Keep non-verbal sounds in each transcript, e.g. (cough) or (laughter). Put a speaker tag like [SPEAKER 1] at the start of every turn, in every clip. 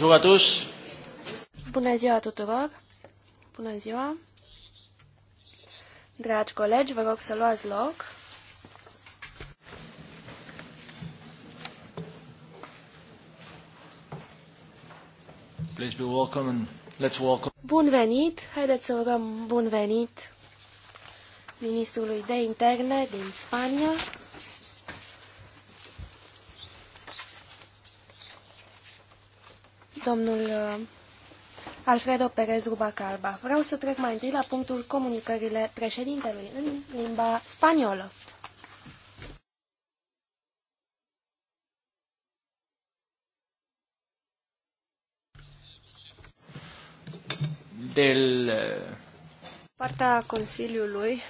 [SPEAKER 1] Bonjour à tous.
[SPEAKER 2] Bună ziua tuturor! Bună ziua! Dragi colegi, vă rog să luați loc.
[SPEAKER 3] Please be welcome and let's welcome.
[SPEAKER 2] Bun venit! Haideți să urăm bun venit ministrului de interne din Spania. domnul uh, Alfredo Perez Rubacalba. Vreau să trec mai întâi la punctul comunicările președintelui în limba spaniolă.
[SPEAKER 1] Del... Uh, Partea Consiliului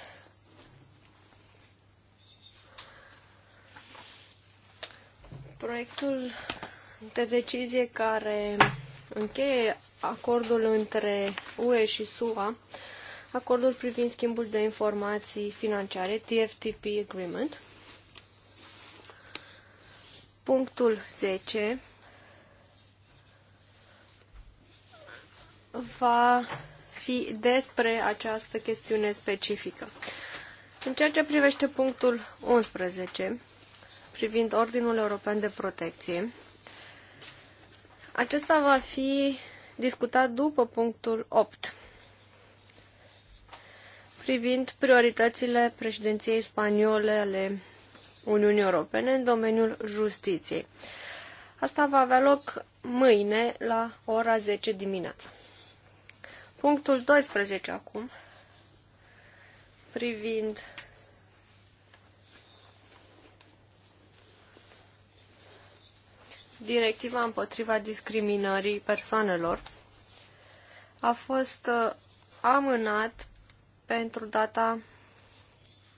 [SPEAKER 1] Proiectul de decizie care încheie acordul între UE și SUA, acordul privind schimbul de informații financiare, TFTP Agreement. Punctul 10 va fi despre această chestiune specifică. În ceea ce privește punctul 11, privind Ordinul European de Protecție, acesta va fi discutat după punctul 8 privind prioritățile președinției spaniole ale Uniunii Europene în domeniul justiției. Asta va avea loc mâine la ora 10 dimineața. Punctul 12 acum, privind directiva împotriva discriminării persoanelor a fost uh, amânat pentru data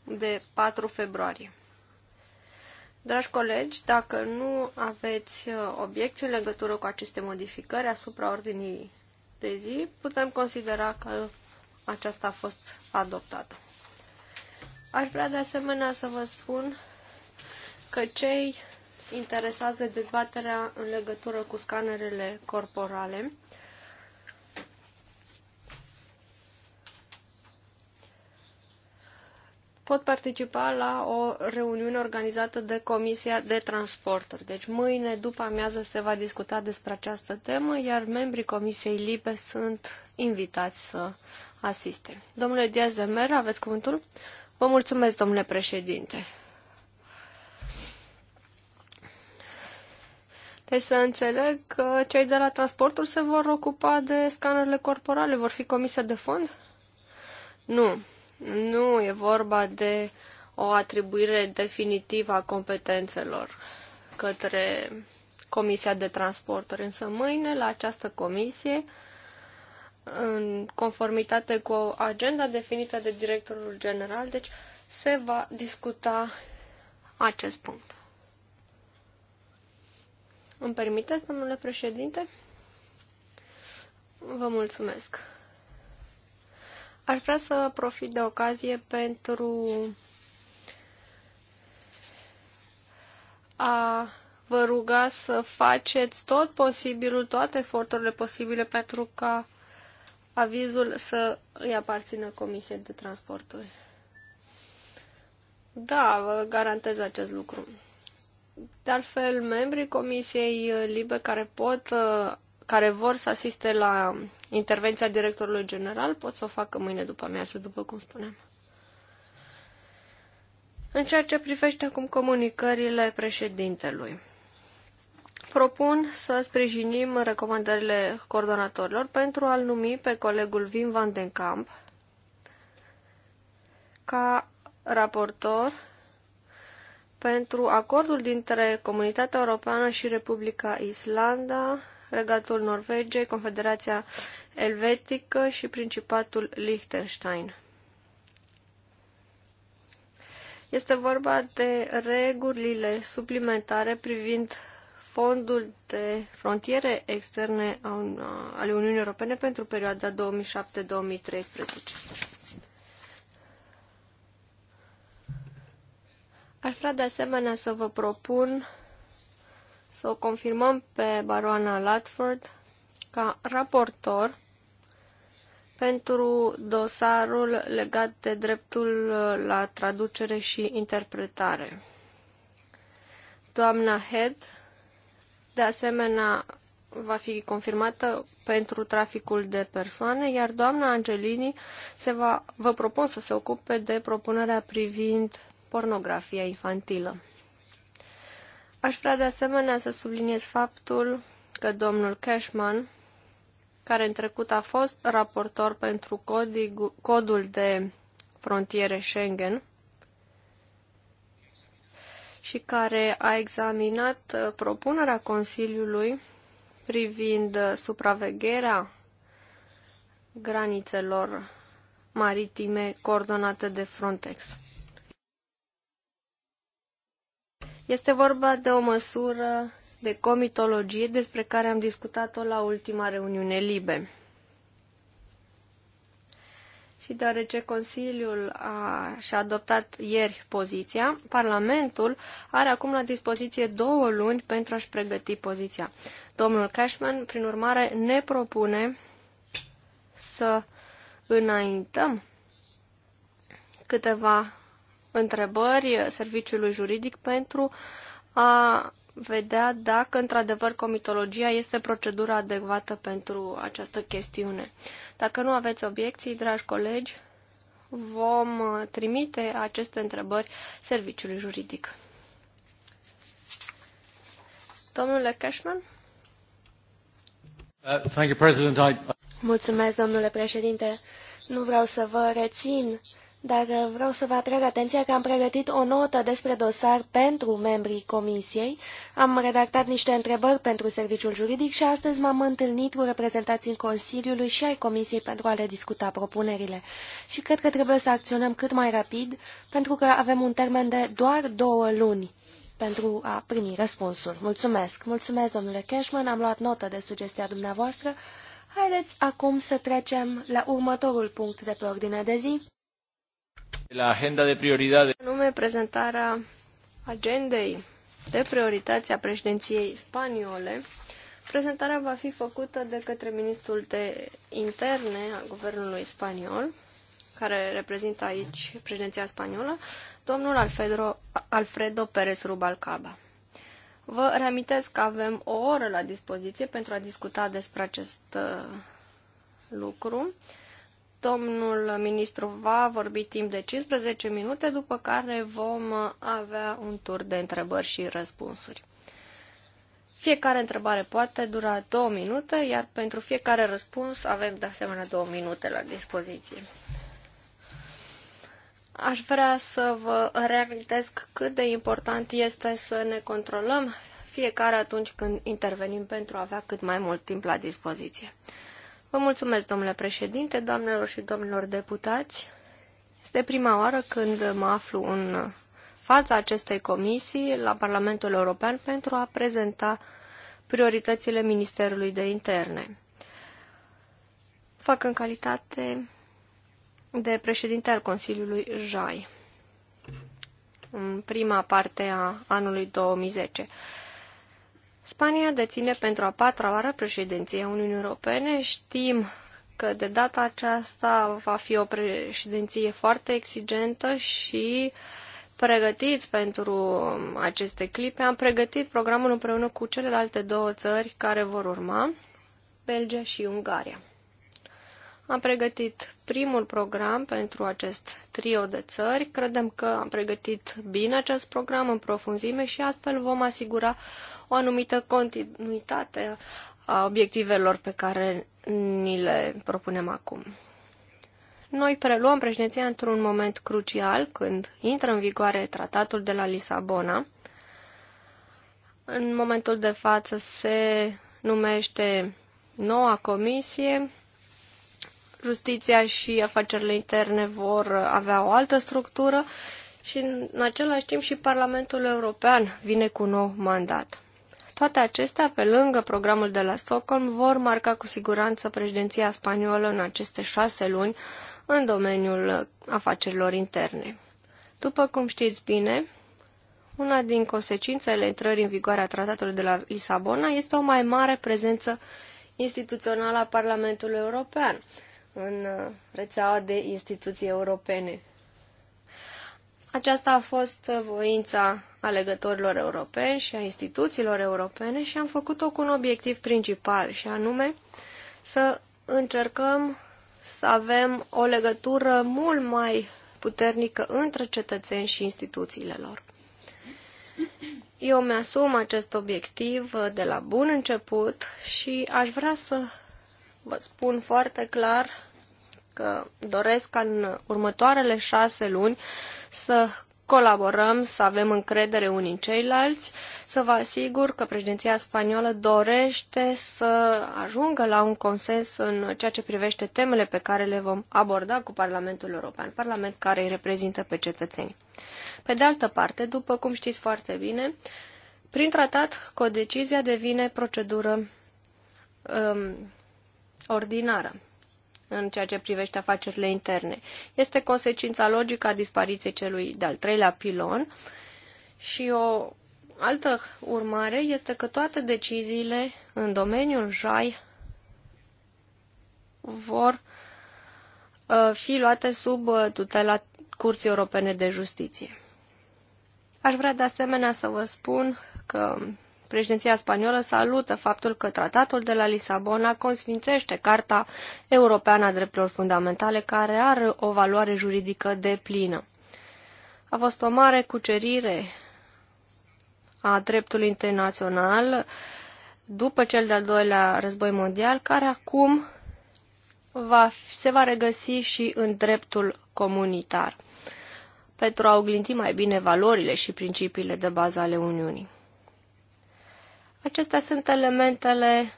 [SPEAKER 1] de 4 februarie. Dragi colegi, dacă nu aveți uh, obiecții în legătură cu aceste modificări asupra ordinii de zi, putem considera că aceasta a fost adoptată. Aș vrea de asemenea să vă spun că cei interesați de dezbaterea în legătură cu scanerele corporale. Pot participa la o reuniune organizată de Comisia de Transporturi. Deci mâine după amiază se va discuta despre această temă, iar membrii Comisiei Libe sunt invitați să asiste. Domnule Diaz de Mer, aveți cuvântul? Vă mulțumesc, domnule președinte. Păi să înțeleg că cei de la transporturi se vor ocupa de scanerele corporale. Vor fi comise de fond? Nu. Nu e vorba de o atribuire definitivă a competențelor către Comisia de Transporturi. Însă mâine, la această comisie, în conformitate cu agenda definită de directorul general, deci se va discuta acest punct. Îmi permiteți, domnule președinte? Vă mulțumesc. Aș vrea să profit de ocazie pentru a vă ruga să faceți tot posibilul, toate eforturile posibile pentru ca avizul să îi aparțină Comisiei de Transporturi. Da, vă garantez acest lucru de altfel, membrii Comisiei Libe care pot, uh, care vor să asiste la intervenția directorului general, pot să o facă mâine după amiază, după cum spuneam. În ceea ce privește acum comunicările președintelui, propun să sprijinim recomandările coordonatorilor pentru a-l numi pe colegul Wim van den Kamp ca raportor pentru acordul dintre Comunitatea Europeană și Republica Islanda, Regatul Norvegiei, Confederația Elvetică și Principatul Liechtenstein. Este vorba de regulile suplimentare privind fondul de frontiere externe ale Uniunii Europene pentru perioada 2007-2013. Aș vrea de asemenea să vă propun să o confirmăm pe baroana Latford ca raportor pentru dosarul legat de dreptul la traducere și interpretare. Doamna Head, de asemenea, va fi confirmată pentru traficul de persoane, iar doamna Angelini se va, vă propun să se ocupe de propunerea privind pornografia infantilă. Aș vrea de asemenea să subliniez faptul că domnul Cashman, care în trecut a fost raportor pentru codul de frontiere Schengen și care a examinat uh, propunerea Consiliului privind uh, supravegherea granițelor maritime coordonate de Frontex. Este vorba de o măsură de comitologie despre care am discutat-o la ultima reuniune libe. Și deoarece Consiliul a, și-a adoptat ieri poziția, Parlamentul are acum la dispoziție două luni pentru a-și pregăti poziția. Domnul Cashman, prin urmare, ne propune să înaintăm câteva întrebări serviciului juridic pentru a vedea dacă într-adevăr comitologia este procedura adecvată pentru această chestiune. Dacă nu aveți obiecții, dragi colegi, vom trimite aceste întrebări serviciului juridic.
[SPEAKER 2] Domnule Cashman?
[SPEAKER 1] Uh, thank you, President. I...
[SPEAKER 2] Mulțumesc, domnule președinte. Nu vreau să vă rețin dar uh, vreau să vă atrag atenția că am pregătit o notă despre dosar pentru membrii comisiei, am redactat niște întrebări pentru serviciul juridic și astăzi m-am întâlnit cu reprezentanții Consiliului și ai comisiei pentru a le discuta propunerile. Și cred că trebuie să acționăm cât mai rapid, pentru că avem un termen de doar două luni pentru a primi răspunsul. Mulțumesc! Mulțumesc, domnule Cashman, am luat notă de sugestia dumneavoastră. Haideți acum să trecem la următorul punct de pe ordine de zi.
[SPEAKER 1] La agenda de prioridade. Nume prezentarea agendei de priorități a președinției spaniole. Prezentarea va fi făcută de către ministrul de interne al guvernului spaniol, care reprezintă aici președinția spaniolă, domnul Alfredo, Alfredo Pérez Rubalcaba. Vă reamintesc că avem o oră la dispoziție pentru a discuta despre acest uh, lucru. Domnul ministru va vorbi timp de 15 minute, după care vom avea un tur de întrebări și răspunsuri. Fiecare întrebare poate dura două minute, iar pentru fiecare răspuns avem de asemenea două minute la dispoziție. Aș vrea să vă reamintesc cât de important este să ne controlăm fiecare atunci când intervenim pentru a avea cât mai mult timp la dispoziție. Vă mulțumesc, domnule președinte, doamnelor și domnilor deputați. Este prima oară când mă aflu în fața acestei comisii la Parlamentul European pentru a prezenta prioritățile Ministerului de Interne. Fac în calitate de președinte al Consiliului JAI în prima parte a anului 2010. Spania deține pentru a patra oară președinția Uniunii Europene. Știm că de data aceasta va fi o președinție foarte exigentă și pregătiți pentru aceste clipe. Am pregătit programul împreună cu celelalte două țări care vor urma, Belgia și Ungaria. Am pregătit primul program pentru acest trio de țări. Credem că am pregătit bine acest program în profunzime și astfel vom asigura o anumită continuitate a obiectivelor pe care ni le propunem acum. Noi preluăm președinția într-un moment crucial când intră în vigoare tratatul de la Lisabona. În momentul de față se numește noua comisie. Justiția și afacerile interne vor avea o altă structură și în același timp și Parlamentul European vine cu un nou mandat. Toate acestea, pe lângă programul de la Stockholm, vor marca cu siguranță președinția spaniolă în aceste șase luni în domeniul afacerilor interne. După cum știți bine, una din consecințele intrării în vigoare a tratatului de la Lisabona este o mai mare prezență instituțională a Parlamentului European în uh, rețeaua de instituții europene. Aceasta a fost uh, voința alegătorilor europeni și a instituțiilor europene și am făcut-o cu un obiectiv principal și anume să încercăm să avem o legătură mult mai puternică între cetățeni și instituțiile lor. Eu mi-asum acest obiectiv de la bun început și aș vrea să vă spun foarte clar că doresc ca în următoarele șase luni să colaborăm, să avem încredere unii în ceilalți, să vă asigur că președinția spaniolă dorește să ajungă la un consens în ceea ce privește temele pe care le vom aborda cu Parlamentul European, Parlament care îi reprezintă pe cetățeni. Pe de altă parte, după cum știți foarte bine, prin tratat, codecizia devine procedură um, ordinară în ceea ce privește afacerile interne. Este consecința logică a dispariției celui de-al treilea pilon și o altă urmare este că toate deciziile în domeniul JAI vor uh, fi luate sub uh, tutela Curții Europene de Justiție. Aș vrea de asemenea să vă spun că Președinția spaniolă salută faptul că tratatul de la Lisabona consfințește Carta Europeană a Drepturilor Fundamentale, care are o valoare juridică deplină. A fost o mare cucerire a dreptului internațional după cel de-al doilea război mondial, care acum va, se va regăsi și în dreptul comunitar pentru a oglinti mai bine valorile și principiile de bază ale Uniunii. Acestea sunt elementele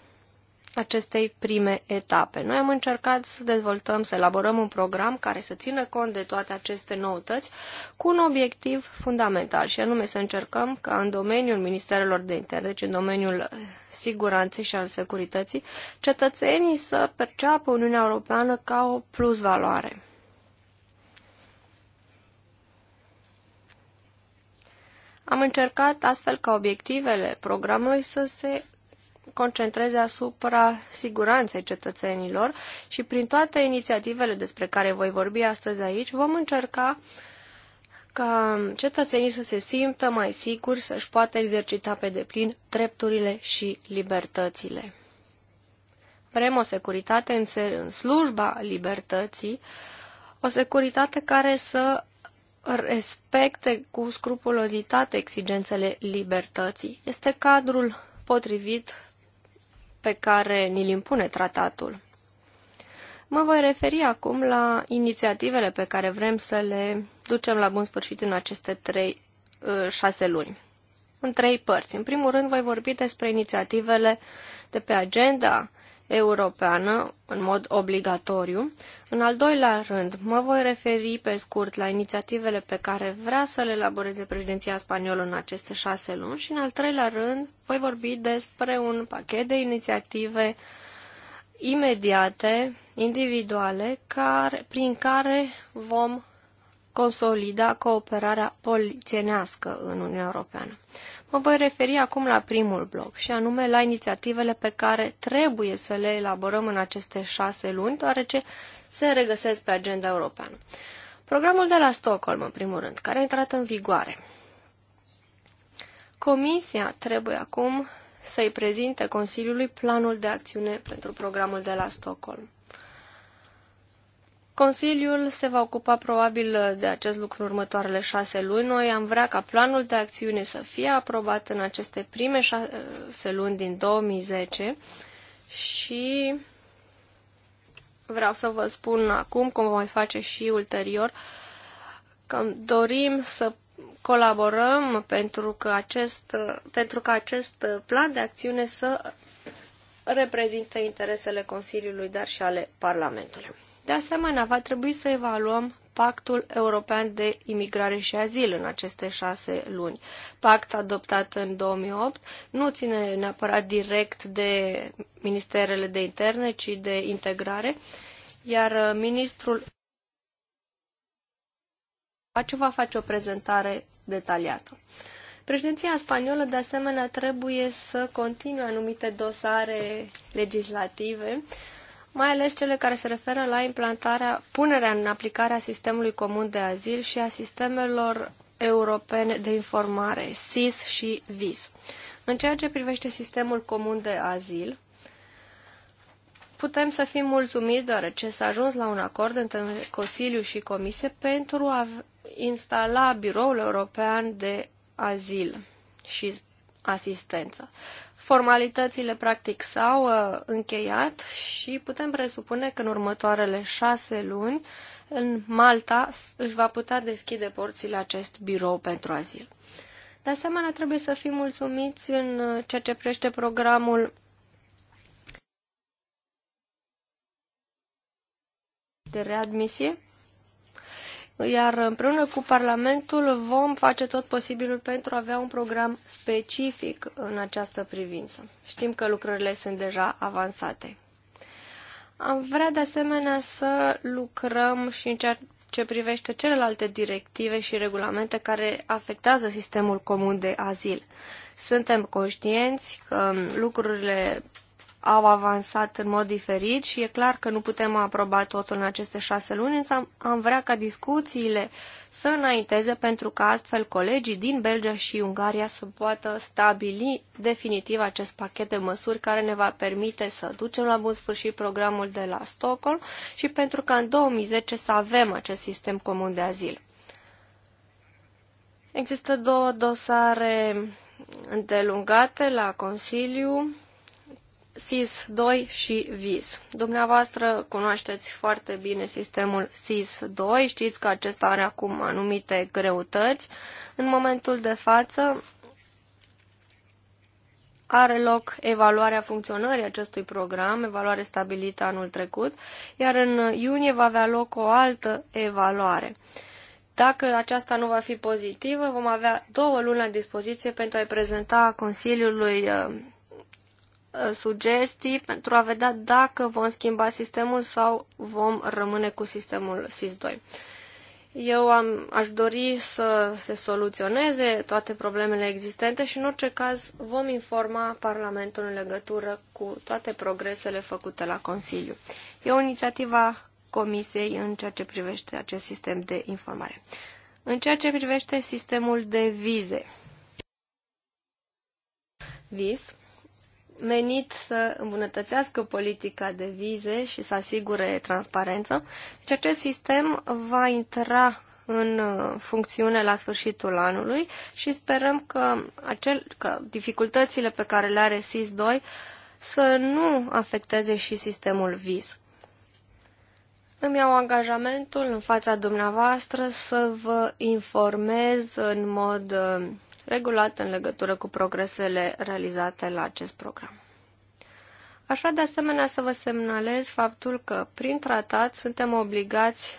[SPEAKER 1] acestei prime etape. Noi am încercat să dezvoltăm, să elaborăm un program care să țină cont de toate aceste noutăți cu un obiectiv fundamental și anume să încercăm ca în domeniul Ministerelor de Interne, deci în domeniul siguranței și al securității, cetățenii să perceapă Uniunea Europeană ca o plusvaloare. Am încercat astfel ca obiectivele programului să se concentreze asupra siguranței cetățenilor și prin toate inițiativele despre care voi vorbi astăzi aici vom încerca ca cetățenii să se simtă mai siguri, să-și poată exercita pe deplin drepturile și libertățile. Vrem o securitate în, în slujba libertății, o securitate care să respecte cu scrupulozitate exigențele libertății. Este cadrul potrivit pe care ni-l impune tratatul. Mă voi referi acum la inițiativele pe care vrem să le ducem la bun sfârșit în aceste trei, uh, șase luni. În trei părți. În primul rând, voi vorbi despre inițiativele de pe agenda europeană în mod obligatoriu. În al doilea rând, mă voi referi pe scurt la inițiativele pe care vrea să le elaboreze președinția spaniolă în aceste șase luni și în al treilea rând voi vorbi despre un pachet de inițiative imediate, individuale, care, prin care vom consolida cooperarea polițienească în Uniunea Europeană. Mă voi referi acum la primul bloc, și anume la inițiativele pe care trebuie să le elaborăm în aceste șase luni, deoarece se regăsesc pe agenda europeană. Programul de la Stockholm, în primul rând, care a intrat în vigoare. Comisia trebuie acum să-i prezinte Consiliului planul de acțiune pentru programul de la Stockholm. Consiliul se va ocupa probabil de acest lucru în următoarele șase luni. Noi am vrea ca planul de acțiune să fie aprobat în aceste prime șase luni din 2010 și vreau să vă spun acum, cum voi face și ulterior, că dorim să colaborăm pentru că acest, pentru că acest plan de acțiune să reprezinte interesele Consiliului, dar și ale Parlamentului. De asemenea, va trebui să evaluăm Pactul European de Imigrare și Azil în aceste șase luni. Pact adoptat în 2008 nu ține neapărat direct de ministerele de interne, ci de integrare, iar uh, ministrul ce va face o prezentare detaliată. Președinția spaniolă, de asemenea, trebuie să continue anumite dosare legislative mai ales cele care se referă la implantarea, punerea în aplicare a sistemului comun de azil și a sistemelor europene de informare, SIS și VIS. În ceea ce privește sistemul comun de azil, putem să fim mulțumiți deoarece s-a ajuns la un acord între Consiliu și Comisie pentru a instala Biroul European de Azil și asistență. Formalitățile practic s-au uh, încheiat și putem presupune că în următoarele șase luni în Malta își va putea deschide porțile acest birou pentru azil. De asemenea, trebuie să fim mulțumiți în uh, ceea ce prește programul de readmisie iar împreună cu Parlamentul vom face tot posibilul pentru a avea un program specific în această privință. Știm că lucrările sunt deja avansate. Am vrea de asemenea să lucrăm și în ceea ce privește celelalte directive și regulamente care afectează sistemul comun de azil. Suntem conștienți că lucrurile au avansat în mod diferit și e clar că nu putem aproba totul în aceste șase luni, însă am vrea ca discuțiile să înainteze pentru că astfel colegii din Belgia și Ungaria să poată stabili definitiv acest pachet de măsuri care ne va permite să ducem la bun sfârșit programul de la Stockholm și pentru că în 2010 să avem acest sistem comun de azil. Există două dosare îndelungate la Consiliu SIS-2 și VIS. Dumneavoastră cunoașteți foarte bine sistemul SIS-2, știți că acesta are acum anumite greutăți. În momentul de față are loc evaluarea funcționării acestui program, evaluare stabilită anul trecut, iar în iunie va avea loc o altă evaluare. Dacă aceasta nu va fi pozitivă, vom avea două luni la dispoziție pentru a-i prezenta Consiliului uh, Uh, sugestii pentru a vedea dacă vom schimba sistemul sau vom rămâne cu sistemul SIS-2. Eu am, aș dori să se soluționeze toate problemele existente și în orice caz vom informa Parlamentul în legătură cu toate progresele făcute la Consiliu. E o inițiativă a Comisiei în ceea ce privește acest sistem de informare. În ceea ce privește sistemul de vize, VIS, menit să îmbunătățească politica de vize și să asigure transparență. Deci acest sistem va intra în uh, funcțiune la sfârșitul anului și sperăm că, acel, că dificultățile pe care le are SIS-2 să nu afecteze și sistemul VIS. Îmi iau angajamentul în fața dumneavoastră să vă informez în mod uh, regulat în legătură cu progresele realizate la acest program. Aș vrea de asemenea să vă semnalez faptul că prin tratat suntem obligați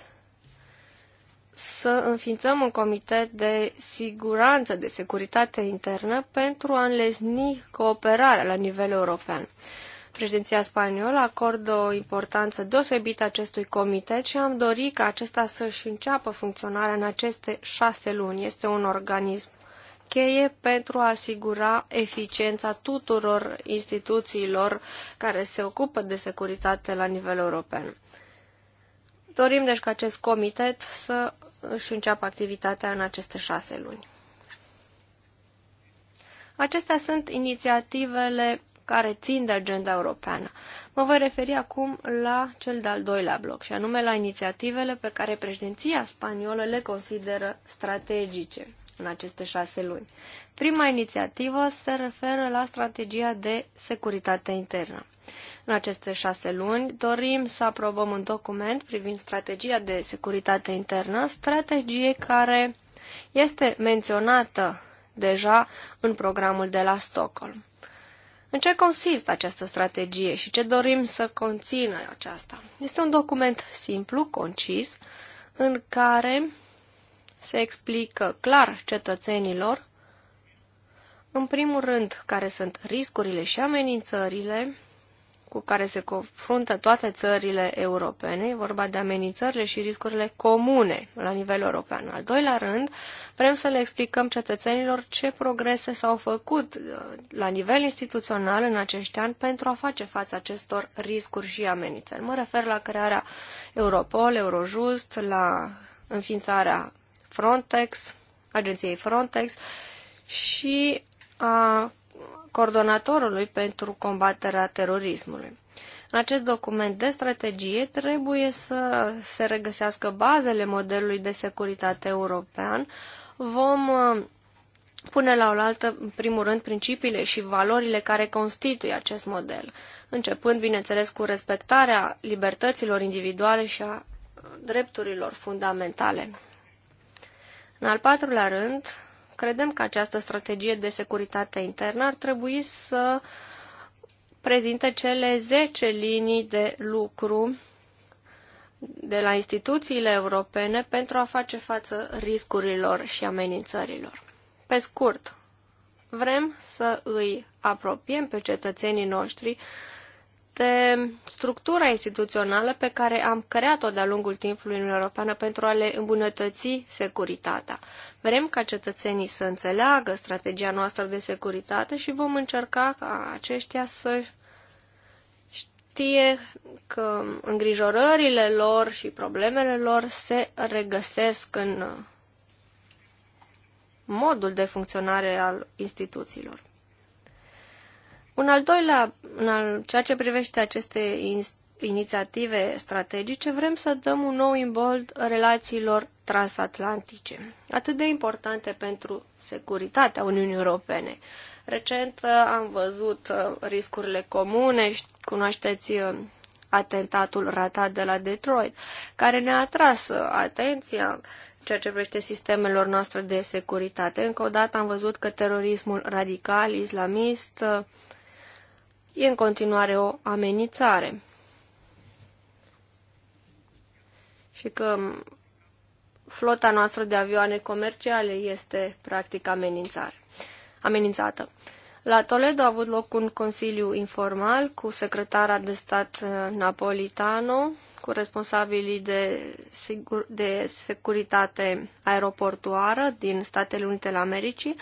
[SPEAKER 1] să înființăm un comitet de siguranță, de securitate internă pentru a înlesni cooperarea la nivel european. Președinția spaniolă acordă o importanță deosebită acestui comitet și am dorit ca acesta să-și înceapă funcționarea în aceste șase luni. Este un organism cheie pentru a asigura eficiența tuturor instituțiilor care se ocupă de securitate la nivel european. Dorim deci ca acest comitet să își înceapă activitatea în aceste șase luni. Acestea sunt inițiativele care țin de agenda europeană. Mă voi referi acum la cel de-al doilea bloc, și anume la inițiativele pe care președinția spaniolă le consideră strategice în aceste șase luni. Prima inițiativă se referă la strategia de securitate internă. În aceste șase luni dorim să aprobăm un document privind strategia de securitate internă, strategie care este menționată deja în programul de la Stockholm. În ce consistă această strategie și ce dorim să conțină aceasta? Este un document simplu, concis, în care se explică clar cetățenilor, în primul rând, care sunt riscurile și amenințările cu care se confruntă toate țările europene, e vorba de amenințările și riscurile comune la nivel european. Al doilea rând, vrem să le explicăm cetățenilor ce progrese s-au făcut uh, la nivel instituțional în acești ani pentru a face față acestor riscuri și amenințări. Mă refer la crearea Europol, Eurojust, la înființarea Frontex, agenției Frontex și a coordonatorului pentru combaterea terorismului. În acest document de strategie trebuie să se regăsească bazele modelului de securitate european. Vom uh, pune la oaltă, în primul rând, principiile și valorile care constituie acest model, începând, bineînțeles, cu respectarea libertăților individuale și a drepturilor fundamentale. În al patrulea rând, credem că această strategie de securitate internă ar trebui să prezinte cele 10 linii de lucru de la instituțiile europene pentru a face față riscurilor și amenințărilor. Pe scurt, vrem să îi apropiem pe cetățenii noștri este structura instituțională pe care am creat-o de-a lungul timpului în Europeană pentru a le îmbunătăți securitatea. Vrem ca cetățenii să înțeleagă strategia noastră de securitate și vom încerca ca aceștia să știe că îngrijorările lor și problemele lor se regăsesc în modul de funcționare al instituțiilor. Un al doilea, în al, ceea ce privește aceste inițiative strategice, vrem să dăm un nou imbold relațiilor transatlantice, atât de importante pentru securitatea Uniunii Europene. Recent uh, am văzut uh, riscurile comune, cunoașteți uh, atentatul ratat de la Detroit, care ne-a atras atenția ceea ce privește sistemelor noastre de securitate. Încă o dată am văzut că terorismul radical, islamist, e în continuare o amenințare. Și că flota noastră de avioane comerciale este practic amenințare, amenințată. La Toledo a avut loc un consiliu informal cu secretara de stat uh, Napolitano, cu responsabilii de, sigur, de securitate aeroportuară din Statele Unite ale Americii.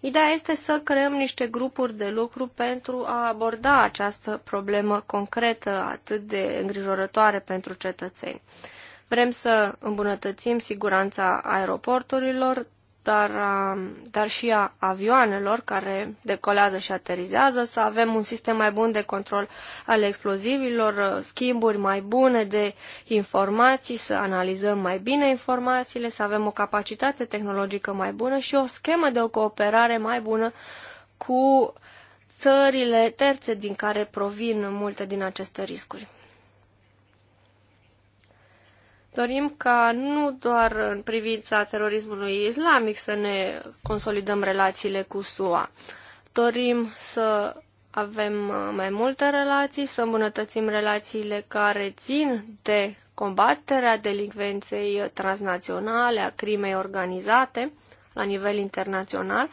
[SPEAKER 1] Ideea este să creăm niște grupuri de lucru pentru a aborda această problemă concretă atât de îngrijorătoare pentru cetățeni. Vrem să îmbunătățim siguranța aeroporturilor, dar, dar și a avioanelor care decolează și aterizează, să avem un sistem mai bun de control al explozivilor, schimburi mai bune de informații, să analizăm mai bine informațiile, să avem o capacitate tehnologică mai bună și o schemă de o cooperare mai bună cu țările terțe din care provin multe din aceste riscuri. Dorim ca nu doar în privința terorismului islamic să ne consolidăm relațiile cu SUA. Dorim să avem mai multe relații, să îmbunătățim relațiile care țin de combaterea delinvenței transnaționale, a crimei organizate la nivel internațional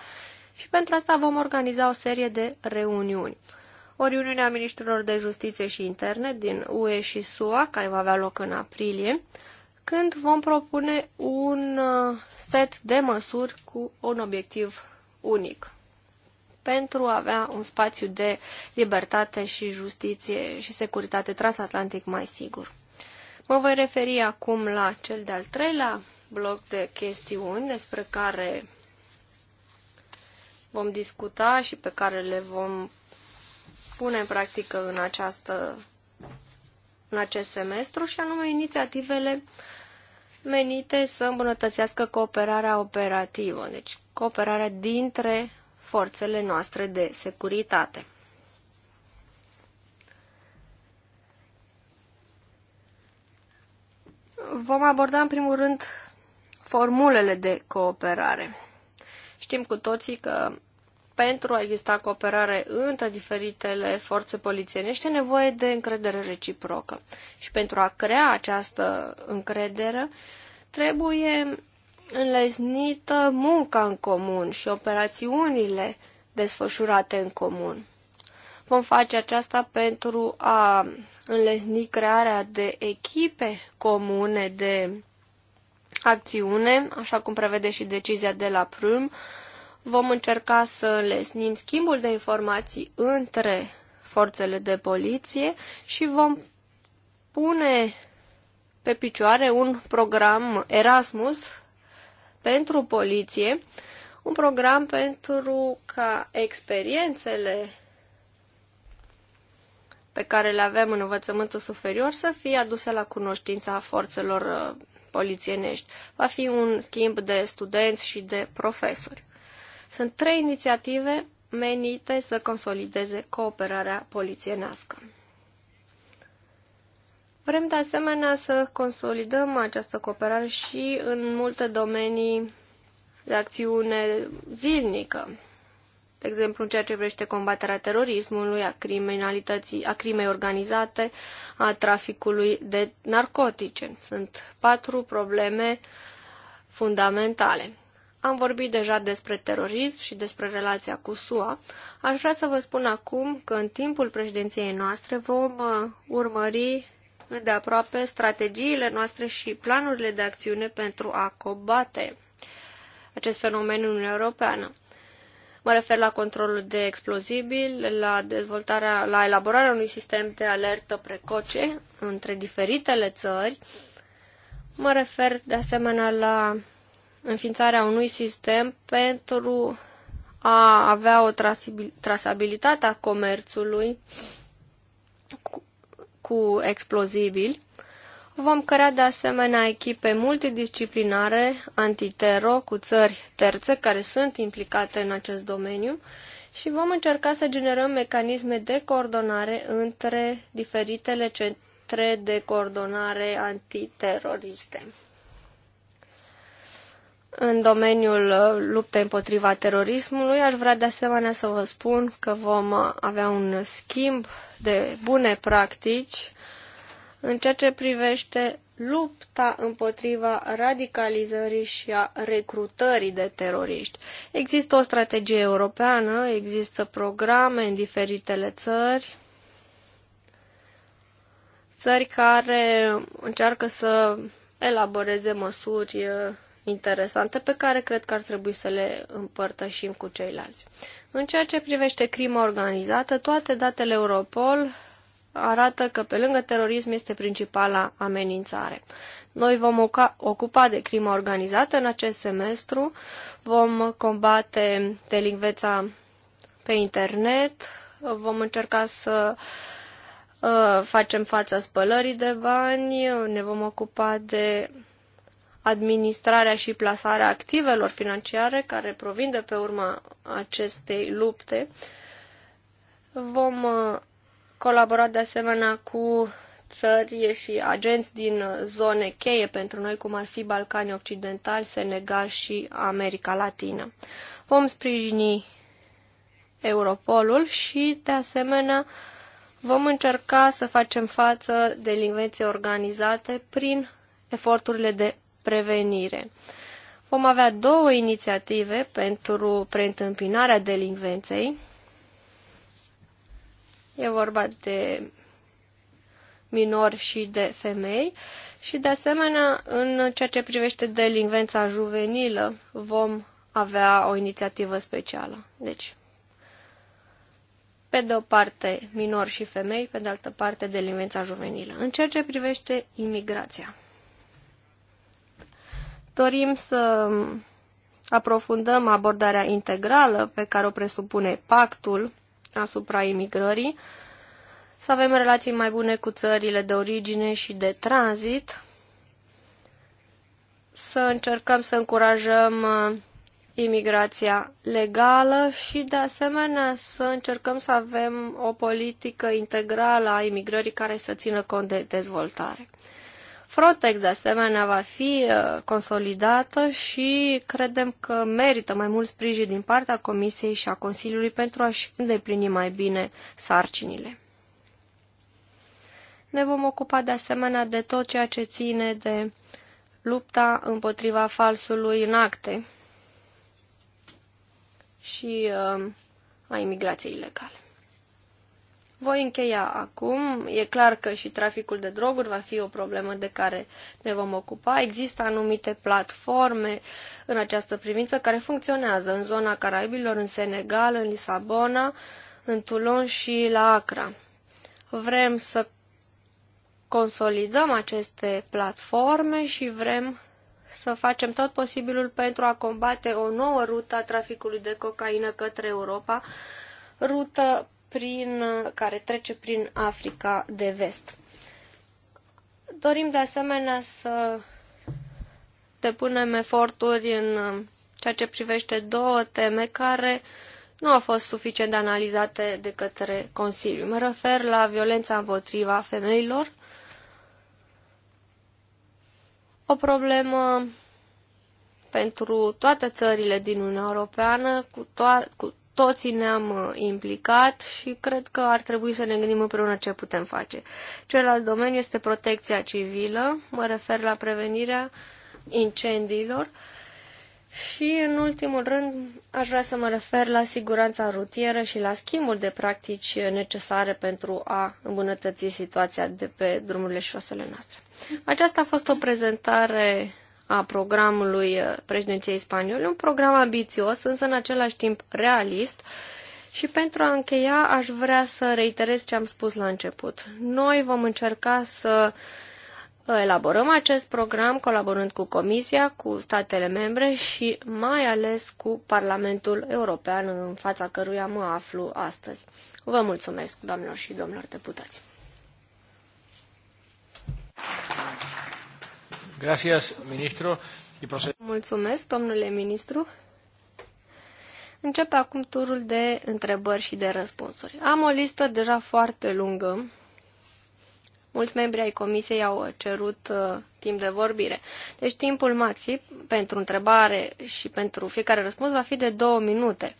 [SPEAKER 1] și pentru asta vom organiza o serie de reuniuni o reuniune a ministrilor de justiție și interne din UE și SUA, care va avea loc în aprilie, când vom propune un uh, set de măsuri cu un obiectiv unic pentru a avea un spațiu de libertate și justiție și securitate transatlantic mai sigur. Mă voi referi acum la cel de-al treilea bloc de chestiuni despre care vom discuta și pe care le vom pune în practică în, această, în acest semestru și anume inițiativele menite să îmbunătățească cooperarea operativă, deci cooperarea dintre forțele noastre de securitate. Vom aborda în primul rând formulele de cooperare. Știm cu toții că pentru a exista cooperare între diferitele forțe polițienești, e nevoie de încredere reciprocă. Și pentru a crea această încredere, trebuie înlesnită munca în comun și operațiunile desfășurate în comun. Vom face aceasta pentru a înlesni crearea de echipe comune de acțiune, așa cum prevede și decizia de la Prüm, Vom încerca să înlesnim schimbul de informații între forțele de poliție și vom pune pe picioare un program Erasmus pentru poliție, un program pentru ca experiențele pe care le avem în învățământul superior să fie aduse la cunoștința forțelor uh, polițienești. Va fi un schimb de studenți și de profesori. Sunt trei inițiative menite să consolideze cooperarea polițienească. Vrem de asemenea să consolidăm această cooperare și în multe domenii de acțiune zilnică, de exemplu în ceea ce privește combaterea terorismului, a criminalității, a crimei organizate, a traficului de narcotice. Sunt patru probleme fundamentale. Am vorbit deja despre terorism și despre relația cu SUA. Aș vrea să vă spun acum că în timpul președinției noastre vom uh, urmări de aproape strategiile noastre și planurile de acțiune pentru a combate acest fenomen în Uniunea Europeană. Mă refer la controlul de explozibil, la dezvoltarea, la elaborarea unui sistem de alertă precoce între diferitele țări. Mă refer de asemenea la înființarea unui sistem pentru a avea o trasabilitate a comerțului cu, cu explozibili. Vom crea de asemenea echipe multidisciplinare antitero cu țări terțe care sunt implicate în acest domeniu și vom încerca să generăm mecanisme de coordonare între diferitele centre de coordonare antiteroriste în domeniul uh, luptei împotriva terorismului. Aș vrea de asemenea să vă spun că vom uh, avea un schimb de bune practici în ceea ce privește lupta împotriva radicalizării și a recrutării de teroriști. Există o strategie europeană, există programe în diferitele țări, țări care încearcă să elaboreze măsuri uh, interesante pe care cred că ar trebui să le împărtășim cu ceilalți. În ceea ce privește crima organizată, toate datele Europol arată că pe lângă terorism este principala amenințare. Noi vom ocupa de crima organizată în acest semestru, vom combate delinvența pe internet, vom încerca să uh, facem fața spălării de bani, ne vom ocupa de administrarea și plasarea activelor financiare care provin de pe urma acestei lupte. Vom uh, colabora de asemenea cu țări și agenți din zone cheie pentru noi, cum ar fi Balcanii Occidentali, Senegal și America Latină. Vom sprijini Europolul și, de asemenea, vom încerca să facem față delinvenței organizate prin eforturile de prevenire. Vom avea două inițiative pentru preîntâmpinarea delinvenței. E vorba de minori și de femei și, de asemenea, în ceea ce privește delinvența juvenilă, vom avea o inițiativă specială. Deci, pe de o parte minori și femei, pe de altă parte delinvența juvenilă. În ceea ce privește imigrația. Dorim să aprofundăm abordarea integrală pe care o presupune pactul asupra imigrării, să avem relații mai bune cu țările de origine și de tranzit, să încercăm să încurajăm uh, imigrația legală și, de asemenea, să încercăm să avem o politică integrală a imigrării care să țină cont de dezvoltare. Frontex, de asemenea, va fi uh, consolidată și credem că merită mai mult sprijin din partea Comisiei și a Consiliului pentru a-și îndeplini mai bine sarcinile. Ne vom ocupa de asemenea de tot ceea ce ține de lupta împotriva falsului în acte și uh, a imigrației ilegale. Voi încheia acum. E clar că și traficul de droguri va fi o problemă de care ne vom ocupa. Există anumite platforme în această privință care funcționează în zona Caraibilor, în Senegal, în Lisabona, în Toulon și la Acra. Vrem să consolidăm aceste platforme și vrem să facem tot posibilul pentru a combate o nouă rută a traficului de cocaină către Europa, rută prin, care trece prin Africa de vest. Dorim de asemenea să depunem eforturi în uh, ceea ce privește două teme care nu au fost suficient de analizate de către Consiliu. Mă refer la violența împotriva femeilor, o problemă pentru toate țările din Uniunea Europeană, cu, to- cu toții ne-am uh, implicat și cred că ar trebui să ne gândim împreună ce putem face. Celălalt domeniu este protecția civilă, mă refer la prevenirea incendiilor și, în ultimul rând, aș vrea să mă refer la siguranța rutieră și la schimbul de practici necesare pentru a îmbunătăți situația de pe drumurile și șosele noastre. Aceasta a fost o prezentare a programului președinției spaniole, un program ambițios, însă în același timp realist. Și pentru a încheia, aș vrea să reiterez ce am spus la început. Noi vom încerca să elaborăm acest program colaborând cu Comisia, cu statele membre și mai ales cu Parlamentul European, în fața căruia mă aflu astăzi. Vă mulțumesc, doamnelor și domnilor deputați!
[SPEAKER 3] Gracias, ministru.
[SPEAKER 1] Mulțumesc, domnule ministru. Începe acum turul de întrebări și de răspunsuri. Am o listă deja foarte lungă. Mulți membri ai comisiei au cerut uh, timp de vorbire. Deci timpul maxim pentru întrebare și pentru fiecare răspuns va fi de două minute.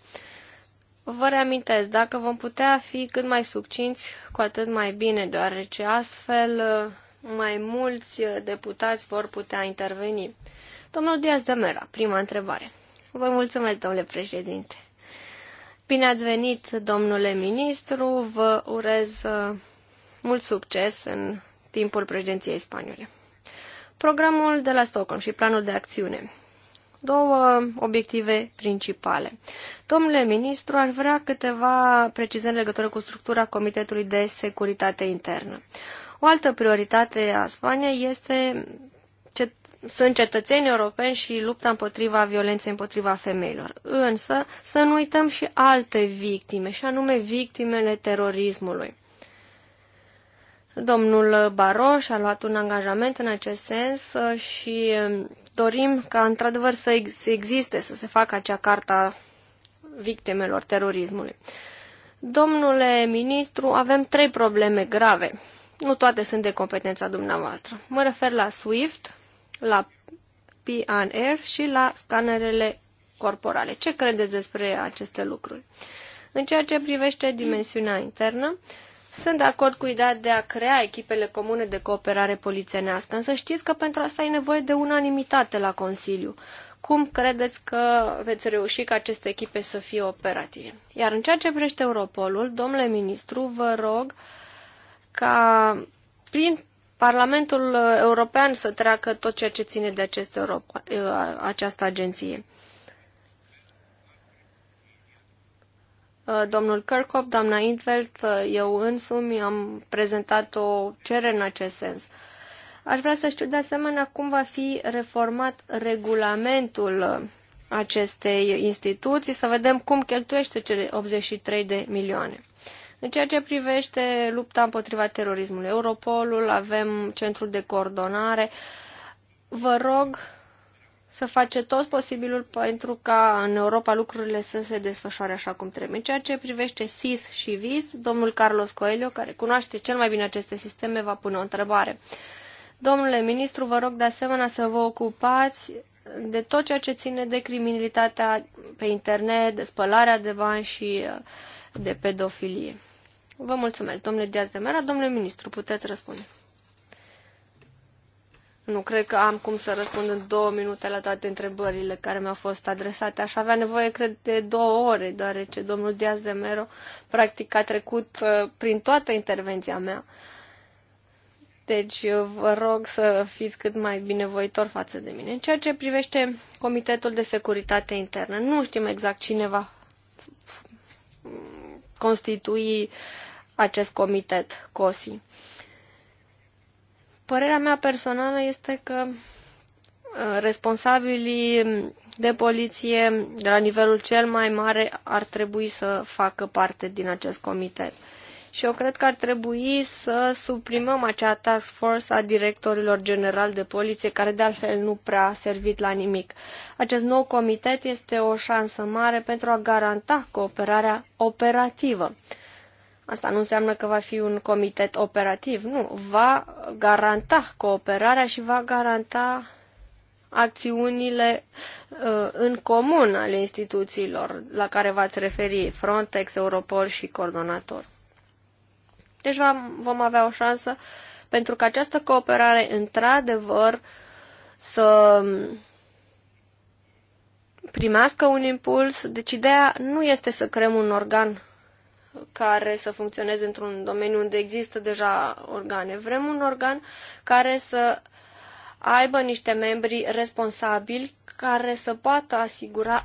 [SPEAKER 1] Vă reamintesc, dacă vom putea fi cât mai succinți, cu atât mai bine, deoarece astfel uh, mai mulți deputați vor putea interveni. Domnul Diaz de Mera, prima întrebare. Vă mulțumesc, domnule președinte. Bine ați venit, domnule ministru. Vă urez uh, mult succes în timpul președinției spaniole. Programul de la Stockholm și planul de acțiune două obiective principale. Domnule ministru, aș vrea câteva precizări în legătură cu structura Comitetului de Securitate Internă. O altă prioritate a Spaniei este cet sunt cetățenii europeni și lupta împotriva violenței împotriva femeilor. Însă să nu uităm și alte victime, și anume victimele terorismului. Domnul Baro și-a luat un angajament în acest sens uh, și um, dorim ca într-adevăr să existe, să se facă acea carta victimelor terorismului. Domnule ministru, avem trei probleme grave. Nu toate sunt de competența dumneavoastră. Mă refer la SWIFT, la PNR și la scanerele corporale. Ce credeți despre aceste lucruri? În ceea ce privește dimensiunea internă, uh, sunt de acord cu ideea de a crea echipele comune de cooperare polițienească, însă știți că pentru asta e nevoie de unanimitate la Consiliu. Cum credeți că veți reuși ca aceste echipe să fie operative? Iar în ceea ce privește Europolul, domnule ministru, vă rog ca prin Parlamentul European să treacă tot ceea ce ține de acest Europa, ă, această agenție. Uh, domnul Kirkhope, doamna Intveld, uh, eu însumi am prezentat o cerere în acest sens. Aș vrea să știu de asemenea cum va fi reformat regulamentul uh, acestei instituții, să vedem cum cheltuiește cele 83 de milioane. În ceea ce privește lupta împotriva terorismului, Europolul, avem centrul de coordonare. Vă rog să face tot posibilul pentru ca în Europa lucrurile să se desfășoare așa cum trebuie. În ceea ce privește SIS și VIS, domnul Carlos Coelho, care cunoaște cel mai bine aceste sisteme, va pune o întrebare. Domnule ministru, vă rog de asemenea să vă ocupați de tot ceea ce ține de criminalitatea pe internet, de spălarea de bani și uh, de pedofilie. Vă mulțumesc, domnule Diaz de Mera. Domnule ministru, puteți răspunde. Nu cred că am cum să răspund în două minute la toate întrebările care mi-au fost adresate. Aș avea nevoie, cred, de două ore, deoarece domnul Diaz de Mero practic a trecut uh, prin toată intervenția mea. Deci vă rog să fiți cât mai binevoitor față de mine. În ceea ce privește Comitetul de Securitate Internă, nu știm exact cine va constitui acest comitet COSI. Părerea mea personală este că uh, responsabilii de poliție de la nivelul cel mai mare ar trebui să facă parte din acest comitet. Și eu cred că ar trebui să suprimăm acea task force a directorilor general de poliție, care de altfel nu prea a servit la nimic. Acest nou comitet este o șansă mare pentru a garanta cooperarea operativă. Asta nu înseamnă că va fi un comitet operativ, nu. Va garanta cooperarea și va garanta acțiunile uh, în comun ale instituțiilor la care v-ați referi, Frontex, Europol și coordonator. Deci vom avea o șansă pentru că această cooperare, într-adevăr, să primească un impuls. Deci ideea nu este să creăm un organ care să funcționeze într-un domeniu unde există deja organe. Vrem un organ care să aibă niște membri responsabili care să poată asigura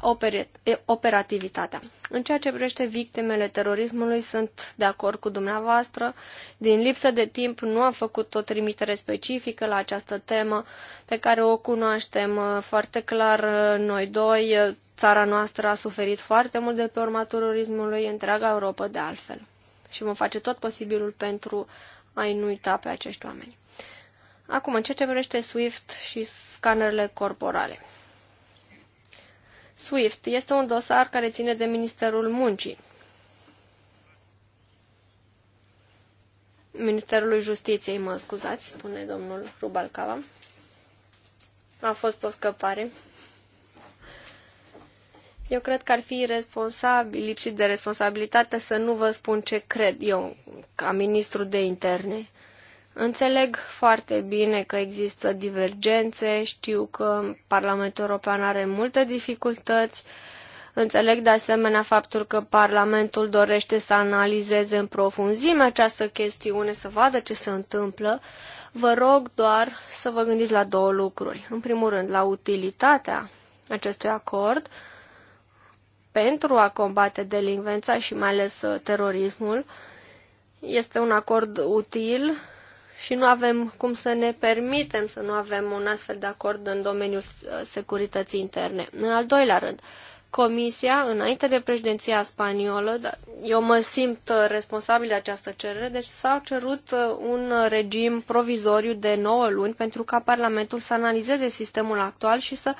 [SPEAKER 1] operativitatea. În ceea ce privește victimele terorismului, sunt de acord cu dumneavoastră. Din lipsă de timp nu am făcut o trimitere specifică la această temă pe care o cunoaștem uh, foarte clar uh, noi doi. Uh, Țara noastră a suferit foarte mult de pe urma terorismului, întreaga Europa de altfel. Și vom face tot posibilul pentru a-i nu uita pe acești oameni. Acum, în ceea ce privește SWIFT și scanerele corporale. SWIFT este un dosar care ține de Ministerul Muncii. Ministerului Justiției, mă scuzați, spune domnul Rubalcava. A fost o scăpare. Eu cred că ar fi responsabil, lipsit de responsabilitate să nu vă spun ce cred eu ca ministru de interne. Înțeleg foarte bine că există divergențe, știu că Parlamentul European are multe dificultăți, Înțeleg de asemenea faptul că Parlamentul dorește să analizeze în profunzime această chestiune, să vadă ce se întâmplă. Vă rog doar să vă gândiți la două lucruri. În primul rând, la utilitatea acestui acord, pentru a combate delinvența și mai ales uh, terorismul. Este un acord util și nu avem cum să ne permitem să nu avem un astfel de acord în domeniul uh, securității interne. În al doilea rând, Comisia, înainte de președinția spaniolă, dar eu mă simt uh, responsabil de această cerere, deci s-a cerut un regim provizoriu de 9 luni pentru ca Parlamentul să analizeze sistemul actual și să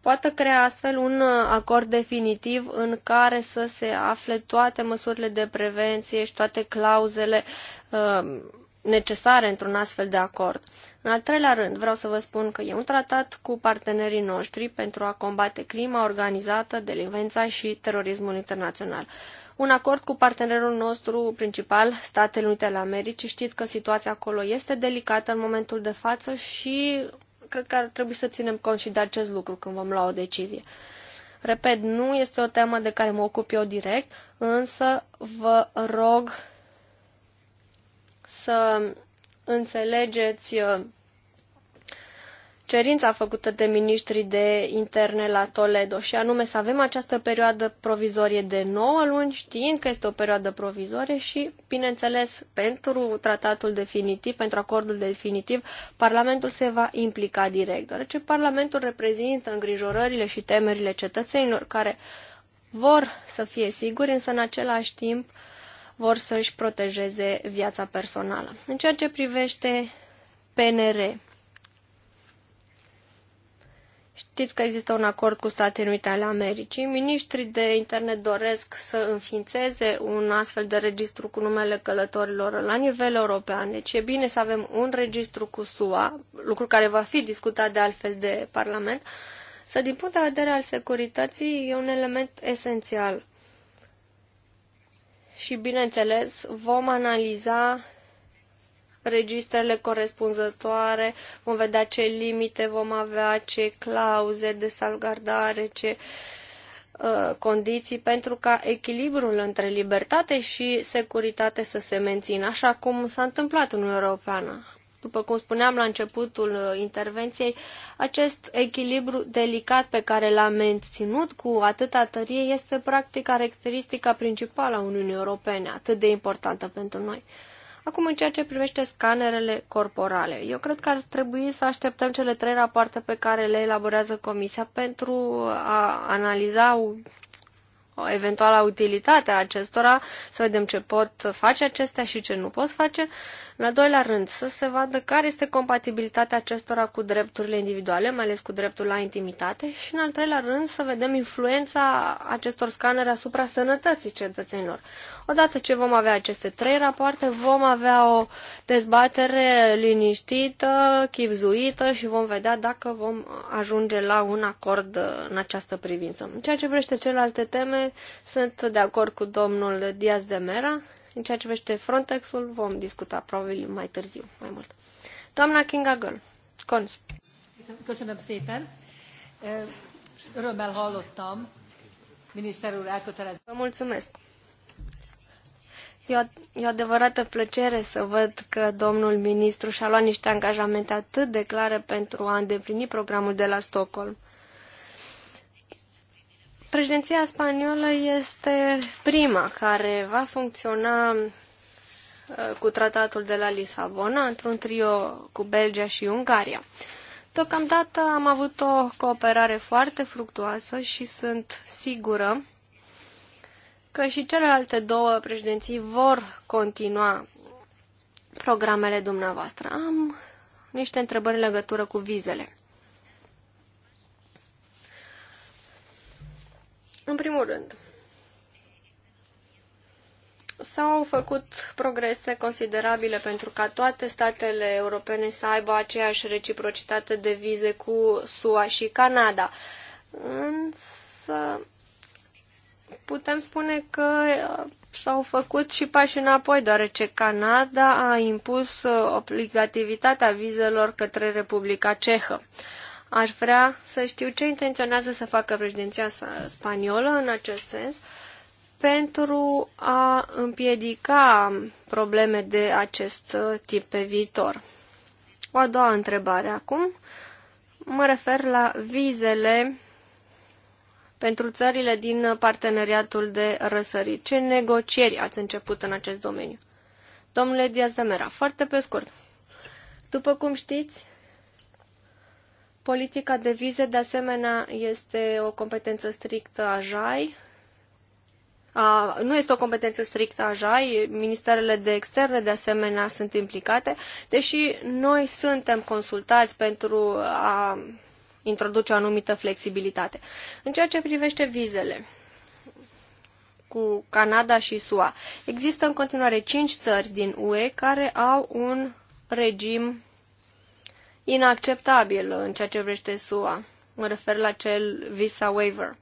[SPEAKER 1] poată crea astfel un uh, acord definitiv în care să se afle toate măsurile de prevenție și toate clauzele uh, necesare într-un astfel de acord. În al treilea rând, vreau să vă spun că e un tratat cu partenerii noștri pentru a combate crima organizată, delinvența și terorismul internațional. Un acord cu partenerul nostru principal, Statele Unite ale Americii. Știți că situația acolo este delicată în momentul de față și cred că ar trebui să ținem cont și de acest lucru când vom lua o decizie. Repet, nu este o temă de care mă ocup eu direct, însă vă rog să înțelegeți uh, cerința făcută de ministrii de interne la Toledo și anume să avem această perioadă provizorie de 9 luni, știind că este o perioadă provizorie și, bineînțeles, pentru tratatul definitiv, pentru acordul definitiv, Parlamentul se va implica direct, deoarece Parlamentul reprezintă îngrijorările și temerile cetățenilor care vor să fie siguri, însă în același timp vor să-și protejeze viața personală. În ceea ce privește PNR, Știți că există un acord cu Statele Unite ale Americii. Ministrii de interne doresc să înființeze un astfel de registru cu numele călătorilor la nivel european. Deci e bine să avem un registru cu SUA, lucru care va fi discutat de altfel de Parlament. Să din punct de vedere al securității e un element esențial. Și bineînțeles vom analiza registrele corespunzătoare, vom vedea ce limite vom avea, ce clauze de salvgardare, ce uh, condiții pentru ca echilibrul între libertate și securitate să se mențină, așa cum s-a întâmplat în Uniunea Europeană. După cum spuneam la începutul uh, intervenției, acest echilibru delicat pe care l-am menținut cu atâta tărie este practic caracteristica principală a Uniunii Europene, atât de importantă pentru noi. Acum, în ceea ce privește scanerele corporale, eu cred că ar trebui să așteptăm cele trei rapoarte pe care le elaborează Comisia pentru a analiza eventuala utilitate a acestora, să vedem ce pot face acestea și ce nu pot face. În al doilea rând, să se vadă care este compatibilitatea acestora cu drepturile individuale, mai ales cu dreptul la intimitate și, în al treilea rând, să vedem influența acestor scanere asupra sănătății cetățenilor. Odată ce vom avea aceste trei rapoarte, vom avea o dezbatere liniștită, chipzuită și vom vedea dacă vom ajunge la un acord în această privință. În ceea ce privește celelalte teme, sunt de acord cu domnul Diaz de Mera. În ceea ce privește Frontex-ul, vom discuta probabil mai târziu, mai mult. Doamna Kinga Göl, Cons.
[SPEAKER 3] Köszönöm szépen. Örömmel hallottam
[SPEAKER 1] miniszter úr elkötelezett. Mulțumesc. E o, e o adevărată plăcere să văd că domnul ministru și-a luat niște angajamente atât de clare pentru a îndeplini programul de la Stockholm. Președinția spaniolă este prima care va funcționa ă, cu tratatul de la Lisabona într-un trio cu Belgia și Ungaria. Deocamdată am avut o cooperare foarte fructuoasă și sunt sigură că și celelalte două președinții vor continua programele dumneavoastră. Am niște întrebări în legătură cu vizele. În primul rând, s-au făcut progrese considerabile pentru ca toate statele europene să aibă aceeași reciprocitate de vize cu SUA și Canada. Însă putem spune că uh, s-au făcut și pași înapoi, deoarece Canada a impus uh, obligativitatea vizelor către Republica Cehă. Aș vrea să știu ce intenționează să facă președinția spaniolă în acest sens pentru a împiedica probleme de acest uh, tip pe viitor. O a doua întrebare acum mă refer la vizele pentru țările din parteneriatul de răsărit. Ce negocieri ați început în acest domeniu? Domnule Diaz de Mera, foarte pe scurt. După cum știți, politica de vize de asemenea este o competență strictă a JAI. A, nu este o competență strictă a JAI, ministerele de externe de asemenea sunt implicate, deși noi suntem consultați pentru a introduce o anumită flexibilitate. În ceea ce privește vizele cu Canada și SUA, există în continuare cinci țări din UE care au un regim inacceptabil în ceea ce privește SUA. Mă refer la cel visa waiver.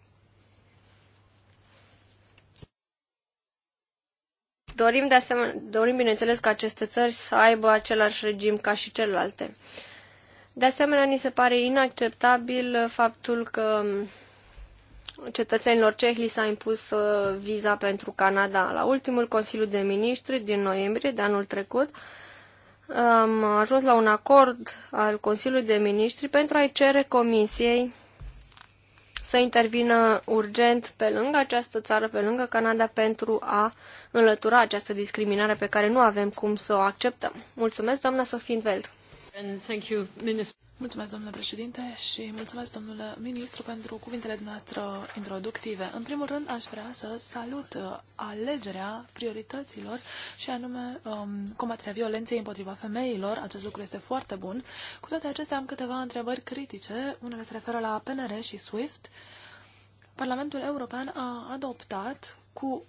[SPEAKER 1] Dorim, de asemenea, dorim, bineînțeles, ca aceste țări să aibă același regim ca și celelalte. De asemenea, ni se pare inacceptabil faptul că cetățenilor cehi li s-a impus uh, viza pentru Canada. La ultimul Consiliu de Ministri din noiembrie de anul trecut, am ajuns la un acord al Consiliului de Ministri pentru a-i cere Comisiei să intervină urgent pe lângă această țară, pe lângă Canada, pentru a înlătura această discriminare pe care nu avem cum să o acceptăm. Mulțumesc, doamna Sofie Veld.
[SPEAKER 3] Mulțumesc, domnule președinte, și mulțumesc, domnule ministru, pentru cuvintele noastre introductive. În primul rând, aș vrea să salut uh, alegerea priorităților și anume um, combaterea violenței împotriva femeilor. Acest lucru este foarte bun. Cu toate acestea, am câteva întrebări critice. Unele se referă la PNR și SWIFT. Parlamentul European a adoptat cu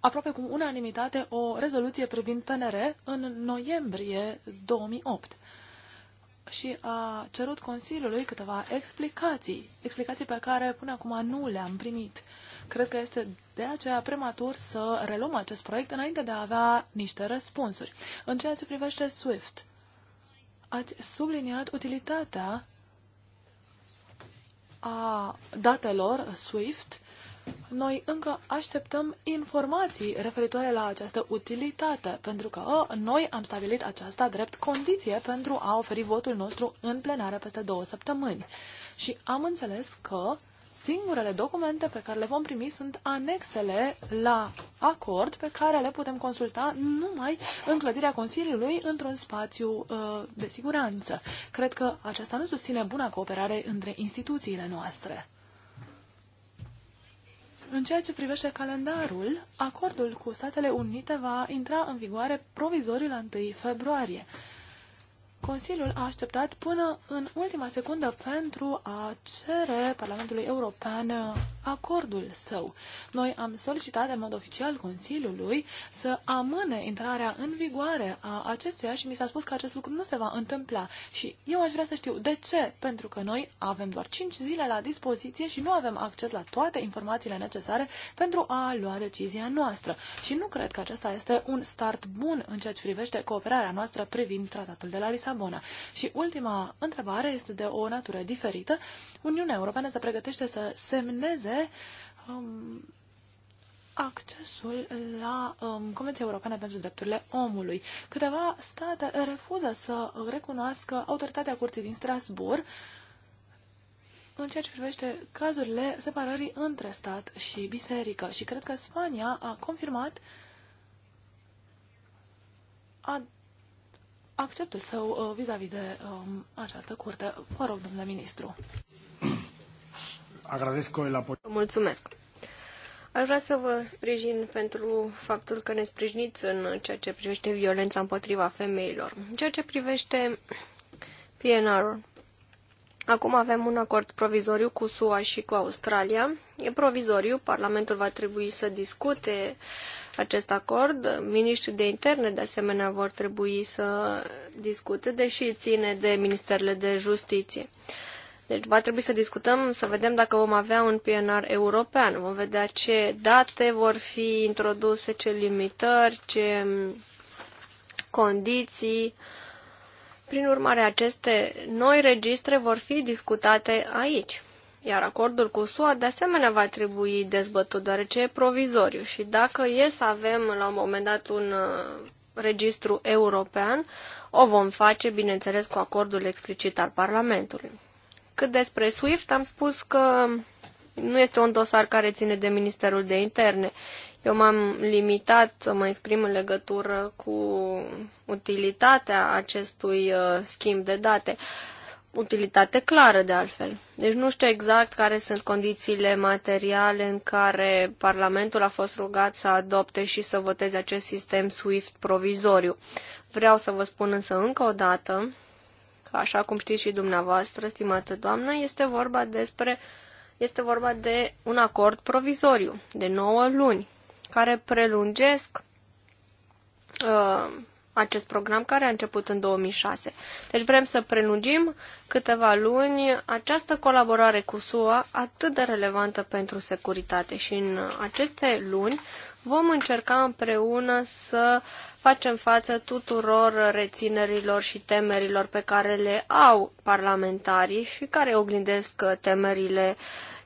[SPEAKER 3] aproape cu unanimitate o rezoluție privind PNR în noiembrie 2008 și a cerut Consiliului câteva explicații, explicații pe care până acum nu le-am primit. Cred că este de aceea prematur să reluăm acest proiect înainte de a avea niște răspunsuri. În ceea ce privește SWIFT, ați subliniat utilitatea a datelor SWIFT noi încă așteptăm informații referitoare la această utilitate, pentru că oh, noi am stabilit aceasta drept condiție pentru a oferi votul nostru în plenară peste două săptămâni. Și am înțeles că singurele documente pe care le vom primi sunt anexele la acord pe care le putem consulta numai în clădirea Consiliului într-un spațiu uh, de siguranță. Cred că aceasta nu susține buna cooperare între instituțiile noastre. În ceea ce privește calendarul, acordul cu Statele Unite va intra în vigoare provizoriu la 1 februarie. Consiliul a așteptat până în ultima secundă pentru a cere Parlamentului European acordul său. Noi am solicitat în mod oficial Consiliului să amâne intrarea în vigoare a acestuia și mi s-a spus că acest lucru nu se va întâmpla. Și eu aș vrea să știu de ce, pentru că noi avem doar 5 zile la dispoziție și nu avem acces la toate informațiile necesare pentru a lua decizia noastră. Și nu cred că acesta este un start bun în ceea ce privește cooperarea noastră privind tratatul de la Lisabona. Și ultima întrebare este de o natură diferită. Uniunea Europeană se pregătește să semneze um, accesul la um, Convenția Europeană pentru Drepturile Omului. Câteva state refuză să recunoască autoritatea Curții din Strasbourg în ceea ce privește cazurile separării între stat și biserică. Și cred că Spania a confirmat a acceptul său uh, vis-a-vis -vis de um, această curte. Vă rog, domnule ministru.
[SPEAKER 2] Agradezco el apoyo.
[SPEAKER 3] Mulțumesc.
[SPEAKER 1] Aș vrea să vă sprijin pentru faptul că ne sprijiniți în ceea ce privește violența împotriva femeilor. În ceea ce privește PNR-ul, acum avem un acord provizoriu cu SUA și cu Australia. E provizoriu, Parlamentul va trebui să discute acest acord. Miniștrii de interne, de asemenea, vor trebui să discute, deși ține de Ministerele de Justiție. Uh, deci va trebui să discutăm, să vedem dacă vom avea un PNR european. Vom vedea ce date vor fi introduse, ce limitări, ce mm, condiții. Prin urmare, aceste noi registre vor fi discutate aici. Iar acordul cu SUA de asemenea va trebui dezbătut, deoarece e provizoriu și dacă e să avem la un moment dat un uh, registru european, o vom face, bineînțeles, cu acordul explicit al Parlamentului. Cât despre SWIFT, am spus că nu este un dosar care ține de Ministerul de Interne. Eu m-am limitat să mă exprim în legătură cu utilitatea acestui uh, schimb de date. Utilitate clară, de altfel. Deci nu știu exact care sunt condițiile materiale în care Parlamentul a fost rugat să adopte și să voteze acest sistem SWIFT provizoriu. Vreau să vă spun însă încă o dată așa cum știți și dumneavoastră, stimată doamnă, este vorba despre este vorba de un acord provizoriu de 9 luni care prelungesc uh, acest program care a început în 2006. Deci vrem să prelungim câteva luni această colaborare cu SUA atât de relevantă pentru securitate și în aceste luni vom încerca împreună să facem față tuturor reținerilor și temerilor pe care le au parlamentarii și care oglindesc temerile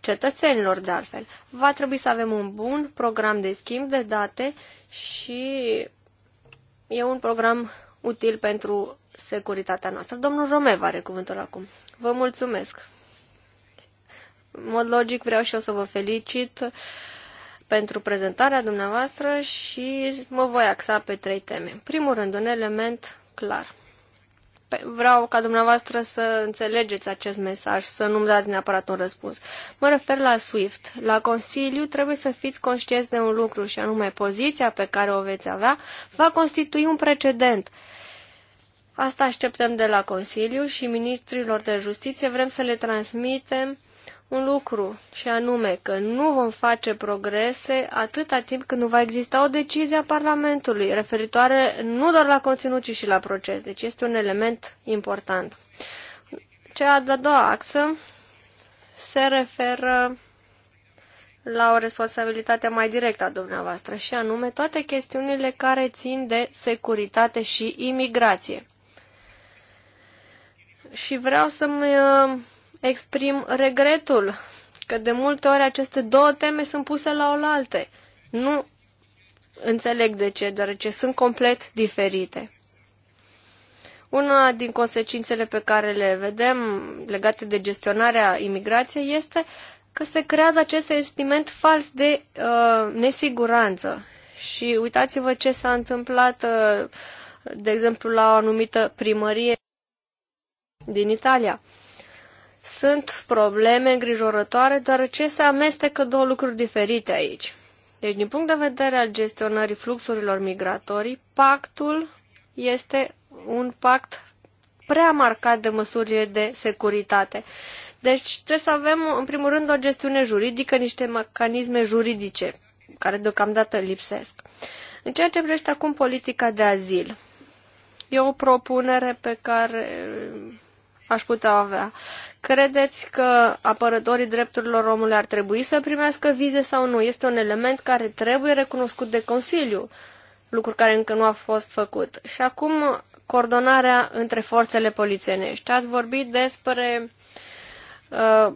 [SPEAKER 1] cetățenilor de altfel. Va trebui să avem un bun program de schimb de date și e un program util pentru securitatea noastră. Domnul Romev are cuvântul acum. Vă mulțumesc! În mod logic vreau și eu să vă felicit pentru prezentarea dumneavoastră și mă voi axa pe trei teme. În primul rând, un element clar. Vreau ca dumneavoastră să înțelegeți acest mesaj, să nu-mi dați neapărat un răspuns. Mă refer la SWIFT. La Consiliu trebuie să fiți conștienți de un lucru și anume poziția pe care o veți avea va constitui un precedent. Asta așteptăm de la Consiliu și ministrilor de justiție vrem să le transmitem uh, un lucru, și anume că nu vom face progrese atâta timp când nu va exista o decizie a Parlamentului referitoare nu doar la conținut, ci și la proces. Deci este un element important. Cea de-a doua axă se referă la o responsabilitate mai directă a dumneavoastră, și anume toate chestiunile care țin de securitate și imigrație. Și vreau să-mi uh, exprim regretul că de multe ori aceste două teme sunt puse la oaltă. Nu înțeleg de ce, deoarece sunt complet diferite. Una din consecințele pe care le vedem legate de gestionarea imigrației este că se creează acest sentiment fals de uh, nesiguranță. Și uitați-vă ce s-a întâmplat, uh, de exemplu, la o anumită primărie din Italia. Sunt probleme îngrijorătoare, deoarece se amestecă două lucruri diferite aici. Deci, din punct de vedere al gestionării fluxurilor migratorii, pactul este un pact prea marcat de măsurile de securitate. Deci trebuie să avem, în primul rând, o gestiune juridică, niște mecanisme juridice, care deocamdată lipsesc. În ceea ce privește acum politica de azil, e o propunere pe care aș putea avea. Credeți că apărătorii drepturilor omului ar trebui să primească vize sau nu? Este un element care trebuie recunoscut de Consiliu, lucru care încă nu a fost făcut. Și acum, coordonarea între forțele polițienești. Ați vorbit despre uh,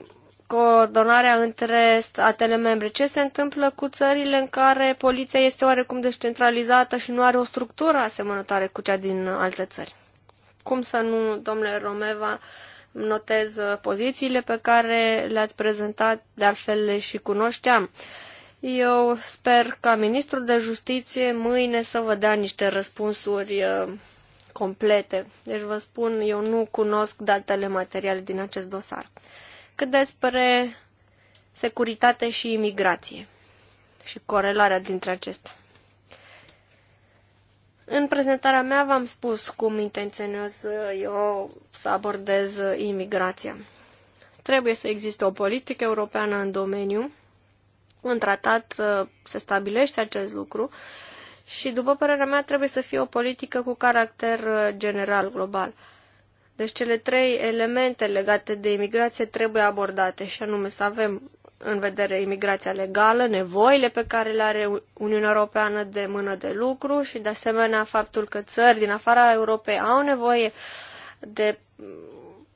[SPEAKER 1] coordonarea între statele membre. Ce se întâmplă cu țările în care poliția este oarecum descentralizată și nu are o structură asemănătoare cu cea din alte țări? cum să nu, domnule Romeva, notez uh, pozițiile pe care le-ați prezentat, de altfel le și cunoșteam. Eu sper ca ministrul de justiție mâine să vă dea niște răspunsuri uh, complete. Deci vă spun, eu nu cunosc datele materiale din acest dosar. Cât despre securitate și imigrație și corelarea dintre acestea. În prezentarea mea v-am spus cum intenționez eu să abordez imigrația. Trebuie să existe o politică europeană în domeniu. În tratat uh, se stabilește acest lucru și, după părerea mea, trebuie să fie o politică cu caracter uh, general, global. Deci cele trei elemente legate de imigrație trebuie abordate și anume să avem în vedere imigrația legală, nevoile pe care le are Uniunea Europeană de mână de lucru și, de asemenea, faptul că țări din afara Europei au nevoie de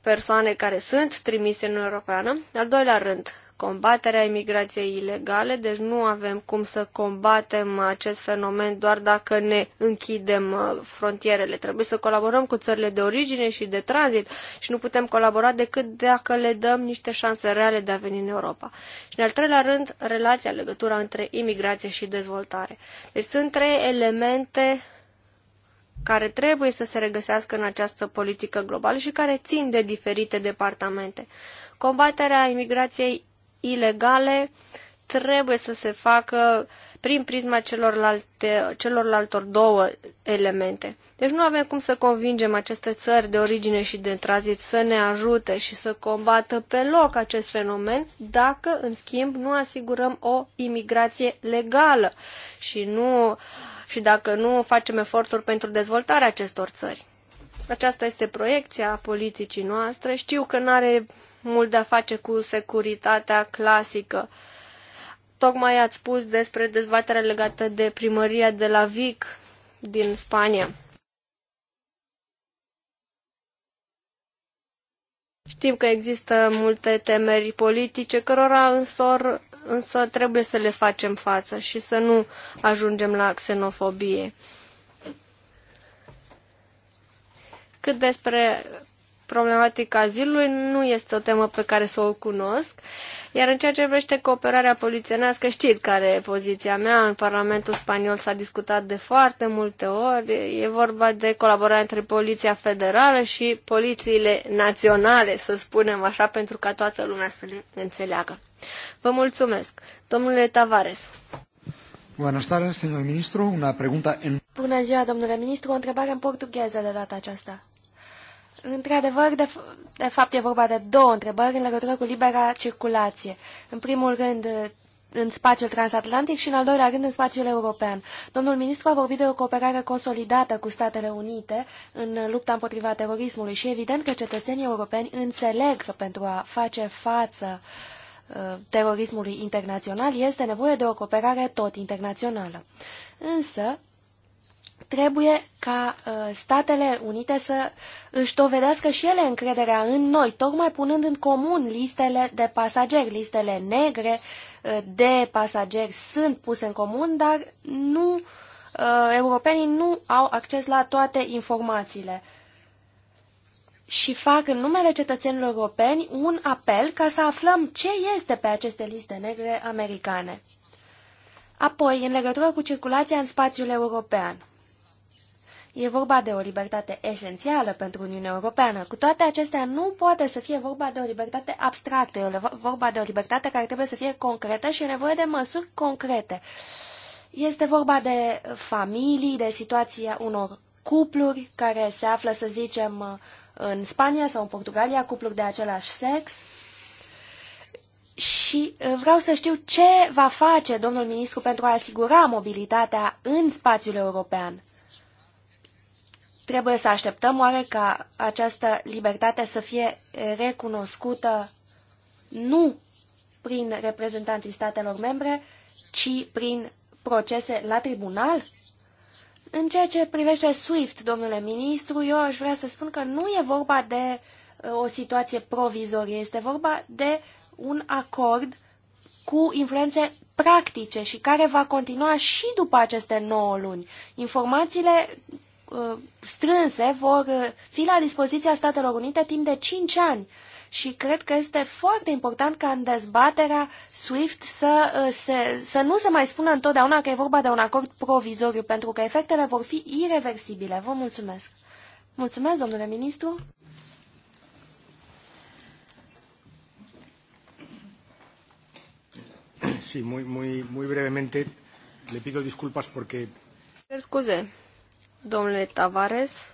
[SPEAKER 1] persoane care sunt trimise în Europeană. Al doilea rând, combaterea imigrației ilegale, deci nu avem cum să combatem acest fenomen doar dacă ne închidem uh, frontierele. Trebuie să colaborăm cu țările de origine și de tranzit și nu putem colabora decât dacă le dăm niște șanse reale de a veni în Europa. Și în al treilea rând, relația, legătura între imigrație și dezvoltare. Deci sunt trei elemente care trebuie să se regăsească în această politică globală și care țin de diferite departamente. Combaterea imigrației ilegale trebuie să se facă prin prisma celorlalte, celorlaltor două elemente. Deci nu avem cum să convingem aceste țări de origine și de tranzit să ne ajute și să combată pe loc acest fenomen dacă, în schimb, nu asigurăm o imigrație legală și, nu, și dacă nu facem eforturi pentru dezvoltarea acestor țări. Aceasta este proiecția politicii noastre. Știu că nu are mult de a face cu securitatea clasică. Tocmai ați spus despre dezbaterea legată de primăria de la Vic din Spania. Știm că există multe temeri politice, cărora însor, însă trebuie să le facem față și să nu ajungem la xenofobie. Cât despre problematica azilului, nu este o temă pe care să o cunosc. Iar în ceea ce privește cooperarea polițienească, știți care e poziția mea. În Parlamentul Spaniol s-a discutat de foarte multe ori. E vorba de colaborarea între Poliția Federală și polițiile naționale, să spunem așa, pentru ca toată lumea să le înțeleagă. Vă mulțumesc. Domnule
[SPEAKER 2] Tavares. Bună ziua, domnule ministru. Una pregunta în... Bună ziua, domnule ministru. O întrebare în portugheză de data aceasta. Într-adevăr, de, de fapt e vorba de două întrebări în legătură cu libera circulație. În primul rând, în spațiul transatlantic și, în al doilea rând, în spațiul european. Domnul ministru a vorbit de o cooperare consolidată cu Statele Unite în lupta împotriva terorismului și evident că cetățenii europeni înțeleg că pentru a face față uh, terorismului internațional este nevoie de o cooperare tot internațională. Însă, Trebuie ca uh, Statele Unite să își dovedească și ele încrederea în noi, tocmai punând în comun listele de pasageri. Listele negre uh, de pasageri sunt puse în comun, dar nu, uh, europenii nu au acces la toate informațiile și fac în numele cetățenilor europeni un apel ca să aflăm ce este pe aceste liste negre americane. Apoi, în legătură cu circulația în spațiul european. E vorba de o libertate esențială pentru Uniunea Europeană. Cu toate acestea, nu poate să fie vorba de o libertate abstractă, e vorba de o libertate care trebuie să fie concretă și e nevoie de măsuri concrete. Este vorba de familii, de situația unor cupluri care se află, să zicem, în Spania sau în Portugalia, cupluri de același sex. Și vreau să știu ce va face domnul ministru pentru a asigura mobilitatea în spațiul european. Trebuie să așteptăm oare ca această libertate să fie recunoscută nu prin reprezentanții statelor membre, ci prin procese la tribunal? În ceea ce privește SWIFT, domnule ministru, eu aș vrea să spun că nu e vorba de uh, o situație provizorie, este vorba de un acord cu influențe practice și care va continua și după aceste 9 luni. Informațiile Uh, strânse vor uh, fi la dispoziția Statelor Unite timp de 5 ani și cred că este foarte important ca în dezbaterea SWIFT să, uh, se, să nu se mai spună întotdeauna că e vorba de un acord provizoriu, pentru că efectele vor fi irreversibile. Vă mulțumesc. Mulțumesc, domnule ministru. Sí, muy, muy, muy brevemente. Le pido disculpas porque...
[SPEAKER 1] Scuze, domnule Tavares.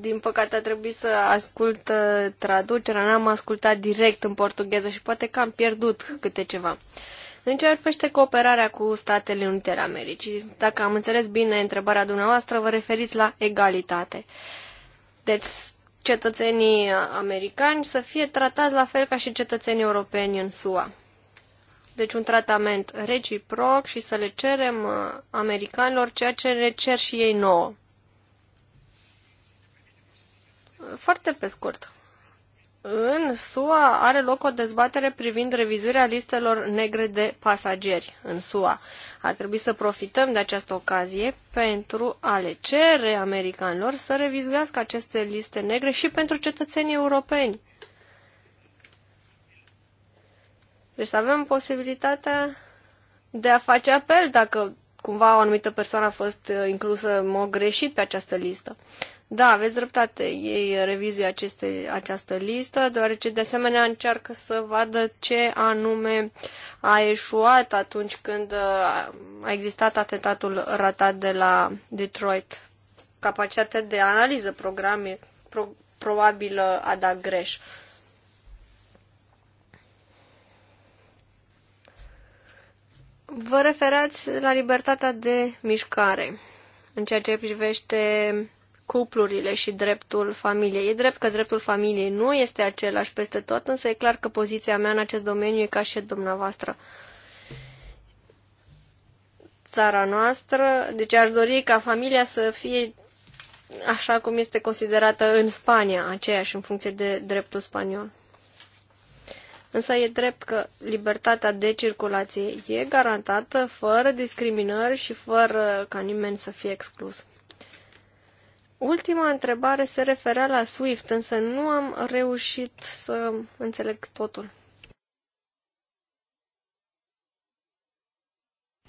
[SPEAKER 1] Din păcate a trebuit să ascult uh, traducerea, n-am ascultat direct în portugheză și poate că am pierdut câte ceva. În ce privește cooperarea cu Statele Unite ale Americii, dacă am înțeles bine întrebarea dumneavoastră, vă referiți la egalitate. Deci, cetățenii americani să fie tratați la fel ca și cetățenii europeni în SUA deci un tratament reciproc și să le cerem uh, americanilor ceea ce le cer și ei nouă. Foarte pe scurt. În SUA are loc o dezbatere privind revizuirea listelor negre de pasageri în SUA. Ar trebui să profităm de această ocazie pentru a le cere americanilor să revizuiască aceste liste negre și pentru cetățenii europeni Deci să avem posibilitatea de a face apel dacă cumva o anumită persoană a fost uh, inclusă în mod greșit pe această listă. Da, aveți dreptate, ei revizuie aceste, această listă, deoarece de asemenea încearcă să vadă ce anume a eșuat atunci când uh, a existat atentatul ratat de la Detroit. Capacitatea de analiză, programe, pro, probabil uh, a dat greș. Vă referați la libertatea de mișcare în ceea ce privește cuplurile și dreptul familiei. E drept că dreptul familiei nu este același peste tot, însă e clar că poziția mea în acest domeniu e ca și a dumneavoastră. Țara noastră, deci aș dori ca familia să fie așa cum este considerată în Spania, aceeași în funcție de dreptul spaniol. Însă e drept că libertatea de circulație e garantată fără discriminări și fără ca nimeni să fie exclus. Ultima întrebare se referea la SWIFT, însă nu am reușit să înțeleg totul.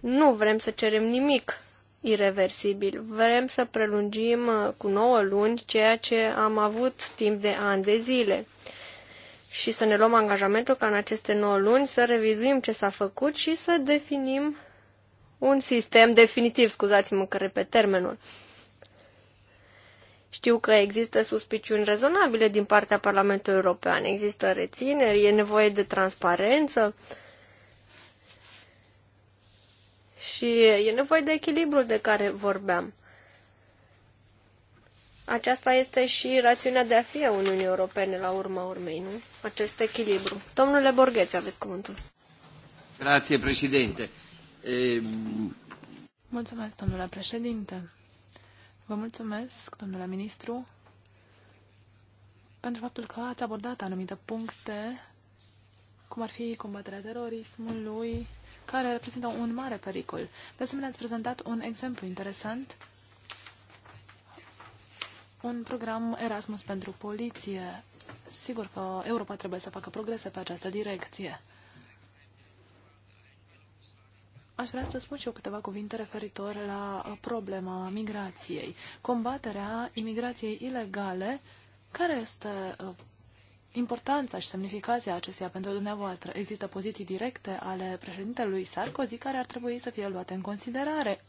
[SPEAKER 1] Nu vrem să cerem nimic irreversibil. Vrem să prelungim cu 9 luni ceea ce am avut timp de ani de zile și să ne luăm angajamentul ca în aceste 9 luni să revizuim ce s-a făcut și să definim un sistem definitiv, scuzați-mă că repet termenul. Știu că există suspiciuni rezonabile din partea Parlamentului European, există rețineri, e nevoie de transparență și e nevoie de echilibrul de care vorbeam. Aceasta este și rațiunea de a fi a Uniunii Europene la urma urmei, nu? Acest echilibru. Domnule Borgheț, aveți cuvântul. Grație, președinte. E... Ehm,
[SPEAKER 3] mulțumesc, domnule președinte. Vă mulțumesc, domnule ministru, pentru faptul că ați abordat anumite puncte, cum ar fi combaterea terorismului, care reprezintă un mare pericol. De asemenea, ați prezentat un exemplu interesant un program Erasmus pentru poliție. Sigur că Europa trebuie să facă progrese pe această direcție. Aș vrea să spun și eu câteva cuvinte referitor la problema migrației. Combaterea imigrației ilegale, care este uh, importanța și semnificația acesteia pentru dumneavoastră? Există poziții directe ale președintelui Sarkozy care ar trebui să fie luate în considerare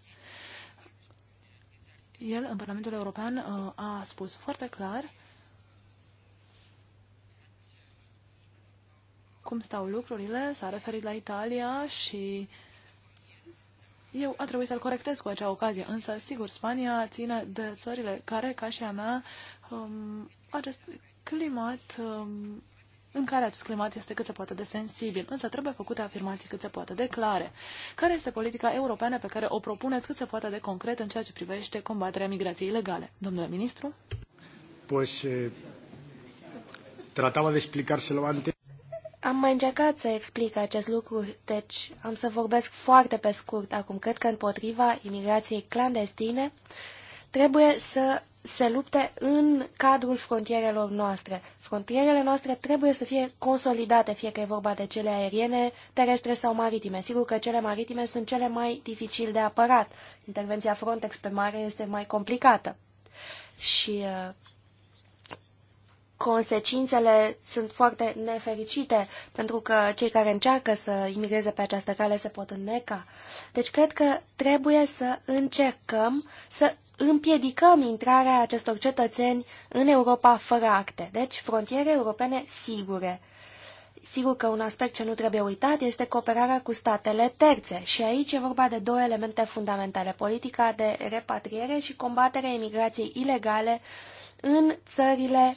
[SPEAKER 3] el în Parlamentul European uh, a spus foarte clar cum stau lucrurile, s-a referit la Italia și eu a trebuit să-l corectez cu acea ocazie, însă, sigur, Spania ține de țările care, ca și a mea, um, acest climat um, în care acest climat este cât se poate de sensibil, însă trebuie făcute afirmații cât se poate de clare. Care este politica europeană pe care o propuneți cât se poate de concret în ceea ce privește combaterea migrației ilegale? Domnule ministru?
[SPEAKER 2] Pues, eh, trataba de explicárselo antes.
[SPEAKER 3] Am mai încercat să explic acest lucru,
[SPEAKER 2] deci am să vorbesc foarte pe scurt acum. Cred că împotriva imigrației clandestine trebuie să se lupte în cadrul frontierelor noastre. Frontierele noastre trebuie să fie consolidate, fie că e vorba de cele aeriene, terestre sau maritime. Sigur că cele maritime sunt cele mai dificil de apărat. Intervenția Frontex pe mare este mai complicată. Și uh, consecințele sunt foarte nefericite, pentru că cei care încearcă să imigreze pe această cale se pot înneca. Deci cred că trebuie să încercăm să împiedicăm intrarea acestor cetățeni în Europa fără acte, deci frontiere europene sigure. Sigur că un aspect ce nu trebuie uitat este cooperarea cu statele terțe și aici e vorba de două elemente fundamentale, politica de repatriere și combaterea imigrației ilegale în țările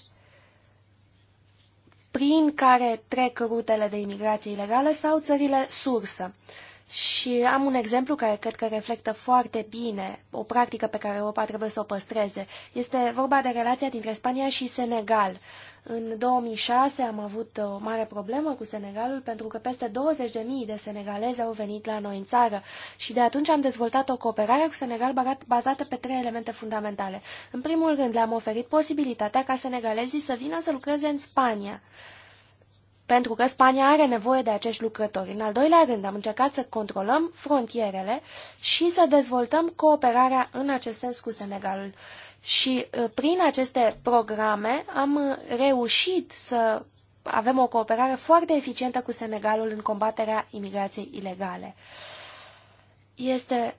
[SPEAKER 2] prin care trec rutele de imigrație ilegală sau țările sursă. Și am un exemplu care cred că reflectă foarte bine o practică pe care Europa trebuie să o păstreze. Este vorba de relația dintre Spania și Senegal. În 2006 am avut o mare problemă cu Senegalul pentru că peste 20.000 de senegalezi au venit la noi în țară și de atunci am dezvoltat o cooperare cu Senegal bazată pe trei elemente fundamentale. În primul rând le-am oferit posibilitatea ca senegalezii să vină să lucreze în Spania pentru că Spania are nevoie de acești lucrători. În al doilea rând, am încercat să controlăm frontierele și să dezvoltăm cooperarea în acest sens cu Senegalul. Și uh, prin aceste programe am uh, reușit să avem o cooperare foarte eficientă cu Senegalul în combaterea imigrației ilegale. Este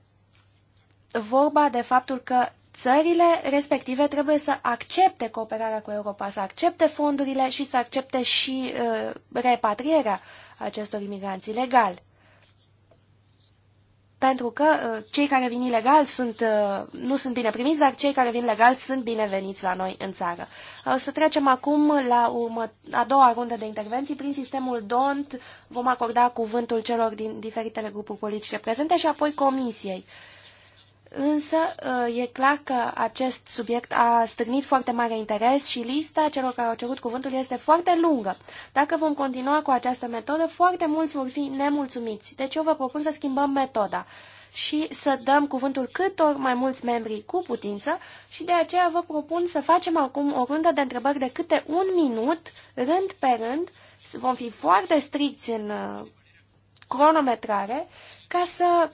[SPEAKER 2] vorba de faptul că țările respective trebuie să accepte cooperarea cu Europa, să accepte fondurile și să accepte și uh, repatrierea acestor imigranți ilegali. Pentru că uh, cei care vin ilegal sunt, uh, nu sunt bine primiți, dar cei care vin legal sunt bineveniți la noi în țară. O uh, să trecem acum la urmă, a doua rundă de intervenții. Prin sistemul DONT vom acorda cuvântul celor din diferitele grupuri politice prezente și apoi comisiei. Uh, Însă uh, e clar că acest subiect a stârnit foarte mare interes și lista celor care au cerut cuvântul este foarte lungă. Dacă vom continua cu această metodă, foarte mulți vor fi nemulțumiți. Deci eu vă propun să schimbăm metoda și să dăm cuvântul câtor mai mulți membri cu putință și de aceea vă propun să facem acum o rundă de întrebări de câte un minut, rând pe rând. Vom fi foarte stricți în uh, cronometrare ca să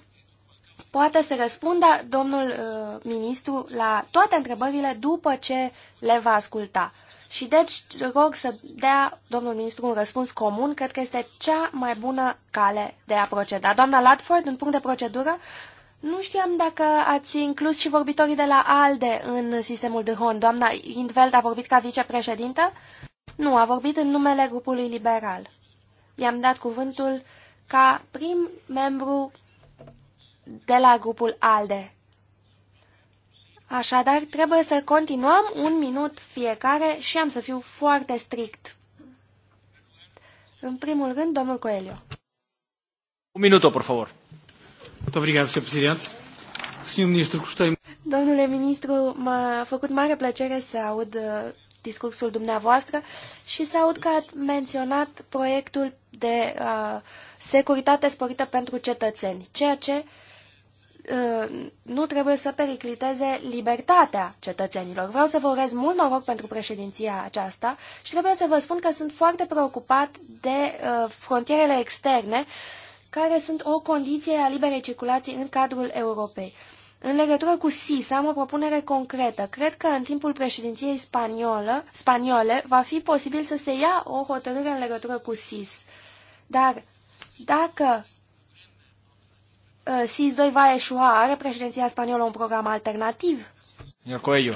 [SPEAKER 2] poată să răspundă domnul uh, ministru la toate întrebările după ce le va asculta. Și deci rog să dea domnul ministru un răspuns comun, cred că este cea mai bună cale de a proceda. Doamna Latford, în punct de procedură, nu știam dacă ați inclus și vorbitorii de la ALDE în sistemul de HON. Doamna Hindveld a vorbit ca vicepreședintă? Nu, a vorbit în numele grupului liberal. I-am dat cuvântul ca prim membru de la grupul ALDE. Așadar, trebuie să continuăm un minut fiecare și am să fiu foarte strict. În primul rând, domnul coelio.
[SPEAKER 3] Un minut, por favor. Obrigado, senhor Presidente. Senhor ministro, gostei...
[SPEAKER 2] Domnule ministru, m-a făcut mare plăcere să aud uh, discursul dumneavoastră și să aud că ați menționat proiectul de uh, securitate sporită pentru cetățeni, ceea ce uh, Uh, nu trebuie să pericliteze libertatea cetățenilor. Vreau să vă urez mult noroc pentru președinția aceasta și trebuie să vă spun că sunt foarte preocupat de uh, frontierele externe, care sunt o condiție a liberei circulații în cadrul Europei. În legătură cu SIS am o propunere concretă. Cred că în timpul președinției spaniolă, spaniole va fi posibil să se ia o hotărâre în legătură cu SIS. Dar dacă Uh, SIS-2 va eșua? Are președinția spaniolă un program alternativ?
[SPEAKER 1] Señor Coelho.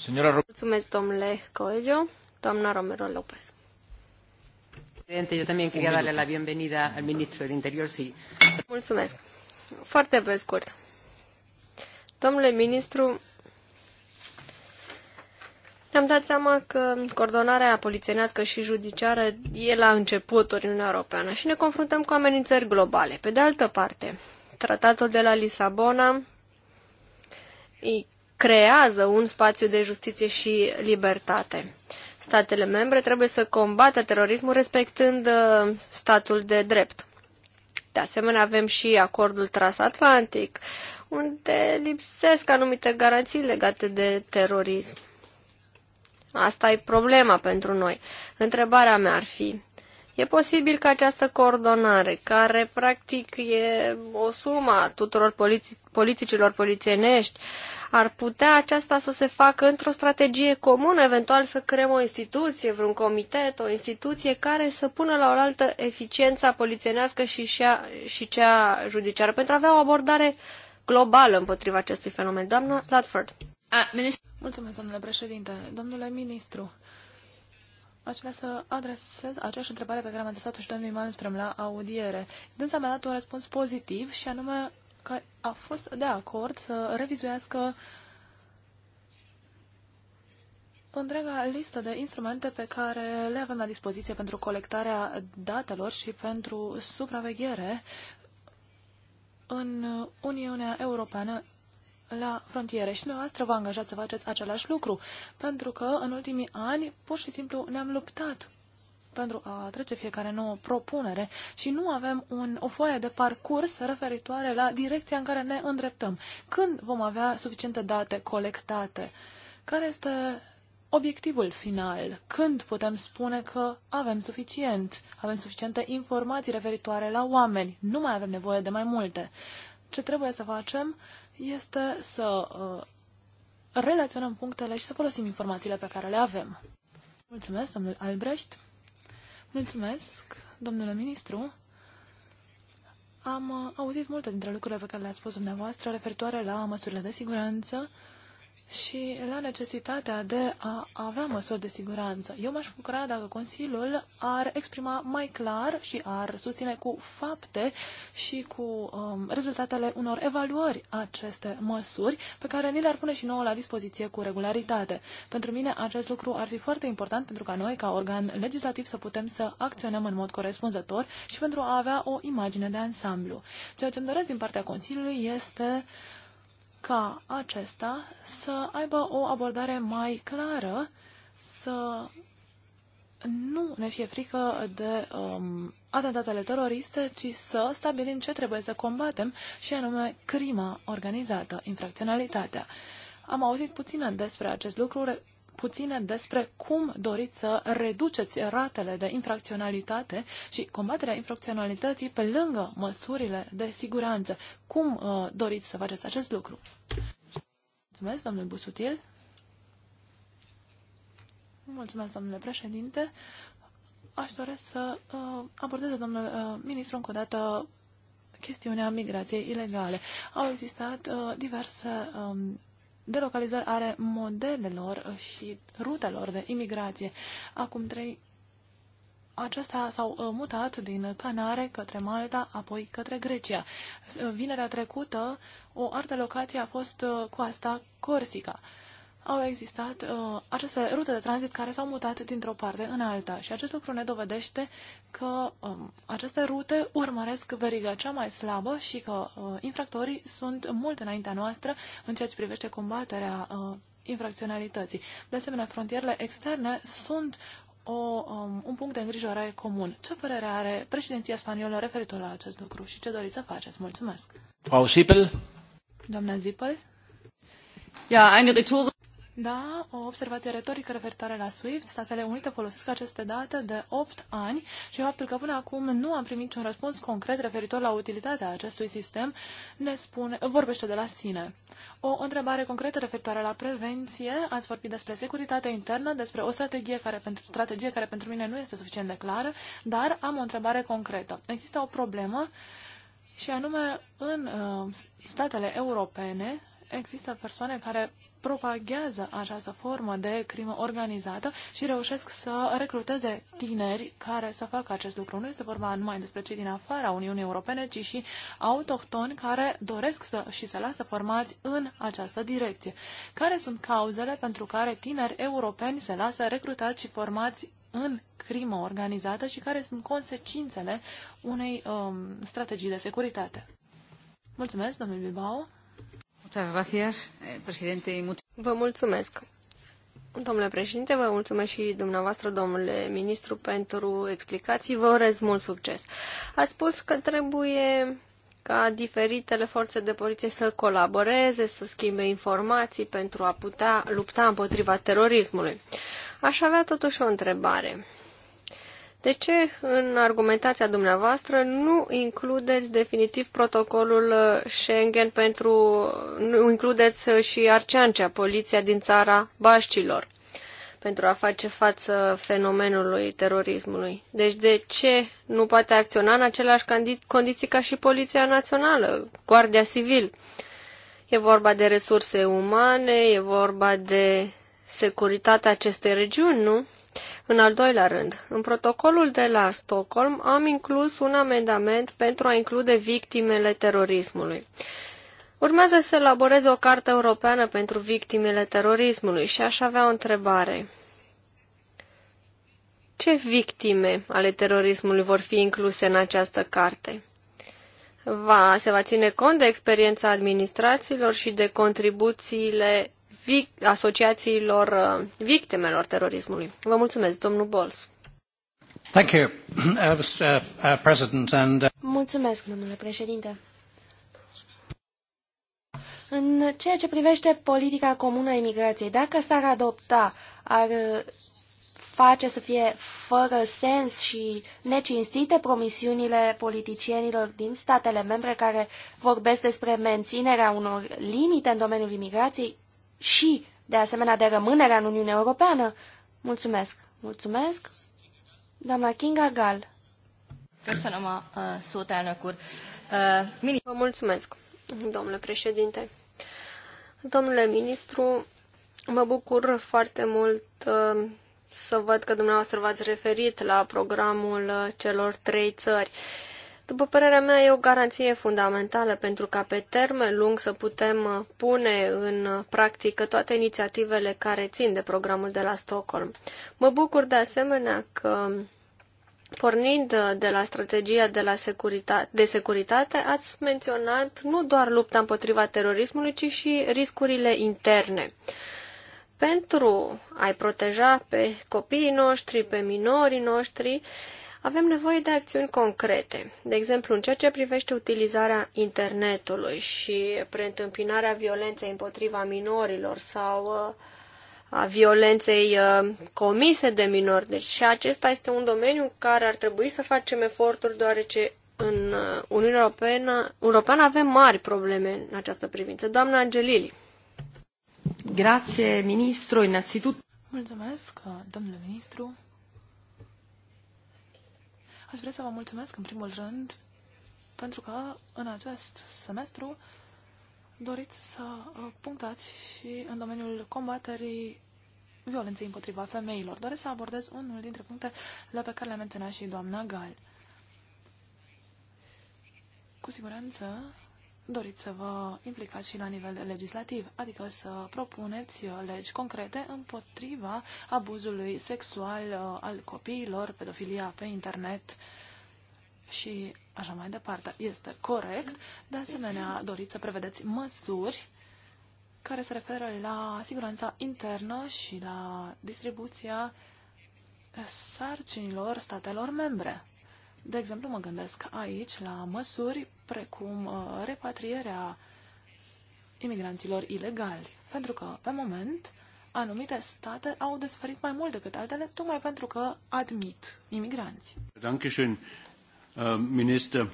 [SPEAKER 1] Señora...
[SPEAKER 2] Mulțumesc, domnule Coelho.
[SPEAKER 1] Doamna Romero López. Presidente, eu también quería darle la bienvenida al ministro del Interior. Sí. Mulțumesc. Foarte pe scurt. Domnule ministru, ne-am dat seama că coordonarea polițienească și judiciară e la începuturi în Uniunea Europeană și ne confruntăm cu amenințări globale. Pe de altă parte, tratatul de la Lisabona îi creează un spațiu de justiție și libertate. Statele membre trebuie să combată terorismul respectând uh, statul de drept. De asemenea, avem și acordul transatlantic, unde lipsesc anumite garanții legate de terorism. Asta e problema pentru noi. Întrebarea mea ar fi, e posibil că această coordonare, care practic e o sumă a tuturor politi- politicilor polițienești, ar putea aceasta să se facă într-o strategie comună, eventual să creăm o instituție, vreun comitet, o instituție care să pună la oaltă eficiența polițienească și, cea, și cea judiciară, pentru a avea o abordare globală împotriva acestui
[SPEAKER 3] fenomen. Doamna Latford. Uh, Mulțumesc, domnule președinte. Domnule ministru, aș vrea să adresez aceeași întrebare pe care am adresat-o și domnului Malmström la audiere. Dânsa mi-a dat un răspuns pozitiv și anume că a fost de acord să revizuiască întreaga listă de instrumente pe care le avem la dispoziție pentru colectarea datelor și pentru supraveghere în Uniunea Europeană la frontiere și dumneavoastră vă angajați să faceți același lucru, pentru că în ultimii ani pur și simplu ne-am luptat pentru a trece fiecare nouă propunere și nu avem un, o foaie de parcurs referitoare la direcția în care ne îndreptăm. Când vom avea suficiente date colectate? Care este obiectivul final? Când putem spune că avem suficient? Avem suficiente informații referitoare la oameni? Nu mai avem nevoie de mai multe. Ce trebuie să facem este să uh, relaționăm punctele și să folosim informațiile pe care le avem. Mulțumesc, domnul Albrecht. Mulțumesc, domnule ministru. Am uh, auzit multe dintre lucrurile pe care le-ați spus dumneavoastră referitoare la măsurile de siguranță, și la necesitatea de a avea măsuri de siguranță. Eu m-aș bucura dacă Consiliul ar exprima mai clar și ar susține cu fapte și cu um, rezultatele unor evaluări aceste măsuri pe care ni le-ar pune și nouă la dispoziție cu regularitate. Pentru mine acest lucru ar fi foarte important pentru ca noi, ca organ legislativ, să putem să acționăm în mod corespunzător și pentru a avea o imagine de ansamblu. Ceea ce îmi doresc din partea Consiliului este uh, ca acesta să aibă o abordare mai clară, să nu ne fie frică de um, atentatele teroriste, ci să stabilim ce trebuie să combatem, și anume crima organizată, infracționalitatea. Am auzit puțin despre acest lucru puține despre cum doriți să reduceți ratele de infracționalitate și combaterea infracționalității pe lângă măsurile de siguranță. Cum uh, doriți să faceți acest lucru? Mulțumesc, domnule Busutil. Mulțumesc, domnule președinte. Aș doresc să uh, abordeze, domnul uh, ministru, încă o dată chestiunea migrației ilegale. Au existat uh, diverse um, de localizări are modelelor și rutelor de imigrație. Acum trei acestea s-au uh, mutat din Canare către Malta, apoi către Grecia. Uh, vinerea trecută, o altă locație a fost uh, coasta Corsica au existat uh, aceste rute de tranzit care s-au mutat dintr-o parte în alta și acest lucru ne dovedește că um, aceste rute urmăresc veriga cea mai slabă și că uh, infractorii sunt mult înaintea noastră în ceea ce privește combaterea uh, infracționalității. De asemenea, frontierele externe sunt o, um, un punct de îngrijorare comun. Ce părere are președinția spaniolă referitor la acest lucru și ce doriți să faceți? Mulțumesc!
[SPEAKER 1] Frau Schipel.
[SPEAKER 3] Doamna Zippel? Ja, eine Rhetorik da o observație retorică referitoare la SWIFT. Statele Unite folosesc aceste date de 8 ani și faptul că până acum nu am primit niciun răspuns concret referitor la utilitatea acestui sistem ne spune, vorbește de la sine. O întrebare concretă referitoare la prevenție. Ați vorbit despre securitate internă, despre o strategie care, pentru, strategie care pentru mine nu este suficient de clară, dar am o întrebare concretă. Există o problemă și anume în uh, statele europene există persoane care propaghează această formă de crimă organizată și reușesc să recruteze tineri care să facă acest lucru. Nu este vorba numai despre cei din afara Uniunii Europene, ci și autohtoni care doresc să și să lasă formați în această direcție. Care sunt cauzele pentru care tineri europeni se lasă recrutați și formați în crimă organizată și care sunt consecințele unei um, strategii de securitate? Mulțumesc, domnul Bilbao. Eh,
[SPEAKER 1] vă mulțumesc. Domnule președinte, vă mulțumesc și dumneavoastră, domnule ministru, pentru explicații. Vă urez mult succes. Ați spus că trebuie ca diferitele forțe de poliție să colaboreze, să schimbe informații pentru a putea lupta împotriva terorismului. Aș avea totuși o întrebare. De ce în argumentația dumneavoastră nu includeți definitiv protocolul uh, Schengen pentru... nu includeți uh, și Arceancea, poliția din țara Baștilor, pentru a face față fenomenului terorismului. Deci de ce nu poate acționa în aceleași condiții ca și Poliția Națională, Guardia Civil? E vorba de resurse umane, e vorba de securitatea acestei regiuni, nu? În al doilea rând, în protocolul de la Stockholm am inclus un amendament pentru a include victimele terorismului. Urmează să elaboreze o carte europeană pentru victimele terorismului și aș avea o întrebare. Ce victime ale terorismului vor fi incluse în această carte? Va, se va ține cont de experiența administrațiilor și de contribuțiile vic- asociațiilor uh, victimelor terorismului. Vă mulțumesc,
[SPEAKER 2] domnul Bols.
[SPEAKER 3] Thank you, (clears throat) uh, uh, President, and...
[SPEAKER 2] Mulțumesc, domnule președinte. În ceea ce privește politica comună a imigrației, dacă s-ar adopta, ar face să fie fără sens și necinstite promisiunile politicienilor din statele membre care vorbesc despre menținerea unor limite în domeniul imigrației, și, de asemenea, de rămânerea în Uniunea Europeană. Mulțumesc! Mulțumesc! Doamna Kinga Gal. Köszönöm a szót,
[SPEAKER 1] Vă mulțumesc, domnule președinte. Domnule ministru, mă bucur foarte mult să văd că dumneavoastră v-ați referit la programul celor trei țări. După părerea mea, e o garanție fundamentală pentru ca pe termen lung să putem uh, pune în uh, practică toate inițiativele care țin de programul de la Stockholm. Mă bucur de asemenea că Pornind uh, de la strategia de, la securitate, de securitate, ați menționat nu doar lupta împotriva terorismului, ci și riscurile interne. Pentru a-i proteja pe copiii noștri, pe minorii noștri, uh, avem nevoie de acțiuni concrete, de exemplu în ceea ce privește utilizarea internetului și preîntâmpinarea violenței împotriva minorilor sau uh, a violenței uh, comise de minori. Deci și acesta este un domeniu în care ar trebui să facem eforturi, deoarece în uh, Uniunea Europeană, Europeană avem mari probleme în această privință. Doamna Angelili. Grazie, ministru, innanzitutto.
[SPEAKER 3] Mulțumesc, domnule ministru. Aș vrea să vă mulțumesc în primul rând pentru că în acest semestru doriți să uh, punctați și în domeniul combaterii violenței împotriva femeilor. Doresc să abordez unul dintre punctele pe care le-a menționat și doamna Gal. Cu siguranță, doriți să vă implicați și la nivel legislativ, adică să propuneți uh, legi concrete împotriva abuzului sexual uh, al copiilor, pedofilia pe internet și așa mai departe. Este corect. De asemenea, doriți să prevedeți măsuri care se referă la siguranța internă și la distribuția sarcinilor statelor membre. De exemplu, mă gândesc aici la măsuri precum uh, repatrierea imigranților ilegali, pentru că, pe moment, anumite state au desfărit mai mult decât altele, tocmai pentru că admit imigranți.
[SPEAKER 1] Dankeschön, uh, minister.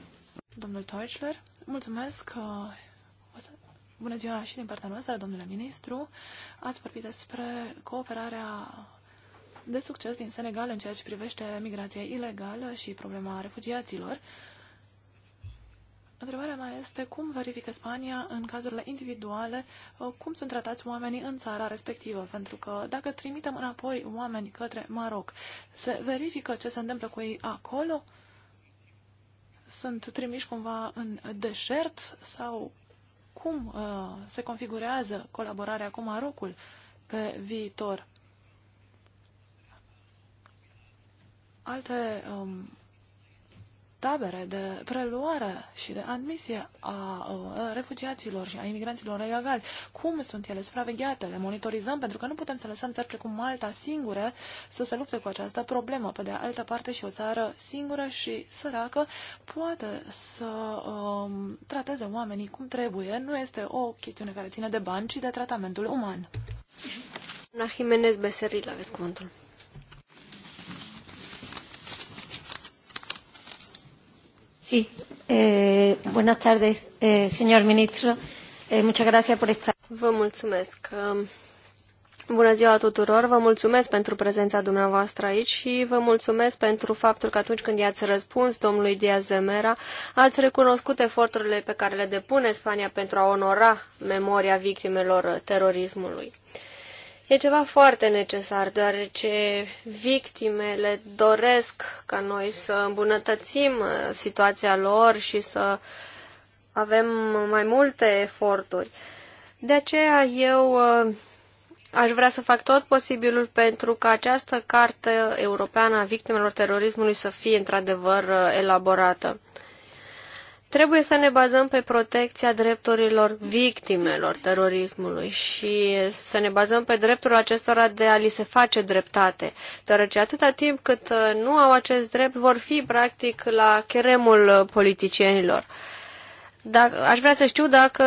[SPEAKER 3] Domnul Teuchler, mulțumesc că... Uh, bună ziua și din partea noastră, domnule ministru. Ați vorbit despre cooperarea de succes din Senegal în ceea ce privește migrația ilegală și problema refugiaților. Întrebarea mea este cum verifică Spania în cazurile individuale uh, cum sunt tratați oamenii în țara respectivă, pentru că dacă trimitem înapoi oameni către Maroc, se verifică ce se întâmplă cu ei acolo? Sunt trimiși cumva în deșert sau cum uh, se configurează colaborarea cu Marocul pe viitor? alte um, tabere de preluare și de admisie a uh, refugiaților și a imigranților ilegali. Cum sunt ele supravegheate? Le monitorizăm pentru că nu putem să lăsăm țări precum Malta singure să se lupte cu această problemă. Pe de altă parte și o țară singură și săracă poate să um, trateze oamenii cum trebuie. Nu este o chestiune care ține de bani, ci de tratamentul uman. Ana Jimenez Becerril, aveți cuvântul.
[SPEAKER 2] Sí,
[SPEAKER 1] eh, buenas tardes, eh, señor ministro. Eh, muchas gracias por Vă mulțumesc. Um, bună ziua tuturor, vă mulțumesc pentru prezența dumneavoastră aici și vă mulțumesc pentru faptul că atunci când i-ați răspuns domnului Diaz de Mera, ați recunoscut eforturile pe care le depune Spania pentru a onora memoria victimelor terorismului. Uh, E ceva foarte necesar, deoarece victimele doresc ca noi să îmbunătățim uh, situația lor și să avem mai multe eforturi. De aceea eu uh, aș vrea să fac tot posibilul pentru ca această carte europeană a victimelor terorismului să fie într-adevăr uh, elaborată. Trebuie să ne bazăm pe protecția drepturilor victimelor terorismului și să ne bazăm pe dreptul acestora de a li se face dreptate, deoarece atâta timp cât uh, nu au acest drept vor fi practic la cheremul uh, politicienilor. Dacă, aș vrea să știu dacă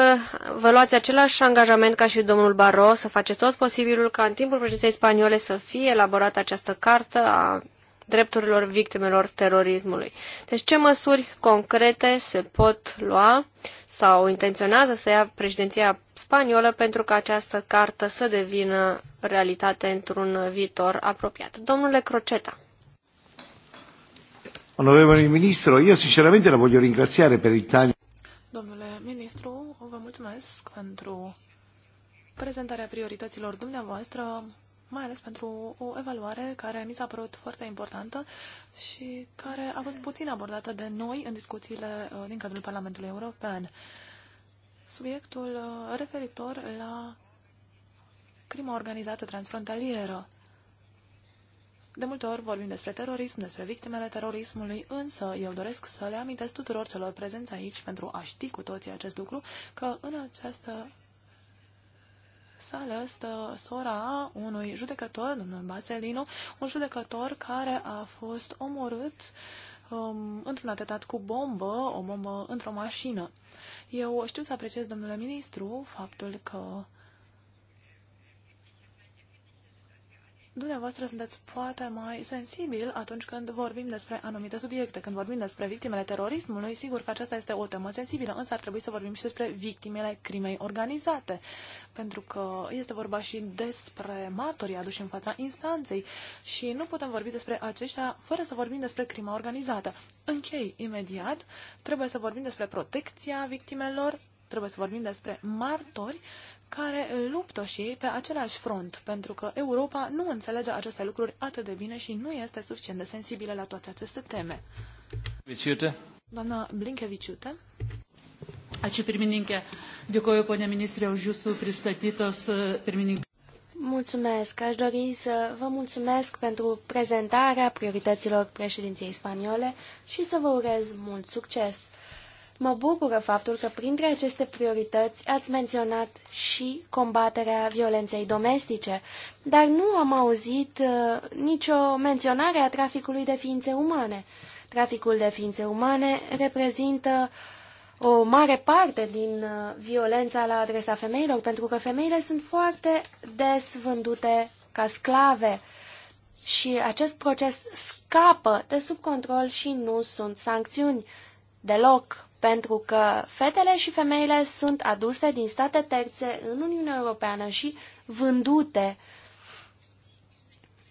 [SPEAKER 1] vă luați același angajament ca și domnul Baro să faceți tot posibilul ca în timpul președinției spaniole să fie elaborată această cartă a drepturilor victimelor terorismului. Deci ce măsuri concrete se pot lua sau intenționează să ia președinția spaniolă pentru ca această cartă să devină realitate într-un viitor apropiat? Domnule
[SPEAKER 3] Croceta. Onorevole Ministro, eu sinceramente la voglio ringraziare per il taglio. Domnule Ministru, vă mulțumesc pentru prezentarea priorităților dumneavoastră mai ales pentru o evaluare care mi s-a părut foarte importantă și care a fost puțin abordată de noi în discuțiile uh, din cadrul Parlamentului European. Subiectul uh, referitor la crima organizată transfrontalieră. De multe ori vorbim despre terorism, despre victimele terorismului, însă eu doresc să le amintesc tuturor celor prezenți aici pentru a ști cu toții acest lucru, că în această sală stă sora unui judecător, domnul Baselino, un judecător care a fost omorât um, într-un atentat cu bombă, o bombă într-o mașină. Eu știu să apreciez, domnule ministru, faptul că dumneavoastră sunteți poate mai sensibil atunci când vorbim despre anumite subiecte. Când vorbim despre victimele terorismului, sigur că aceasta este o temă sensibilă, însă ar trebui să vorbim și despre victimele crimei organizate, pentru că este vorba și despre martorii aduși în fața instanței și nu putem vorbi despre aceștia fără să vorbim despre crima organizată. Închei imediat, trebuie să vorbim despre protecția victimelor, trebuie să vorbim despre martori care luptă și ei pe același front, pentru că Europa nu înțelege aceste lucruri atât de bine și nu este suficient de sensibilă la toate aceste teme. Viciute. Doamna Blinkevičiūtė. Ačiū pirmininkė. Dėkoju, ponia ministrė, už jūsų pristatytos pirmininkė.
[SPEAKER 2] Mulțumesc. Aș dori să vă mulțumesc pentru prezentarea priorităților președinției spaniole și să vă urez mult succes. Mă bucură faptul că printre aceste priorități ați menționat și combaterea violenței domestice, dar nu am auzit uh, nicio menționare a traficului de ființe umane. Traficul de ființe umane reprezintă o mare parte din uh, violența la adresa femeilor, pentru că femeile sunt foarte des vândute ca sclave și acest proces scapă de sub control și nu sunt sancțiuni deloc pentru că fetele și femeile sunt aduse din state terțe în Uniunea Europeană și vândute.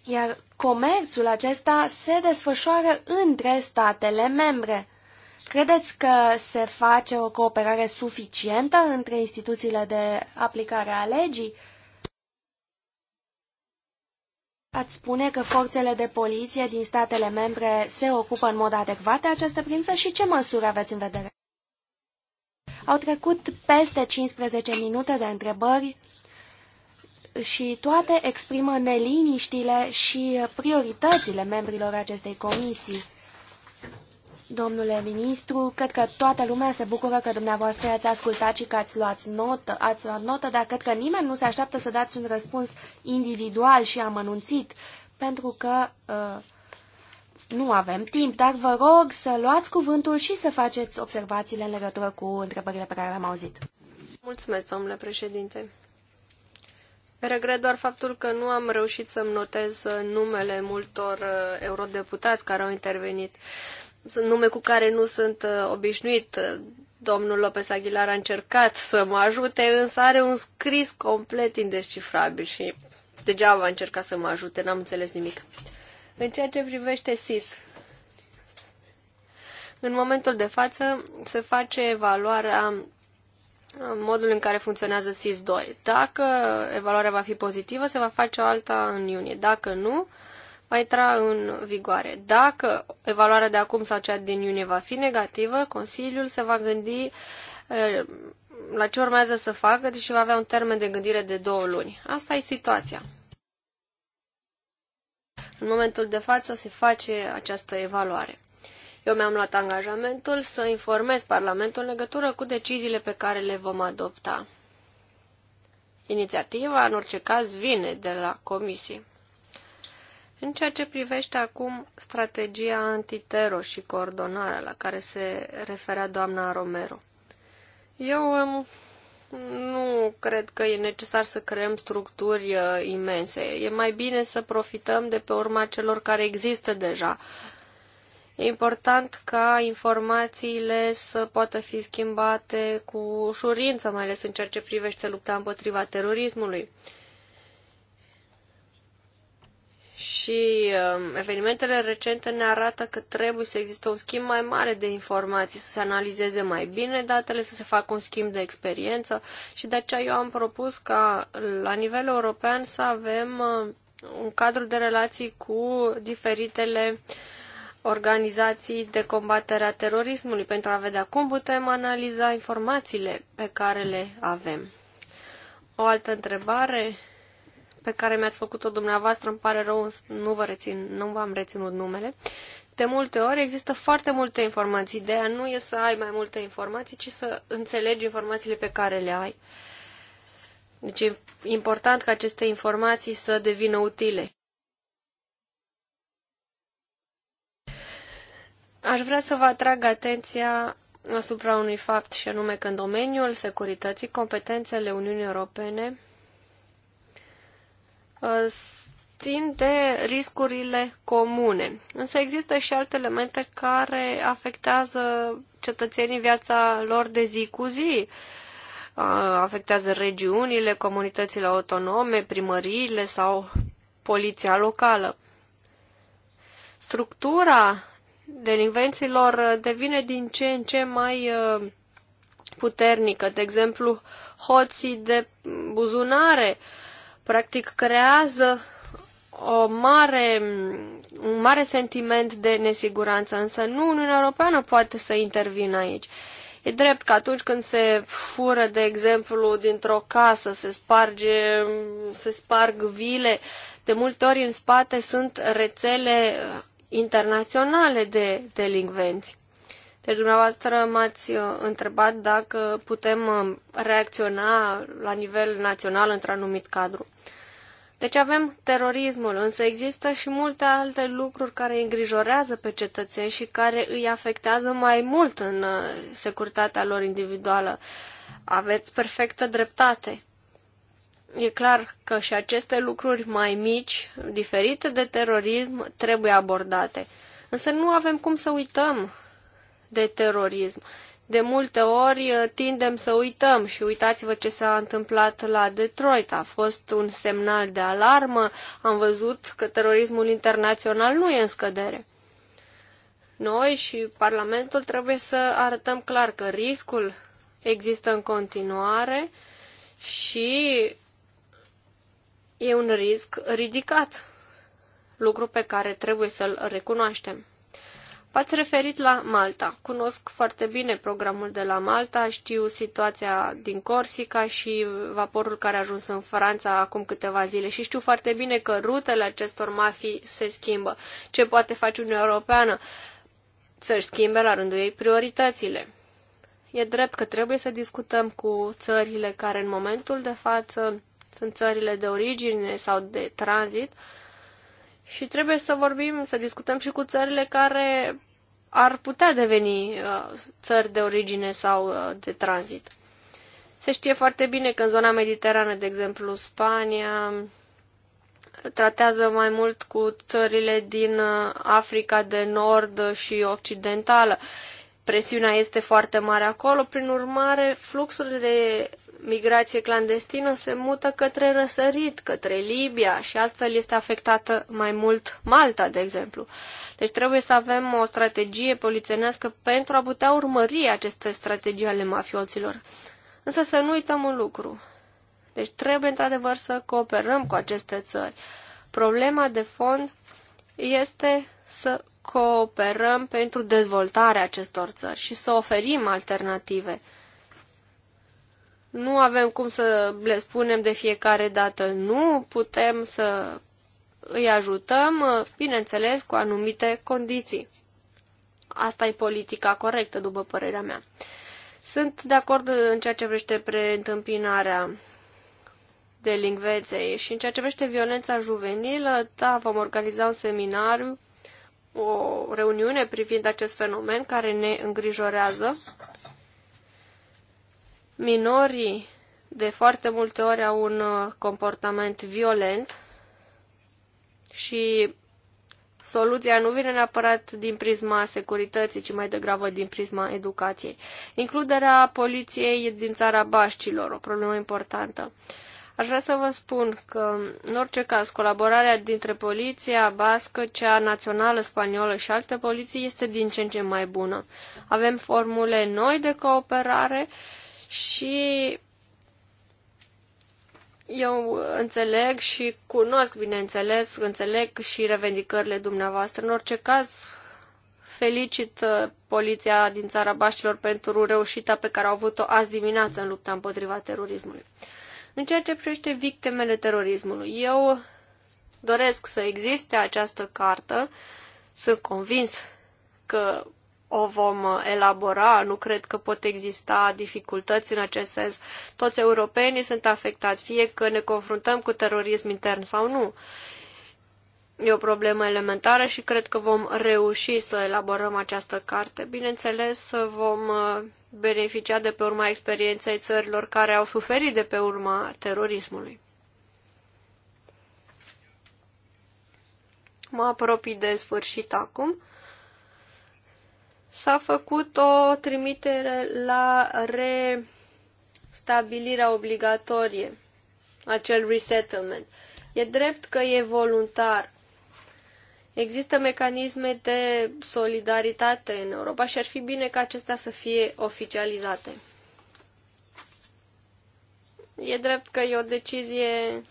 [SPEAKER 2] Iar comerțul acesta se desfășoară între statele membre. Credeți că se face o cooperare suficientă între instituțiile de aplicare a legii? Ați spune că forțele de poliție din statele membre se ocupă în mod adecvat de această prință și ce măsuri aveți în vedere? Au trecut peste 15 minute de întrebări și toate exprimă neliniștile și prioritățile membrilor acestei comisii. Domnule ministru, cred că toată lumea se bucură că dumneavoastră ați ascultat și că ați luat notă, ați luat notă, dar cred că nimeni nu se așteaptă să dați un răspuns individual și amănunțit, pentru că uh, nu avem timp, dar vă rog să luați cuvântul și să faceți observațiile în legătură cu întrebările pe care le-am auzit.
[SPEAKER 1] Mulțumesc, domnule președinte. Regret doar faptul că nu am reușit să-mi notez uh, numele multor uh, eurodeputați care au intervenit. Sunt nume cu care nu sunt uh, obișnuit. Domnul Lopez Aguilar a încercat să mă ajute, însă are un scris complet indescifrabil și degeaba a încercat să mă ajute, n-am înțeles nimic. În ceea ce privește SIS, în momentul de față se face evaluarea uh, modul în care funcționează SIS-2. Dacă evaluarea va fi pozitivă, se va face alta în iunie. Dacă nu, va intra în vigoare. Dacă evaluarea de acum sau cea din iunie va fi negativă, Consiliul se va gândi uh, la ce urmează să facă și va avea un termen de gândire de două luni. Asta e situația. În momentul de față se face această evaluare. Eu mi-am luat angajamentul să informez Parlamentul în legătură cu deciziile pe care le vom adopta. Inițiativa, în orice caz, vine de la Comisie. În ceea ce privește acum strategia antitero și coordonarea la care se referea doamna Romero, eu nu cred că e necesar să creăm structuri uh, imense. E mai bine să profităm de pe urma celor care există deja. E important ca informațiile să poată fi schimbate cu ușurință, mai ales în ceea ce privește lupta împotriva terorismului. Și um, evenimentele recente ne arată că trebuie să existe un schimb mai mare de informații, să se analizeze mai bine datele, să se facă un schimb de experiență și de aceea eu am propus ca la nivel european să avem uh, un cadru de relații cu diferitele organizații de combatere a terorismului pentru a vedea cum putem analiza informațiile pe care le avem. O altă întrebare pe care mi-ați făcut-o dumneavoastră, îmi pare rău, nu vă rețin, nu v-am reținut numele. De multe ori există foarte multe informații. Ideea nu e să ai mai multe informații, ci să înțelegi informațiile pe care le ai. Deci e important ca aceste informații să devină utile. Aș vrea să vă atrag atenția asupra unui fapt și anume că în domeniul securității competențele Uniunii Europene Uh, țin de riscurile comune. Însă există și alte elemente care afectează cetățenii viața lor de zi cu zi. Uh, afectează regiunile, comunitățile autonome, primăriile sau poliția locală. Structura delinvenților devine din ce în ce mai uh, puternică. De exemplu, hoții de buzunare uh, practic creează o mare, un mare sentiment de nesiguranță, însă nu Uniunea Europeană poate să intervină aici. E drept că atunci când se fură, de exemplu, dintr-o casă, se, sparge, se sparg vile, de multe ori în spate sunt rețele internaționale de delinvenți. Deci dumneavoastră m-ați uh, întrebat dacă putem uh, reacționa la nivel național într-un anumit cadru. Deci avem terorismul, însă există și multe alte lucruri care îi îngrijorează pe cetățeni și care îi afectează mai mult în uh, securitatea lor individuală. Aveți perfectă dreptate. E clar că și aceste lucruri mai mici, diferite de terorism, trebuie abordate. Însă nu avem cum să uităm de terorism. De multe ori uh, tindem să uităm și uitați-vă ce s-a întâmplat la Detroit. A fost un semnal de alarmă, am văzut că terorismul internațional nu e în scădere. Noi și Parlamentul trebuie să arătăm clar că riscul există în continuare și e un risc ridicat, lucru pe care trebuie să-l recunoaștem. V-ați referit la Malta. Cunosc foarte bine programul de la Malta, știu situația din Corsica și vaporul care a ajuns în Franța acum câteva zile și știu foarte bine că rutele acestor mafii se schimbă. Ce poate face Uniunea Europeană? Să-și schimbe la rândul ei prioritățile. E drept că trebuie să discutăm cu țările care în momentul de față sunt țările de origine sau de tranzit, și trebuie să vorbim, să discutăm și cu țările care ar putea deveni uh, țări de origine sau uh, de tranzit. Se știe foarte bine că în zona mediterană, de exemplu, Spania tratează mai mult cu țările din uh, Africa de Nord și Occidentală. Presiunea este foarte mare acolo, prin urmare, fluxurile de migrație clandestină se mută către răsărit, către Libia și astfel este afectată mai mult Malta, de exemplu. Deci trebuie să avem o strategie polițienească pentru a putea urmări aceste strategii ale mafioților. Însă să nu uităm un lucru. Deci trebuie într-adevăr să cooperăm cu aceste țări. Problema de fond este să cooperăm pentru dezvoltarea acestor țări și să oferim alternative. Nu avem cum să le spunem de fiecare dată nu, putem să îi ajutăm, bineînțeles, cu anumite condiții. Asta e politica corectă, după părerea mea. Sunt de acord în ceea ce privește preîntâmpinarea delinveței și în ceea ce privește violența juvenilă, da, vom organiza un seminariu, o reuniune privind acest fenomen care ne îngrijorează Minorii de foarte multe ori au un uh, comportament violent și soluția nu vine neapărat din prisma securității, ci mai degrabă din prisma educației. Includerea poliției din țara Baștilor, o problemă importantă. Aș vrea să vă spun că, în orice caz, colaborarea dintre poliția bască, cea națională spaniolă și alte poliții este din ce în ce mai bună. Avem formule noi de cooperare și eu înțeleg și cunosc, bineînțeles, înțeleg și revendicările dumneavoastră. În orice caz, felicit uh, poliția din țara Baștilor pentru reușita pe care au avut-o azi dimineață în lupta împotriva terorismului. În ceea ce privește victimele terorismului, eu doresc să existe această cartă, sunt convins că o vom elabora, nu cred că pot exista dificultăți în acest sens. Toți europenii sunt afectați, fie că ne confruntăm cu terorism intern sau nu. E o problemă elementară și cred că vom reuși să elaborăm această carte. Bineînțeles, vom uh, beneficia de pe urma experienței țărilor care au suferit de pe urma terorismului. Mă apropii de sfârșit acum s-a făcut o trimitere la restabilirea obligatorie, acel resettlement. E drept că e voluntar. Există mecanisme de solidaritate în Europa și ar fi bine ca acestea să fie oficializate. E drept că e o decizie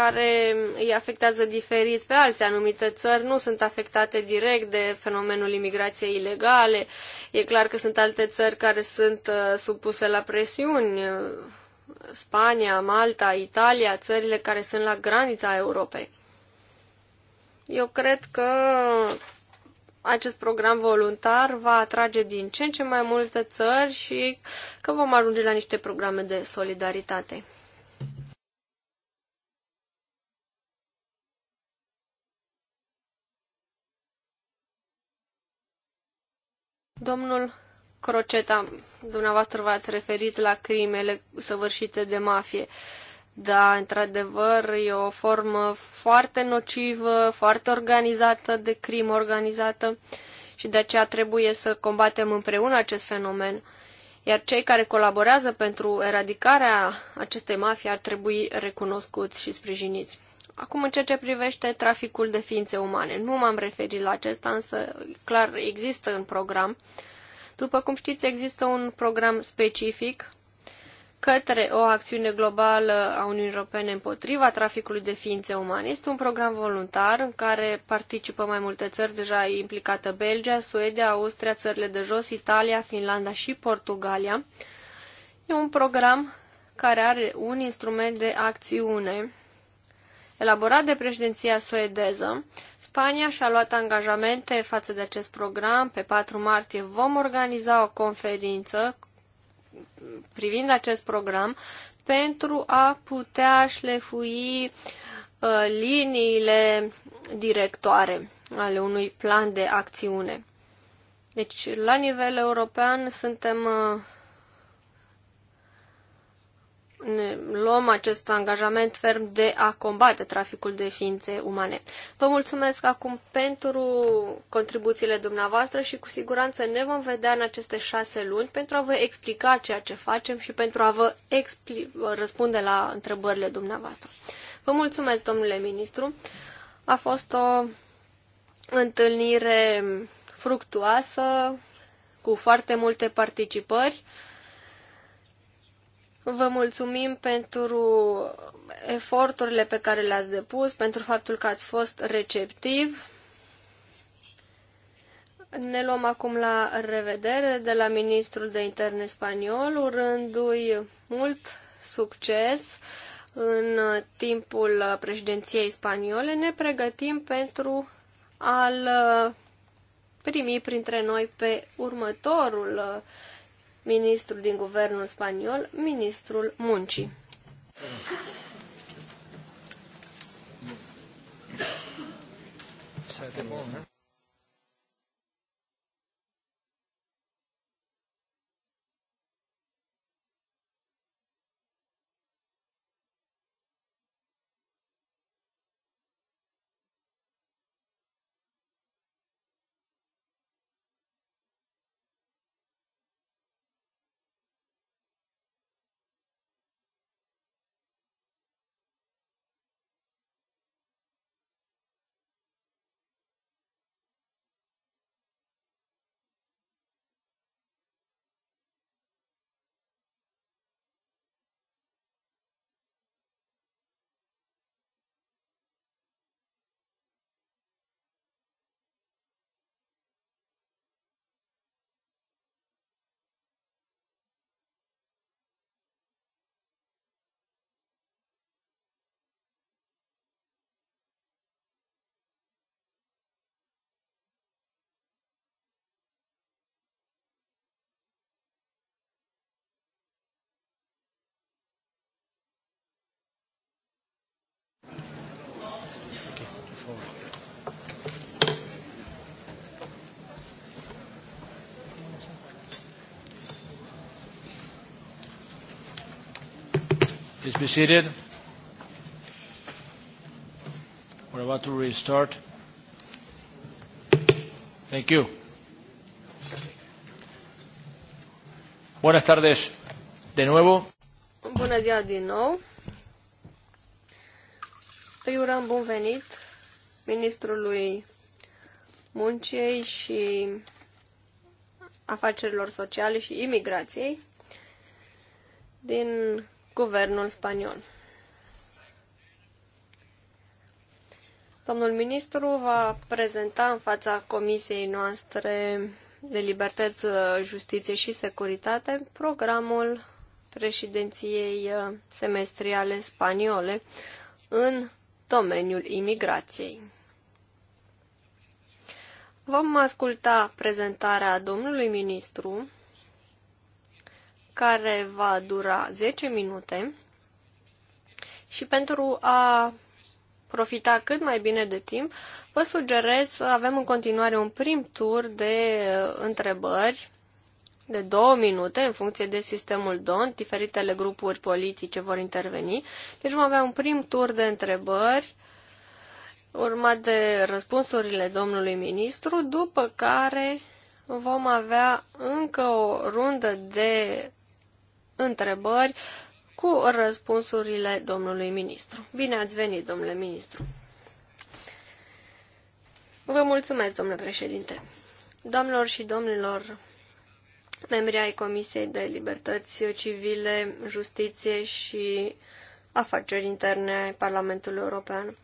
[SPEAKER 1] care îi afectează diferit pe alții. Anumite țări nu sunt afectate direct de fenomenul imigrației ilegale. E clar că sunt alte țări care sunt uh, supuse la presiuni. Uh, Spania, Malta, Italia, țările care sunt la granița Europei. Eu cred că acest program voluntar va atrage din ce în ce mai multe țări și că vom ajunge la niște programe de solidaritate. Domnul Croceta, dumneavoastră v-ați referit la crimele săvârșite de mafie. Da, într-adevăr, e o formă foarte nocivă, foarte organizată de crimă organizată și de aceea trebuie să combatem împreună acest fenomen. Iar cei care colaborează pentru eradicarea acestei mafii ar trebui recunoscuți și sprijiniți. Acum, în ceea ce privește traficul de ființe umane, nu m-am referit la acesta, însă clar există în program. După cum știți, există un program specific către o acțiune globală a Uniunii Europene împotriva traficului de ființe umane. Este un program voluntar în care participă mai multe țări, deja e implicată Belgia, Suedia, Austria, țările de jos, Italia, Finlanda și Portugalia. E un program care are un instrument de acțiune elaborat de președinția suedeză, Spania și-a luat angajamente față de acest program. Pe 4 martie vom organiza o conferință privind acest program pentru a putea șlefui uh, liniile directoare ale unui plan de acțiune. Deci, la nivel european, suntem uh, ne luăm acest angajament ferm de a combate traficul de ființe umane. Vă mulțumesc acum pentru contribuțiile dumneavoastră și cu siguranță ne vom vedea în aceste șase luni pentru a vă explica ceea ce facem și pentru a vă răspunde la întrebările dumneavoastră. Vă mulțumesc, domnule ministru. A fost o întâlnire fructuoasă, cu foarte multe participări. Vă mulțumim pentru eforturile pe care le-ați depus, pentru faptul că ați fost receptiv. Ne luăm acum la revedere de la ministrul de interne spaniol, urându-i mult succes în timpul președinției spaniole. Ne pregătim pentru a-l primi printre noi pe următorul ministrul din guvernul spaniol, ministrul muncii. Să Please be seated. We're about to restart. Thank you. Buenas tardes de nuevo. Bună ziua din nou. Îi urăm bun venit ministrului muncii și afacerilor sociale și imigrației din guvernul spaniol. Domnul ministru va prezenta în fața comisiei noastre de libertăți, justiție și securitate programul președinției uh, semestriale spaniole în domeniul imigrației. Vom asculta prezentarea domnului ministru care va dura 10 minute și pentru a profita cât mai bine de timp, vă sugerez să avem în continuare un prim tur de uh, întrebări de două minute, în funcție de sistemul DON, diferitele grupuri politice vor interveni. Deci vom avea un prim tur de întrebări, urmat de răspunsurile domnului ministru, după care vom avea încă o rundă de întrebări cu răspunsurile domnului ministru. Bine ați venit, domnule ministru! Vă mulțumesc, domnule președinte! Doamnelor și domnilor, membri ai Comisiei de Libertăți Civile, Justiție și Afaceri Interne ai Parlamentului European.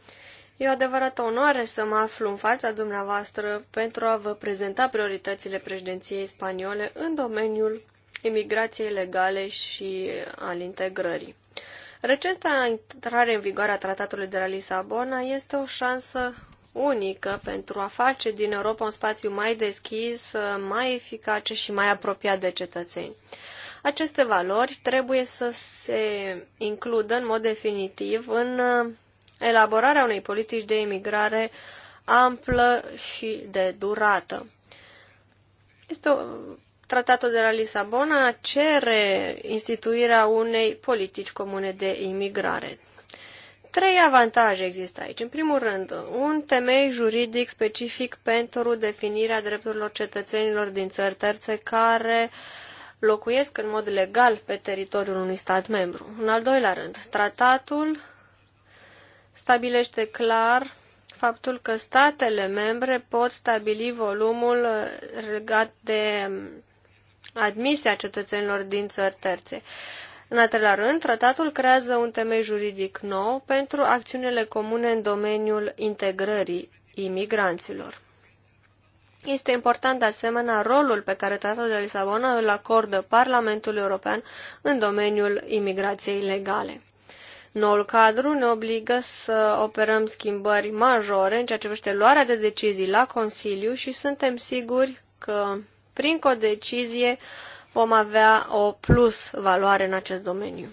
[SPEAKER 1] E o adevărată onoare să mă aflu în fața dumneavoastră pentru a vă prezenta prioritățile președinției spaniole în domeniul imigrației legale și al integrării. Recenta intrare în vigoare a tratatului de la Lisabona este o șansă unică pentru a face din Europa un spațiu mai deschis, mai eficace și mai apropiat de cetățeni. Aceste valori trebuie să se includă în mod definitiv în elaborarea unei politici de imigrare amplă și de durată. Este o Tratatul de la Lisabona cere instituirea unei politici comune de imigrare. Trei avantaje există aici. În primul rând, un temei juridic specific pentru definirea drepturilor cetățenilor din țări terțe care locuiesc în mod legal pe teritoriul unui stat membru. În al doilea rând, tratatul stabilește clar faptul că statele membre pot stabili volumul legat de admise a cetățenilor din țări terțe. În al treilea rând, tratatul creează un temei juridic nou pentru acțiunile comune în domeniul integrării imigranților. Este important de asemenea rolul pe care Tratatul de Lisabona îl acordă Parlamentului European în domeniul imigrației legale. Noul cadru ne obligă să operăm schimbări majore în ceea ce privește luarea de decizii la Consiliu și suntem siguri că prin codecizie vom avea o plus valoare în acest domeniu.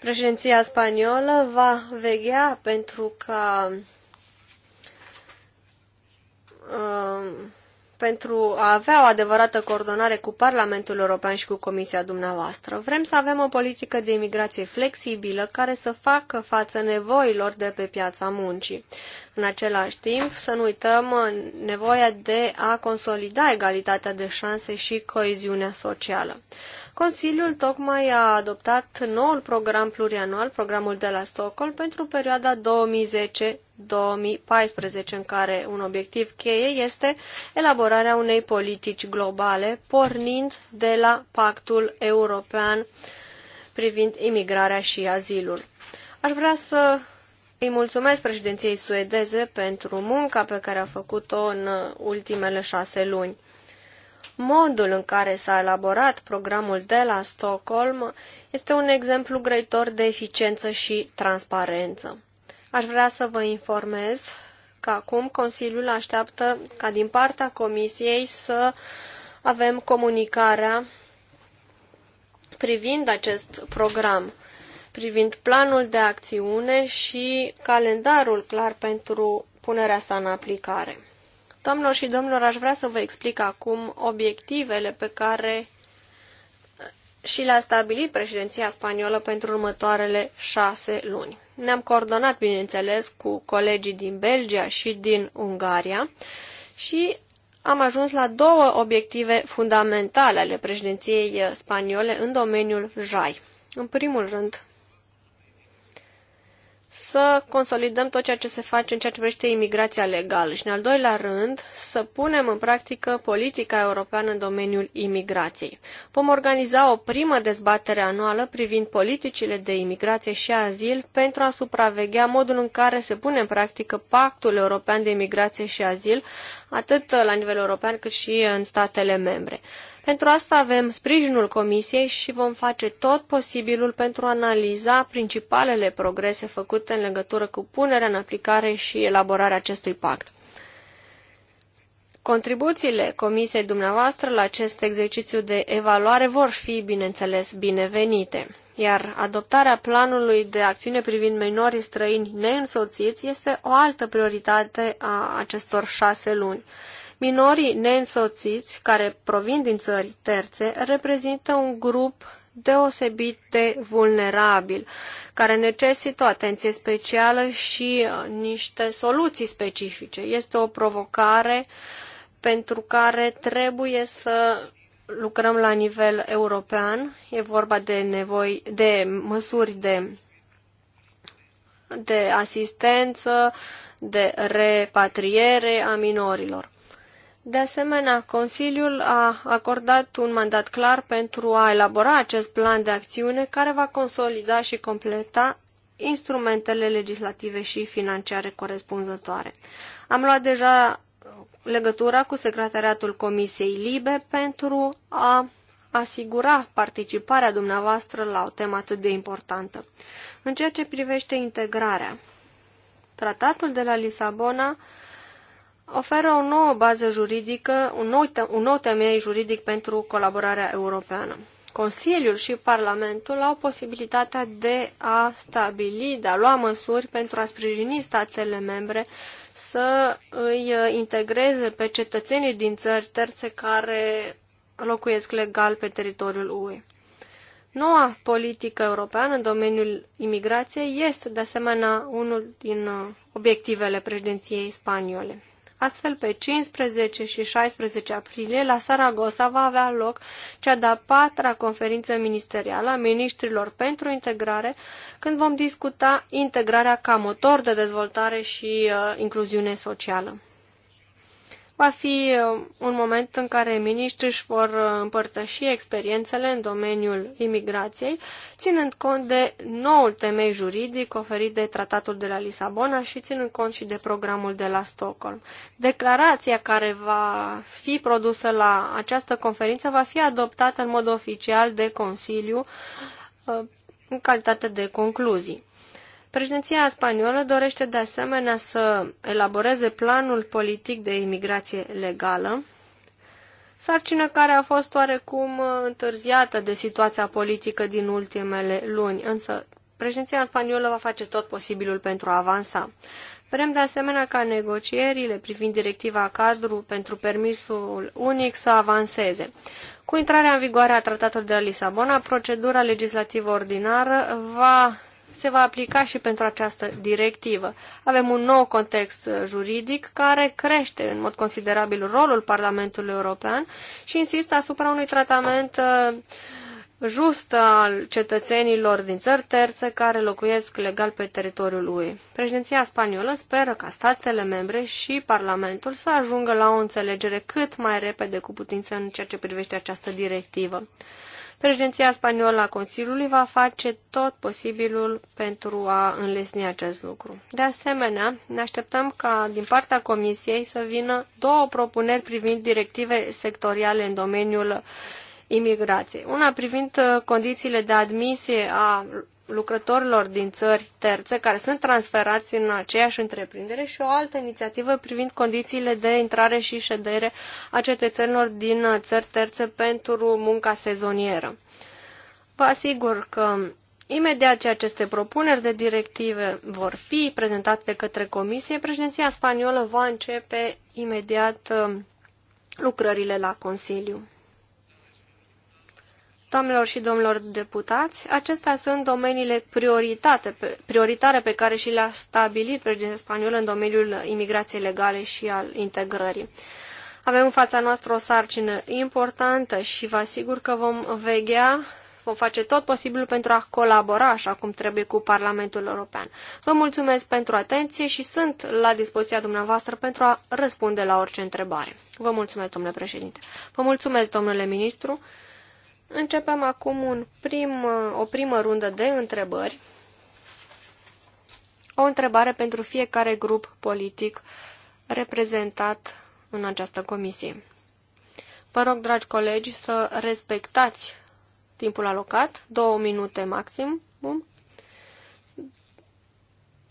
[SPEAKER 1] Președinția spaniolă va veghea pentru ca uh, pentru a avea o adevărată coordonare cu Parlamentul European și cu Comisia dumneavoastră. Vrem să avem o politică de imigrație flexibilă care să facă față nevoilor de pe piața muncii. În același timp, să nu uităm nevoia de a consolida egalitatea de șanse și coeziunea socială. Consiliul tocmai a adoptat noul program plurianual, programul de la Stockholm, pentru perioada 2010 2014, în care un obiectiv cheie este elaborarea unei politici globale, pornind de la Pactul European privind imigrarea și azilul. Aș vrea să îi mulțumesc președinției suedeze pentru munca pe care a făcut-o în ultimele șase luni. Modul în care s-a elaborat programul de la Stockholm este un exemplu grăitor de eficiență și transparență. Aș vrea să vă informez că acum Consiliul așteaptă ca din partea Comisiei să avem comunicarea privind acest program, privind planul de acțiune și calendarul clar pentru punerea sa în aplicare. Domnilor și domnilor, aș vrea să vă explic acum obiectivele pe care și le-a stabilit președinția spaniolă pentru următoarele șase luni. Ne-am coordonat, bineînțeles, cu colegii din Belgia și din Ungaria și am ajuns la două obiective fundamentale ale președinției spaniole în domeniul JAI. În primul rând, să consolidăm tot ceea ce se face în ceea ce privește imigrația legală și, în al doilea rând, să punem în practică politica europeană în domeniul imigrației. Vom organiza o primă dezbatere anuală privind politicile de imigrație și azil pentru a supraveghea modul în care se pune în practică Pactul European de Imigrație și Azil, atât la nivel european cât și în statele membre. Pentru asta avem sprijinul Comisiei și vom face tot posibilul pentru a analiza principalele progrese făcute în legătură cu punerea în aplicare și elaborarea acestui pact. Contribuțiile Comisiei dumneavoastră la acest exercițiu de evaluare vor fi, bineînțeles, binevenite, iar adoptarea planului de acțiune privind minorii străini neînsoțiți este o altă prioritate a acestor șase luni. Minorii neînsoțiți care provin din țări terțe reprezintă un grup deosebit de vulnerabil, care necesită o atenție specială și uh, niște soluții specifice. Este o provocare pentru care trebuie să lucrăm la nivel european. E vorba de nevoi, de măsuri de, de asistență, de repatriere a minorilor. De asemenea, Consiliul a acordat un mandat clar pentru a elabora acest plan de acțiune care va consolida și completa instrumentele legislative și financiare corespunzătoare. Am luat deja legătura cu secretariatul Comisiei Libe pentru a asigura participarea dumneavoastră la o temă atât de importantă. În ceea ce privește integrarea, tratatul de la Lisabona oferă o nouă bază juridică, un nou, un nou temei juridic pentru colaborarea europeană. Consiliul și Parlamentul au posibilitatea de a stabili, de a lua măsuri pentru a sprijini statele membre să îi uh, integreze pe cetățenii din țări terțe care locuiesc legal pe teritoriul UE. Noua politică europeană în domeniul imigrației este, de asemenea, unul din uh, obiectivele președinției spaniole. Astfel, pe 15 și 16 aprilie, la Saragossa va avea loc cea de-a patra conferință ministerială a ministrilor pentru integrare, când vom discuta integrarea ca motor de dezvoltare și uh, incluziune socială va fi uh, un moment în care miniștri își vor uh, împărtăși experiențele în domeniul imigrației, ținând cont de noul temei juridic oferit de Tratatul de la Lisabona și ținând cont și de programul de la Stockholm. Declarația care va fi produsă la această conferință va fi adoptată în mod oficial de Consiliu uh, în calitate de concluzii. Președinția spaniolă dorește de asemenea să elaboreze planul politic de imigrație legală, sarcină care a fost oarecum întârziată de situația politică din ultimele luni, însă președinția spaniolă va face tot posibilul pentru a avansa. Vrem de asemenea ca negocierile privind directiva cadru pentru permisul unic să avanseze. Cu intrarea în vigoare a tratatului de la Lisabona, procedura legislativă ordinară va se va aplica și pentru această directivă. Avem un nou context uh, juridic care crește în mod considerabil rolul Parlamentului European și insistă asupra unui tratament uh, just al cetățenilor din țări terțe care locuiesc legal pe teritoriul lui. Președinția spaniolă speră ca statele membre și Parlamentul să ajungă la o înțelegere cât mai repede cu putință în ceea ce privește această directivă. Președinția spaniolă a Consiliului va face tot posibilul pentru a înlesni acest lucru. De asemenea, ne așteptăm ca din partea Comisiei să vină două propuneri privind directive sectoriale în domeniul imigrației. Una privind uh, condițiile de admisie a lucrătorilor din țări terțe care sunt transferați în aceeași întreprindere și o altă inițiativă privind condițiile de intrare și ședere a cetățenilor din țări terțe pentru munca sezonieră. Vă asigur că imediat ce aceste propuneri de directive vor fi prezentate de către Comisie, președinția spaniolă va începe imediat um, lucrările la Consiliu. Doamnelor și domnilor deputați, acestea sunt domeniile prioritate, prioritare pe care și le-a stabilit președintele spaniolă în domeniul imigrației legale și al integrării. Avem în fața noastră o sarcină importantă și vă asigur că vom veghea, vom face tot posibilul pentru a colabora așa cum trebuie cu Parlamentul European. Vă mulțumesc pentru atenție și sunt la dispoziția dumneavoastră pentru a răspunde la orice întrebare. Vă mulțumesc, domnule președinte. Vă mulțumesc, domnule ministru. Începem acum un prim, o primă rundă de întrebări. O întrebare pentru fiecare grup politic reprezentat în această comisie. Vă rog, dragi colegi, să respectați timpul alocat, două minute maxim. Bun.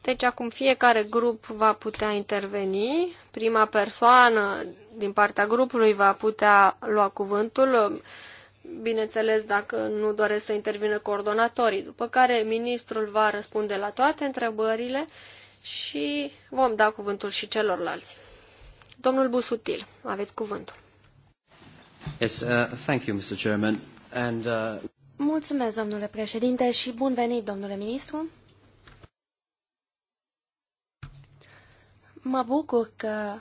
[SPEAKER 1] Deci acum fiecare grup va putea interveni, prima persoană din partea grupului va putea lua cuvântul, bineînțeles dacă nu doresc să intervină coordonatorii, după care ministrul va răspunde la toate întrebările și vom da cuvântul și celorlalți. Domnul Busutil, aveți cuvântul. Yes, uh, thank you, Mr. Chairman. And, uh...
[SPEAKER 2] Mulțumesc, domnule președinte, și bun venit, domnule ministru. Mă bucur că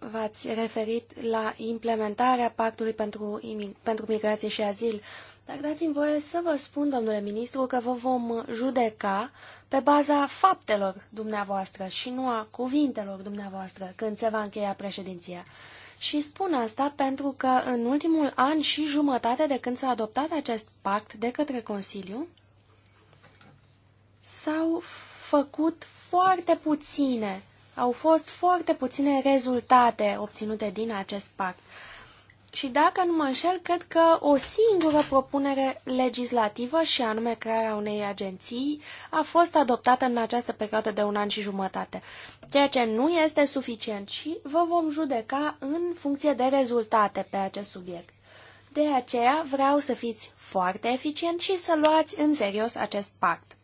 [SPEAKER 2] v-ați referit la implementarea Pactului pentru, pentru Migrație și Azil. Dar dați-mi voie să vă spun, domnule ministru, că vă vom judeca pe baza faptelor dumneavoastră și nu a cuvintelor dumneavoastră când se va încheia președinția. Și spun asta pentru că în ultimul an și jumătate de când s-a adoptat acest pact de către Consiliu, s-au făcut foarte puține au fost foarte puține rezultate obținute din acest pact. Și dacă nu mă înșel, cred că o singură propunere legislativă, și anume crearea unei agenții, a fost adoptată în această perioadă de un an și jumătate, ceea ce nu este suficient și vă vom judeca în funcție de rezultate pe acest subiect. De aceea vreau să fiți foarte eficient și să luați în serios acest pact.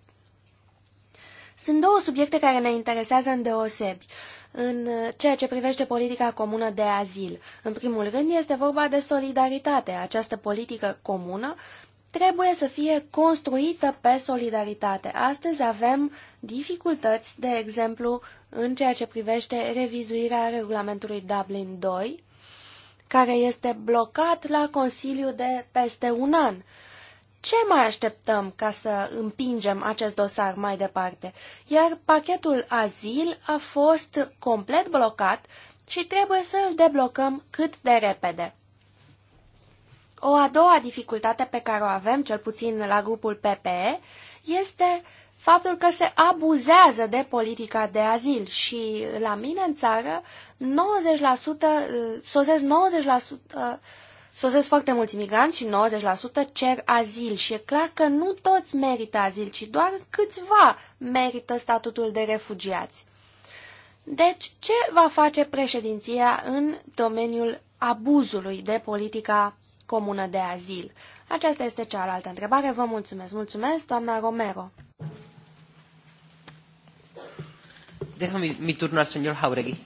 [SPEAKER 2] Sunt două subiecte care ne interesează îndeosebi în uh, ceea ce privește politica comună de azil. În primul rând este vorba de solidaritate. Această politică comună trebuie să fie construită pe solidaritate. Astăzi avem dificultăți, de exemplu, în ceea ce privește revizuirea regulamentului Dublin 2, care este blocat la Consiliu de peste un an. Ce mai așteptăm ca să împingem acest dosar mai departe? Iar pachetul azil a fost complet blocat și trebuie să îl deblocăm cât de repede. O a doua dificultate pe care o avem, cel puțin la grupul PPE, este faptul că se abuzează de politica de azil și la mine în țară 90%, sosesc 90% Sosesc foarte mulți migranți și 90% cer azil și e clar că nu toți merită azil, ci doar câțiva merită statutul de refugiați. Deci, ce va face președinția în domeniul abuzului de politica comună de azil? Aceasta este cealaltă întrebare. Vă mulțumesc. Mulțumesc, doamna Romero.
[SPEAKER 1] Dejo mi, turno al
[SPEAKER 2] señor Jauregui.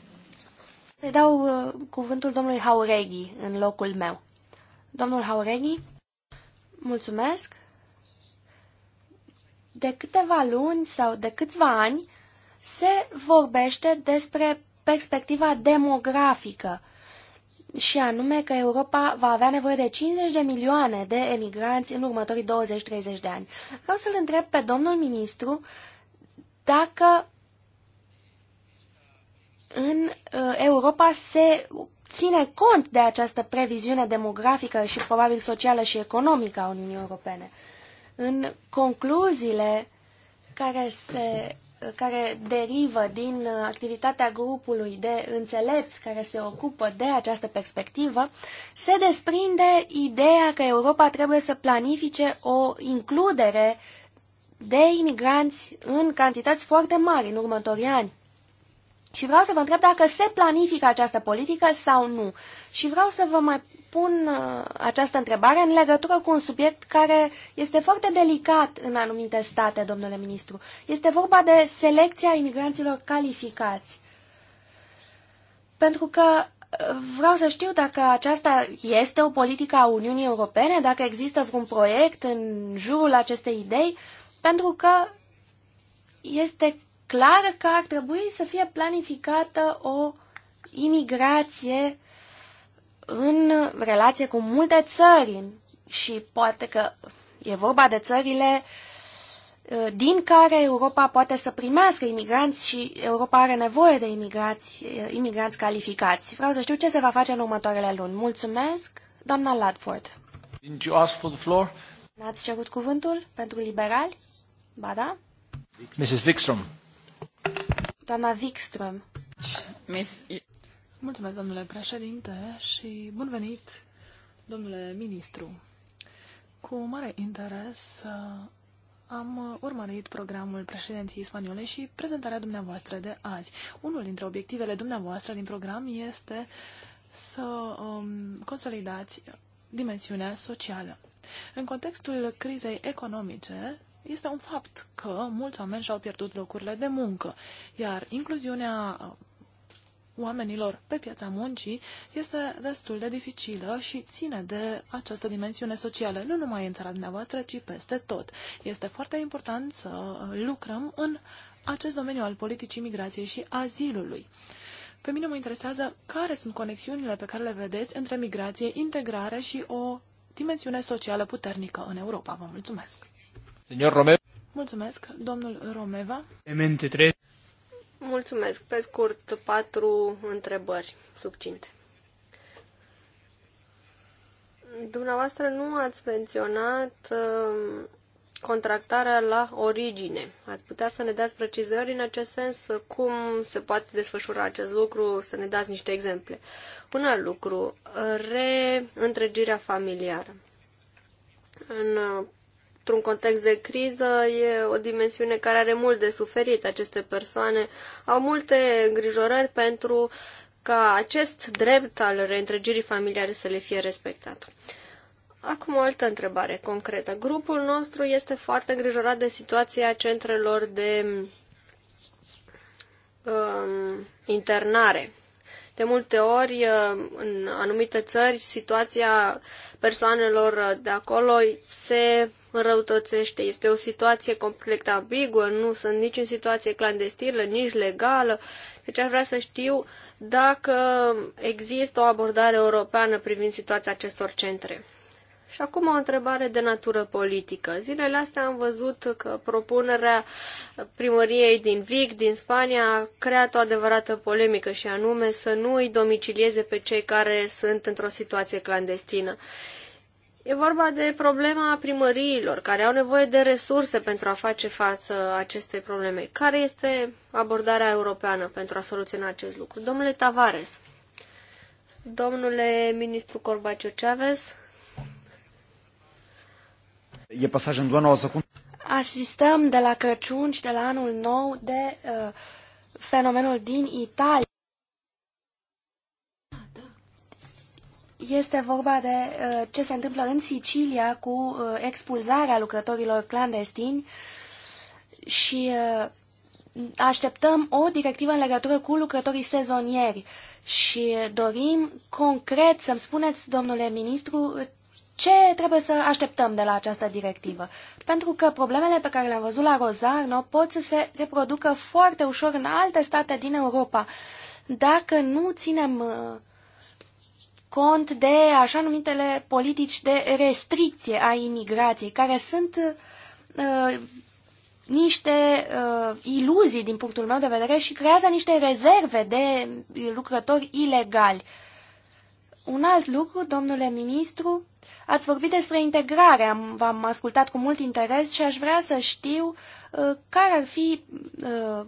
[SPEAKER 2] Să-i dau uh, cuvântul domnului Haureghi în locul meu. Domnul Haureni, mulțumesc. De câteva luni sau de câțiva ani se vorbește despre perspectiva demografică și anume că Europa va avea nevoie de 50 de milioane de emigranți în următorii 20-30 de ani. Vreau să-l întreb pe domnul ministru dacă în uh, Europa se ține cont de această previziune demografică și probabil socială și economică a Uniunii Europene. În concluziile care, se, care derivă din activitatea grupului de înțelepți care se ocupă de această perspectivă, se desprinde ideea că Europa trebuie să planifice o includere de imigranți în cantități foarte mari în următorii ani și vreau să vă întreb dacă se planifică această politică sau nu. Și vreau să vă mai pun uh, această întrebare în legătură cu un subiect care este foarte delicat în anumite state, domnule ministru. Este vorba de selecția imigranților calificați. Pentru că uh, vreau să știu dacă aceasta este o politică a Uniunii Europene, dacă există vreun proiect în jurul acestei idei, pentru că este clar că ar trebui să fie planificată o imigrație în relație cu multe țări și poate că e vorba de țările uh, din care Europa poate să primească imigranți și Europa are nevoie de imigranți, uh, imigranți calificați. Vreau să știu ce se va face în următoarele luni. Mulțumesc, doamna Ladford.
[SPEAKER 3] Didn't you ask for the floor?
[SPEAKER 2] N-ați cerut cuvântul pentru liberali?
[SPEAKER 3] Ba da. Mrs. Vickstrom. Doamna Wikström. Miss... Mulțumesc, domnule președinte, și bun venit, domnule ministru. Cu mare interes uh, am urmărit programul președinției spaniole și prezentarea dumneavoastră de azi. Unul dintre obiectivele dumneavoastră din program este să um, consolidați dimensiunea socială. În contextul crizei economice, este un fapt că mulți oameni și-au pierdut locurile de muncă, iar incluziunea uh, oamenilor pe piața muncii este destul de dificilă și ține de această dimensiune socială, nu numai în țara dumneavoastră, ci peste tot. Este foarte important să lucrăm în acest domeniu al politicii migrației și azilului. Pe mine mă interesează care sunt conexiunile pe care le vedeți între migrație, integrare și o dimensiune socială puternică în Europa. Vă mulțumesc! Señor Romeva. Mulțumesc, domnul Romeva.
[SPEAKER 1] Mulțumesc. Pe scurt, patru întrebări succinte. Dumneavoastră nu ați menționat uh, contractarea la origine. Ați putea să ne dați precizări în acest sens cum se poate desfășura acest lucru, să ne dați niște exemple. Un alt lucru, reîntregirea familiară. În uh, într-un context de criză e o dimensiune care are mult de suferit. Aceste persoane au multe îngrijorări pentru ca acest drept al reîntregirii familiare să le fie respectat. Acum o altă întrebare concretă. Grupul nostru este foarte îngrijorat de situația centrelor de um, internare. De multe ori, um, în anumite țări, situația persoanelor de acolo se înrăutățește. Este o situație complet ambiguă, nu sunt nici în situație clandestină, nici legală. Deci aș vrea să știu dacă există o abordare europeană privind situația acestor centre. Și acum o întrebare de natură politică. Zilele astea am văzut că propunerea primăriei din Vic, din Spania, a creat o adevărată polemică și anume să nu îi domicilieze pe cei care sunt într-o situație clandestină. E vorba de problema primăriilor, care au nevoie de resurse pentru a face față acestei probleme. Care este abordarea europeană pentru a soluționa acest lucru? Domnule Tavares, domnule ministru Corbaciu
[SPEAKER 2] Chavez,
[SPEAKER 3] E pasajul doar 9 secunde.
[SPEAKER 2] Asistăm de la Crăciun și de la anul nou de uh, fenomenul din Italia. Este vorba de uh, ce se întâmplă în Sicilia cu uh, expulzarea lucrătorilor clandestini și uh, așteptăm o directivă în legătură cu lucrătorii sezonieri și dorim concret să-mi spuneți, domnule ministru, ce trebuie să așteptăm de la această directivă. Pentru că problemele pe care le-am văzut la Rozarno pot să se reproducă foarte ușor în alte state din Europa. Dacă nu ținem uh, cont de așa numitele politici de restricție a imigrației, care sunt uh, niște uh, iluzii din punctul meu de vedere și creează niște rezerve de lucrători ilegali. Un alt lucru, domnule ministru, ați vorbit despre integrare, v-am ascultat cu mult interes și aș vrea să știu uh, care ar fi uh,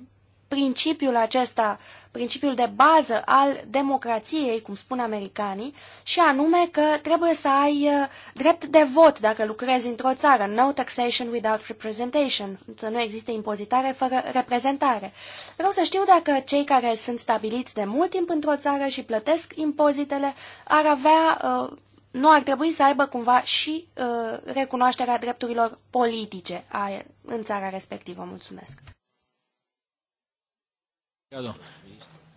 [SPEAKER 2] principiul acesta principiul de bază al democrației, cum spun americanii, și anume că trebuie să ai uh, drept de vot dacă lucrezi într-o țară, no taxation without representation, să nu existe impozitare fără reprezentare. Vreau să știu dacă cei care sunt stabiliți de mult timp într-o țară și plătesc impozitele ar avea uh, nu ar trebui să aibă cumva și uh, recunoașterea drepturilor politice a, în țara respectivă. Mulțumesc.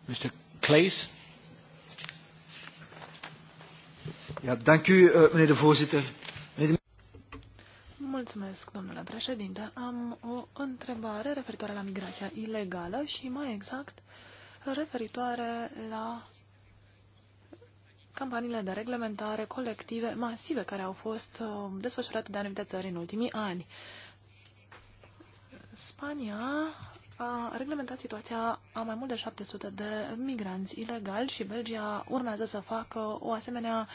[SPEAKER 3] Mr. Claes. Ja, dank u, eh, meneer de voorzitter. Mulțumesc, domnule președinte. Am o întrebare referitoare la migrația ilegală și, mai exact, referitoare la campaniile de reglementare colective masive care au fost uh, desfășurate de anumite țări în ultimii ani. Spania a reglementat situația a mai mult de 700 de migranți ilegali și Belgia urmează să facă o asemenea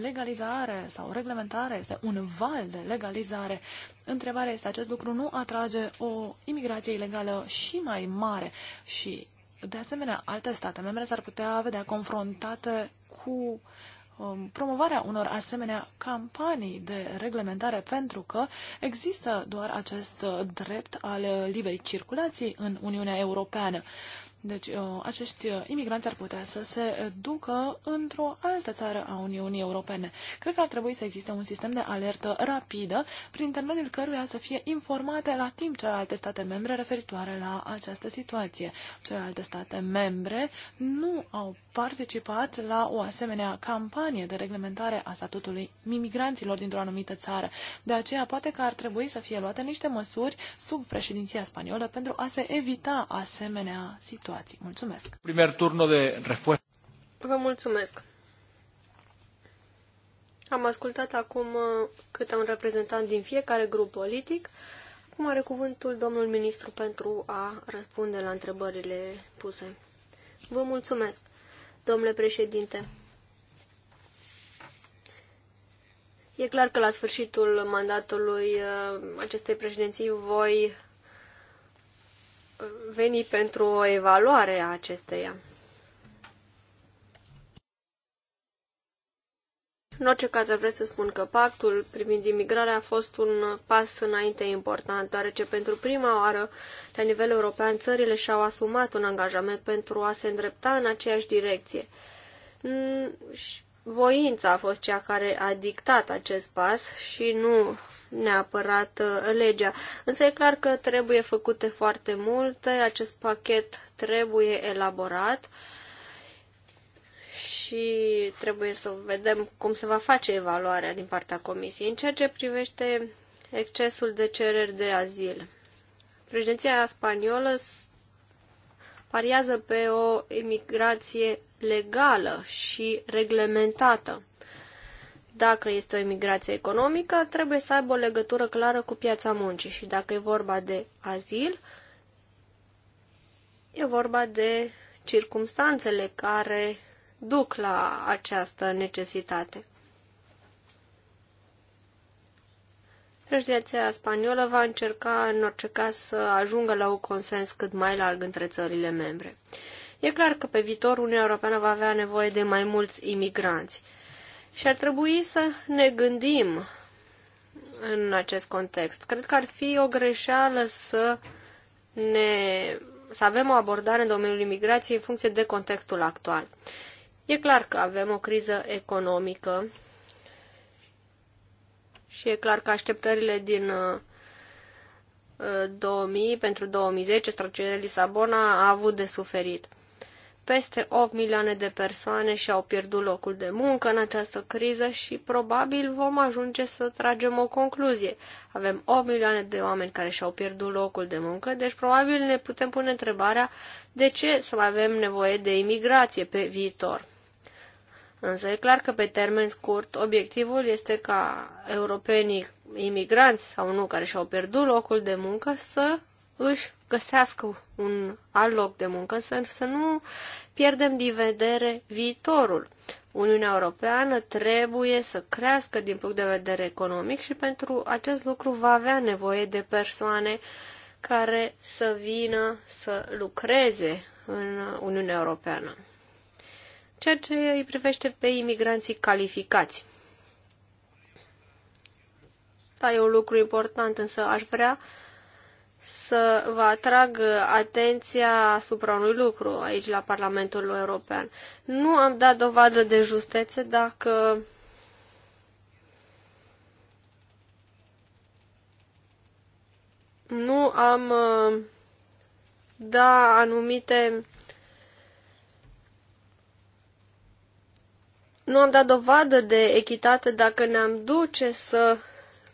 [SPEAKER 3] legalizare sau reglementare, este un val de legalizare. Întrebarea este, acest lucru nu atrage o imigrație ilegală și mai mare și, de asemenea, alte state membre s-ar putea vedea confruntate cu Um, promovarea unor asemenea campanii de reglementare pentru că există doar acest drept al liberii circulații în Uniunea Europeană. Deci uh, acești uh, imigranți ar putea să se ducă într-o altă țară a Uniunii Europene. Cred că ar trebui să existe un sistem de alertă rapidă, prin intermediul căruia să fie informate la timp celelalte state membre referitoare la această situație. Celelalte state membre nu au participat la o asemenea campanie de reglementare a statutului imigranților dintr-o anumită țară. De aceea, poate că ar trebui să fie luate niște măsuri sub președinția spaniolă pentru a se evita asemenea situație situații. Mulțumesc!
[SPEAKER 1] Primer turno de răspuns. Vă mulțumesc! Am ascultat acum uh, câte un reprezentant din fiecare grup politic. Acum are cuvântul domnul ministru pentru a răspunde la întrebările puse. Vă mulțumesc, domnule președinte. E clar că la sfârșitul mandatului uh, acestei președinții voi veni pentru o evaluare a acesteia. În orice caz, vreau să spun că pactul privind imigrarea a fost un pas înainte important, deoarece pentru prima oară, la nivel european, țările și-au asumat un angajament pentru a se îndrepta în aceeași direcție. Și voința a fost cea care a dictat acest pas și nu neapărat uh, legea. Însă e clar că trebuie făcute foarte multe, acest pachet trebuie elaborat și trebuie să vedem cum se va face evaluarea din partea comisiei. În ceea ce privește excesul de cereri de azil, președinția spaniolă pariază pe o imigrație legală și reglementată. Dacă este o imigrație economică, trebuie să aibă o legătură clară cu piața muncii și dacă e vorba de azil, e vorba de circumstanțele care duc la această necesitate. Președinția spaniolă va încerca în orice caz să ajungă la un consens cât mai larg între țările membre. E clar că pe viitor Uniunea Europeană va avea nevoie de mai mulți imigranți și ar trebui să ne gândim în acest context. Cred că ar fi o greșeală să ne să avem o abordare în domeniul imigrației în funcție de contextul actual. E clar că avem o criză economică și e clar că așteptările din 2000 uh, uh, pentru 2010, strategia de Lisabona a avut de suferit. Peste 8 milioane de persoane și-au pierdut locul de muncă în această criză și probabil vom ajunge să tragem o concluzie. Avem 8 milioane de oameni care și-au pierdut locul de muncă, deci probabil ne putem pune întrebarea de ce să mai avem nevoie de imigrație pe viitor. Însă e clar că pe termen scurt obiectivul este ca europenii imigranți sau nu care și-au pierdut locul de muncă să își găsească un alt loc de muncă, să, să nu pierdem din vedere viitorul. Uniunea Europeană trebuie să crească din punct de vedere economic și pentru acest lucru va avea nevoie de persoane care să vină să lucreze în Uniunea Europeană. Ceea ce îi privește pe imigranții calificați. Da, e un lucru important, însă aș vrea uh, să vă atrag atenția asupra unui lucru aici la Parlamentul European. Nu am dat dovadă de justețe dacă nu am uh, da anumite nu am dat dovadă de echitate dacă ne-am duce să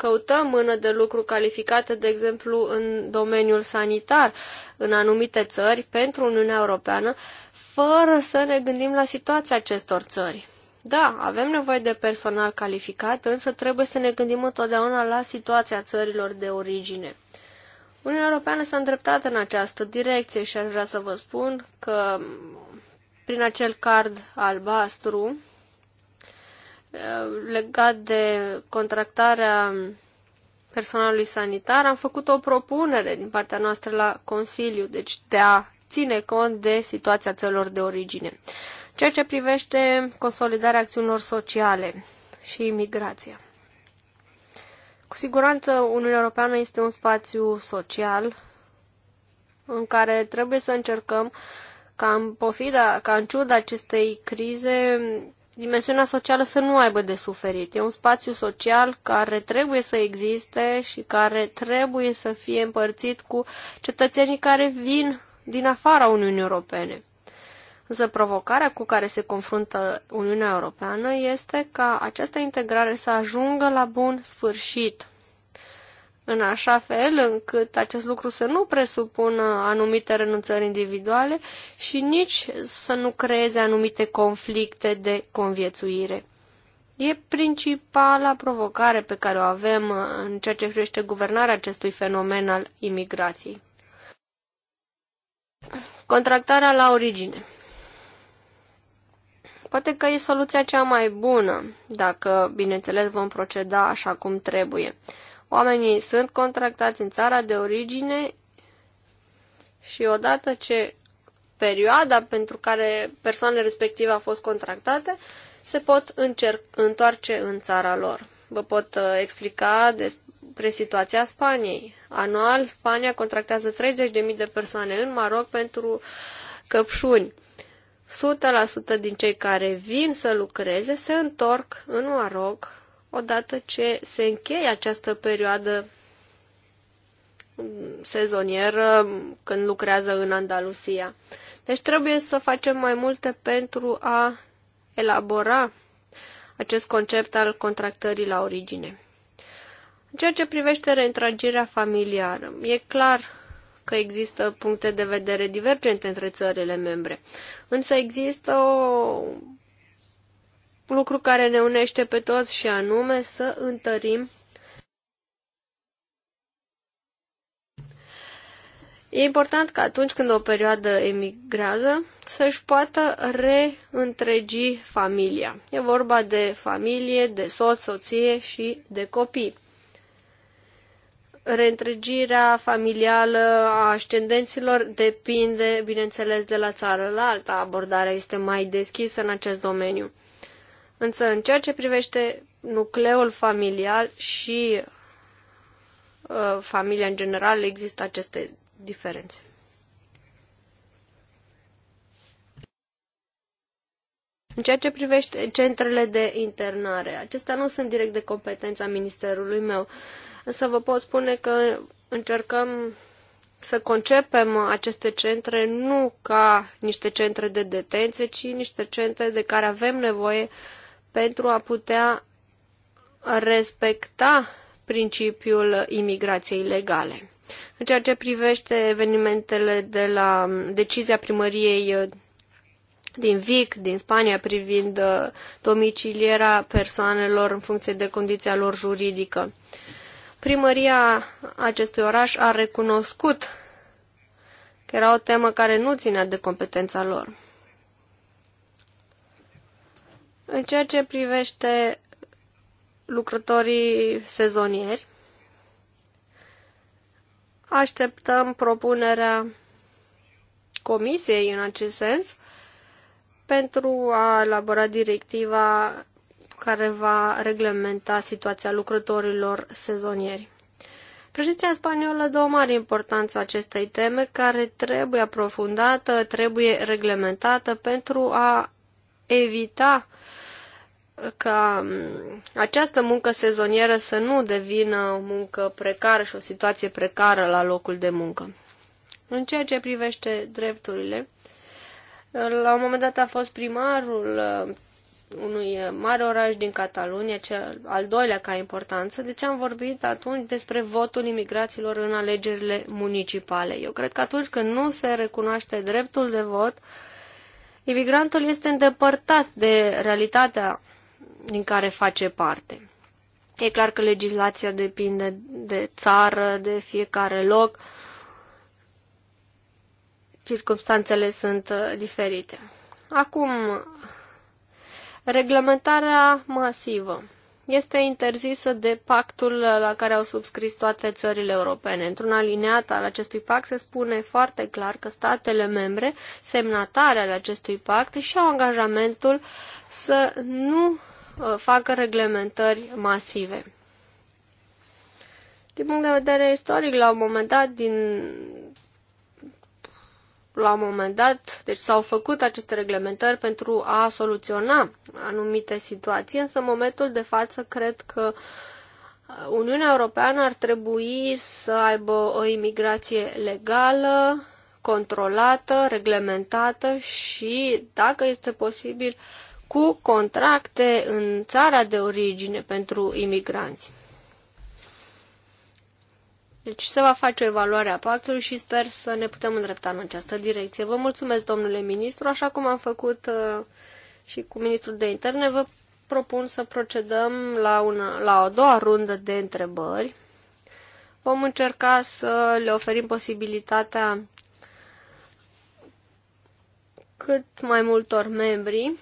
[SPEAKER 1] căutăm mână de lucru calificată, de exemplu, în domeniul sanitar, în anumite țări, pentru Uniunea Europeană, fără să ne gândim la situația acestor țări. Da, avem nevoie de personal calificat, însă trebuie să ne gândim întotdeauna la situația țărilor de origine. Uniunea Europeană s-a îndreptat în această direcție și aș vrea să vă spun că prin acel card albastru legat de contractarea personalului sanitar, am făcut o propunere din partea noastră la Consiliu, deci de a ține cont de situația țărilor de origine. Ceea ce privește consolidarea acțiunilor sociale și imigrația. Cu siguranță, Uniunea Europeană este un spațiu social în care trebuie să încercăm ca în, pofida, ca în ciuda acestei crize dimensiunea socială să nu aibă de suferit. E un spațiu social care trebuie să existe și care trebuie să fie împărțit cu cetățenii care vin din afara Uniunii Europene. Însă provocarea cu care se confruntă Uniunea Europeană este ca această integrare să ajungă la bun sfârșit în așa fel încât acest lucru să nu presupună anumite renunțări individuale și nici să nu creeze anumite conflicte de conviețuire. E principala provocare pe care o avem în ceea ce privește guvernarea acestui fenomen al imigrației. Contractarea la origine. Poate că e soluția cea mai bună, dacă, bineînțeles, vom proceda așa cum trebuie. Oamenii sunt contractați în țara de origine și odată ce perioada pentru care persoanele respective au fost contractate, se pot întoarce în țara lor. Vă pot uh, explica despre situația Spaniei. Anual, Spania contractează 30.000 de persoane în Maroc pentru căpșuni. 100% din cei care vin să lucreze se întorc în Maroc odată ce se încheie această perioadă sezonieră când lucrează în Andalusia. Deci trebuie să facem mai multe pentru a elabora acest concept al contractării la origine. În ceea ce privește reîntragirea familiară, e clar că există puncte de vedere divergente între țările membre, însă există o lucru care ne unește pe toți și anume să întărim E important că atunci când o perioadă emigrează să-și poată reîntregi familia. E vorba de familie, de soț, soție și de copii. Reîntregirea familială a ascendenților depinde, bineînțeles, de la țară la alta. Abordarea este mai deschisă în acest domeniu. Însă, în ceea ce privește nucleul familial și uh, familia în general, există aceste diferențe. În ceea ce privește centrele de internare, acestea nu sunt direct de competența ministerului meu, însă vă pot spune că încercăm să concepem aceste centre nu ca niște centre de detenție, ci niște centre de care avem nevoie uh, pentru a putea respecta principiul imigrației legale. În ceea ce privește evenimentele de la decizia primăriei uh, din Vic, din Spania, privind uh, domicilierea persoanelor în funcție de condiția lor juridică. Primăria acestui oraș a recunoscut că era o temă care nu ținea de competența lor. În ceea ce privește lucrătorii sezonieri, așteptăm propunerea comisiei în acest sens pentru a elabora directiva care va reglementa situația lucrătorilor sezonieri. Președinția spaniolă dă o mare importanță acestei teme care trebuie aprofundată, trebuie reglementată pentru a evita uh, ca această muncă sezonieră să nu devină o muncă precară și o situație precară la locul de muncă. În ceea ce privește drepturile, la un moment dat a fost primarul uh, unui mare oraș din Catalunia, cel al doilea ca importanță, deci am vorbit atunci despre votul imigraților în alegerile municipale. Eu cred că atunci când nu se recunoaște dreptul de vot, imigrantul este îndepărtat de realitatea din care face parte. E clar că legislația depinde de țară, de fiecare loc. Circumstanțele sunt uh, diferite. Acum, reglementarea masivă este interzisă de pactul la care au subscris toate țările europene. Într-un alineat al acestui pact se spune foarte clar că statele membre, semnatare ale acestui pact, și-au angajamentul să nu Uh, facă reglementări masive. Din punct de vedere istoric, la un moment dat, din... la un moment dat, deci s-au făcut aceste reglementări pentru a soluționa anumite situații, însă în momentul de față cred că uh, Uniunea Europeană ar trebui să aibă o imigrație legală, controlată, reglementată și, dacă este posibil, cu contracte în țara de origine pentru imigranți. Deci se va face o evaluare a pactului și sper să ne putem îndrepta în această direcție. Vă mulțumesc, domnule ministru, așa cum am făcut uh, și cu ministrul de interne, vă propun să procedăm la, una, la o doua rundă de întrebări. Vom încerca să le oferim posibilitatea cât mai multor membri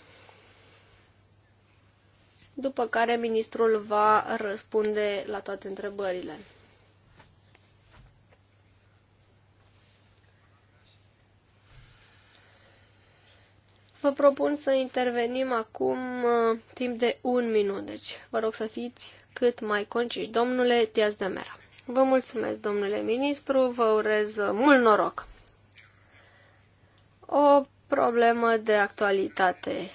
[SPEAKER 1] după care ministrul va răspunde la toate întrebările. Vă propun să intervenim acum uh, timp de un minut, deci vă rog să fiți cât mai conciși. Domnule Diaz de Mera, vă mulțumesc, domnule ministru, vă urez uh, mult noroc. O problemă de actualitate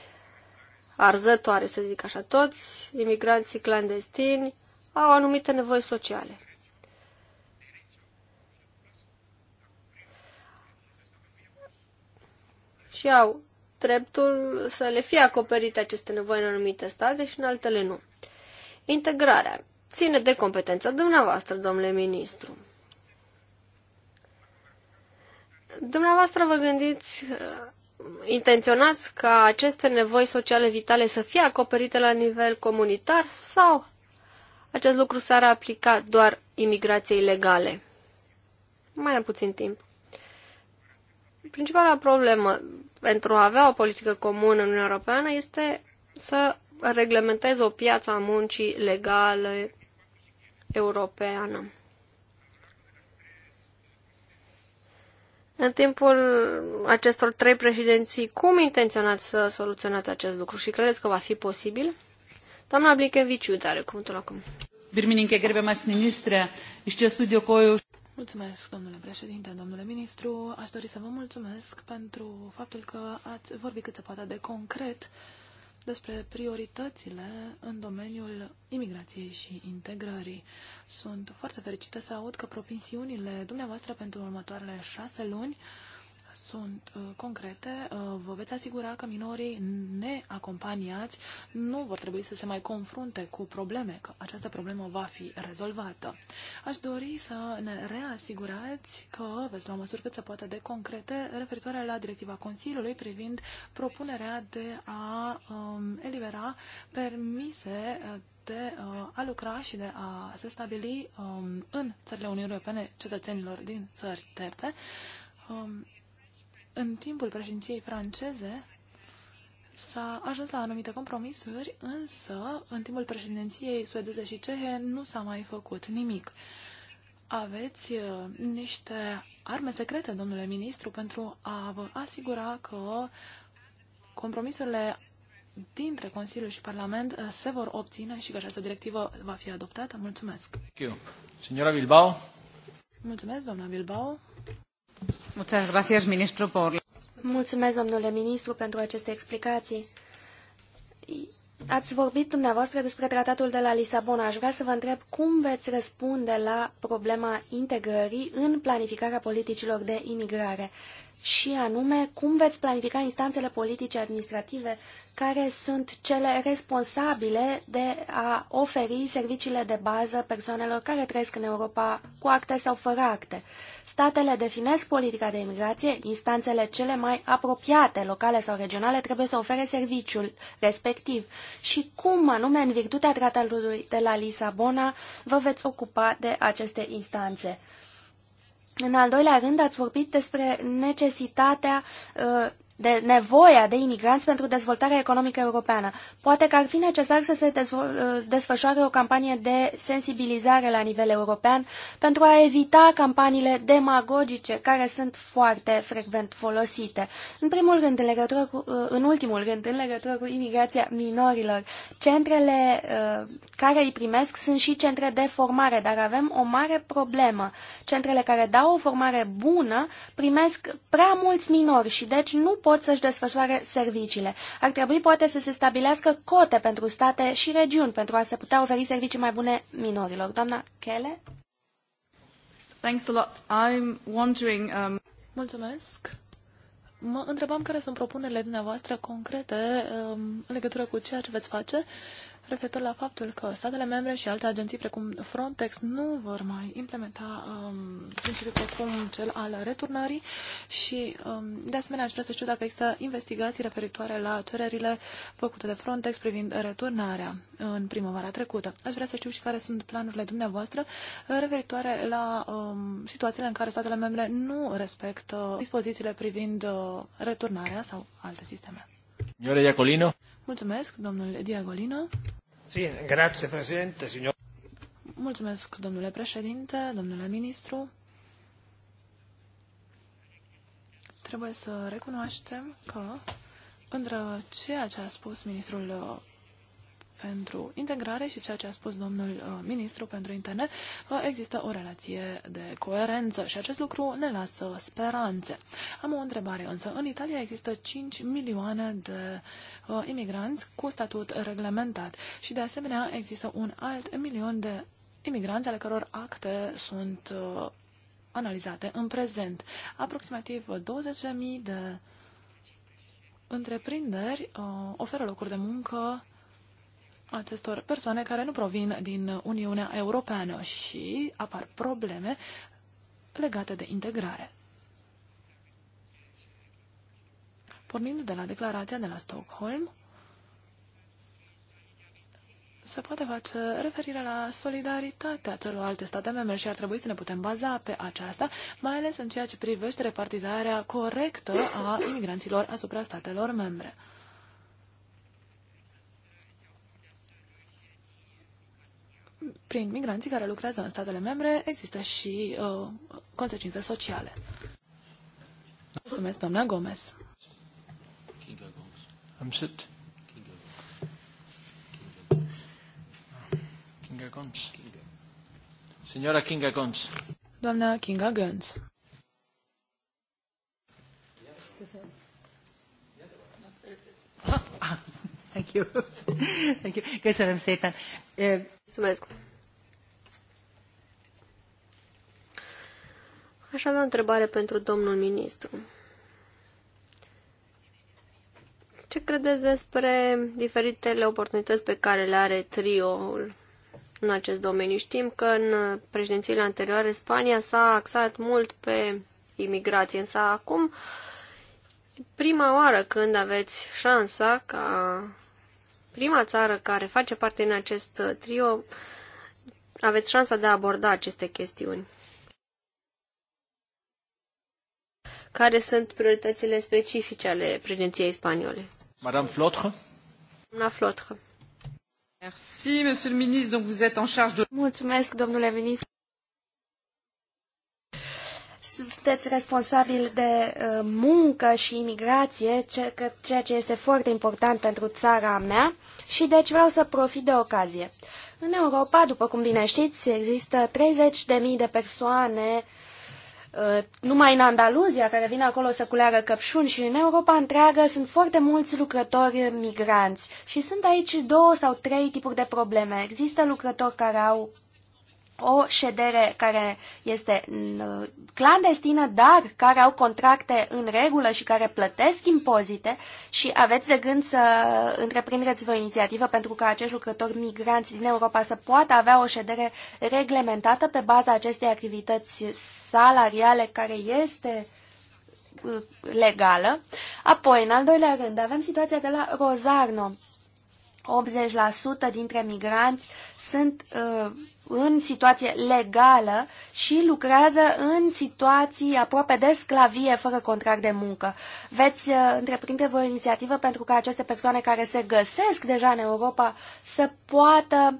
[SPEAKER 1] arzătoare, să zic așa. Toți imigranții clandestini au anumite nevoi sociale. Și au dreptul să le fie acoperite aceste nevoi în anumite state și în altele nu. Integrarea ține de competența dumneavoastră, domnule ministru. Dumneavoastră vă gândiți intenționați ca aceste nevoi sociale vitale să fie acoperite la nivel comunitar sau acest lucru s-ar aplica doar imigrației legale? Mai am puțin timp. Principala problemă pentru a avea o politică comună în Uniunea Europeană este să reglementeze o piață a muncii legale europeană. În timpul acestor trei președinții, cum intenționați să soluționați acest lucru și credeți că va fi posibil? Doamna Blinkeviciu, are cuvântul acum.
[SPEAKER 3] Birmininkė, gerbiamas ministre, iš studiu coiu. Mulțumesc, domnule președinte, domnule ministru. Aș dori să vă mulțumesc pentru faptul că ați vorbit cât se poate de concret uh, despre prioritățile în domeniul imigrației și integrării. Sunt foarte fericită să aud că propensiunile dumneavoastră pentru următoarele șase luni sunt uh, concrete, uh, vă veți asigura că minorii neacompaniați nu vor trebui să se mai confrunte cu probleme, că această problemă va fi rezolvată. Aș dori să ne reasigurați că veți lua măsuri cât se poate de concrete referitoare la directiva Consiliului privind propunerea de a um, elibera permise uh, de uh, a lucra și de a se stabili um, în țările Uniunii Europene cetățenilor din țări terțe. Um, în timpul președinției franceze s-a ajuns la anumite compromisuri, însă în timpul președinției suedeze și cehe nu s-a mai făcut nimic. Aveți uh, niște arme secrete, domnule ministru, pentru a vă asigura că compromisurile dintre Consiliu și Parlament uh, se vor obține și că această directivă va fi adoptată. Mulțumesc. Mulțumesc, doamna Bilbao. Mulțumesc, domnule
[SPEAKER 2] ministru, pentru aceste explicații. Ați vorbit dumneavoastră despre tratatul de la Lisabona. Aș vrea să vă întreb cum veți răspunde la problema integrării în planificarea politicilor de imigrare și anume cum veți planifica instanțele politice administrative care sunt cele responsabile de a oferi serviciile de bază persoanelor care trăiesc în Europa cu acte sau fără acte. Statele definesc politica de imigrație, instanțele cele mai apropiate, locale sau regionale, trebuie să ofere serviciul respectiv. Și cum anume, în virtutea tratatului de la Lisabona, vă veți ocupa de aceste instanțe? În al doilea rând, ați vorbit despre necesitatea uh, de nevoia de imigranți pentru dezvoltarea economică europeană. Poate că ar fi necesar să se uh, desfășoare o campanie de sensibilizare la nivel european pentru a evita campaniile demagogice care sunt foarte frecvent folosite. În primul rând, în, legătură cu, uh, în ultimul rând, în legătură cu imigrația minorilor, centrele uh, care îi primesc sunt și centre de formare, dar avem o mare problemă. Centrele care dau o formare bună primesc prea mulți minori și deci nu pot pot să-și desfășoare serviciile. Ar trebui poate să se stabilească cote pentru state și regiuni pentru a se putea oferi servicii mai bune minorilor. Doamna Kele? Thanks a
[SPEAKER 3] lot. I'm wondering, um... Mulțumesc. Mă întrebam care sunt propunerile dumneavoastră concrete um, în legătură cu ceea ce veți face referitor la faptul că statele membre și alte agenții precum Frontex nu vor mai implementa um, principiul precum cel al returnării și um, de asemenea aș vrea să știu dacă există investigații referitoare la cererile făcute de Frontex privind returnarea în primăvara trecută. Aș vrea să știu și care sunt planurile dumneavoastră uh, referitoare la um, situațiile în care statele membre nu respectă dispozițiile privind uh, returnarea sau alte sisteme.
[SPEAKER 1] Signore Iacolino.
[SPEAKER 3] Mulțumesc, domnul Diagolino. Mulțumesc, domnule președinte, domnule ministru. Trebuie să recunoaștem că între ceea ce a spus ministrul pentru integrare și ceea ce a spus domnul uh, ministru pentru internet, uh, există o relație de coerență și acest lucru ne lasă speranțe. Am o întrebare însă. În Italia există 5 milioane de uh, imigranți cu statut reglementat și de asemenea există un alt milion de imigranți ale căror acte sunt uh, analizate în prezent. Aproximativ 20.000 de întreprinderi uh, oferă locuri de muncă acestor persoane care nu provin din Uniunea Europeană și apar probleme legate de integrare. Pornind de la declarația de la Stockholm, se poate face referire la solidaritatea celorlalte state membre și ar trebui să ne putem baza pe aceasta, mai ales în ceea ce privește repartizarea corectă a imigranților asupra statelor membre. prin migranții care lucrează în statele membre există și uh, consecințe sociale. Mulțumesc, doamna Gomez. Am sit. Kinga Gomes. Signora Kinga Gomes. Doamna Kinga Gomes. Ah, ah. Thank you. (laughs) Thank you. Köszönöm szépen.
[SPEAKER 1] Mulțumesc. Aș avea o întrebare pentru domnul ministru. Ce credeți despre diferitele oportunități pe care le are trioul în acest domeniu? Știm că în președințiile anterioare Spania s-a axat mult pe imigrație, însă acum prima oară când aveți șansa ca prima țară care face parte din acest trio, aveți șansa de a aborda aceste chestiuni. Care sunt prioritățile specifice ale președinției spaniole?
[SPEAKER 3] Madame Flotre?
[SPEAKER 1] Doamna Flotre. Mulțumesc, domnule ministru
[SPEAKER 2] sunteți responsabil de uh, muncă și imigrație, ceea ce este foarte important pentru țara mea și deci vreau să profit de ocazie. În Europa, după cum bine știți, există 30.000 de de persoane uh, numai în Andaluzia, care vin acolo să culeagă căpșuni și în Europa întreagă sunt foarte mulți lucrători migranți. Și sunt aici două sau trei tipuri de probleme. Există lucrători care au o ședere care este mm, clandestină, dar care au contracte în regulă și care plătesc impozite și aveți de gând să întreprindeți o inițiativă pentru ca acești lucrători migranți din Europa să poată avea o ședere reglementată pe baza acestei activități salariale care este mm, legală. Apoi, în al doilea rând, avem situația de la Rozarno. 80% dintre migranți sunt uh, în situație legală și lucrează în situații aproape de sclavie, fără contract de muncă. Veți uh, întreprinde o inițiativă pentru ca aceste persoane care se găsesc deja în Europa să poată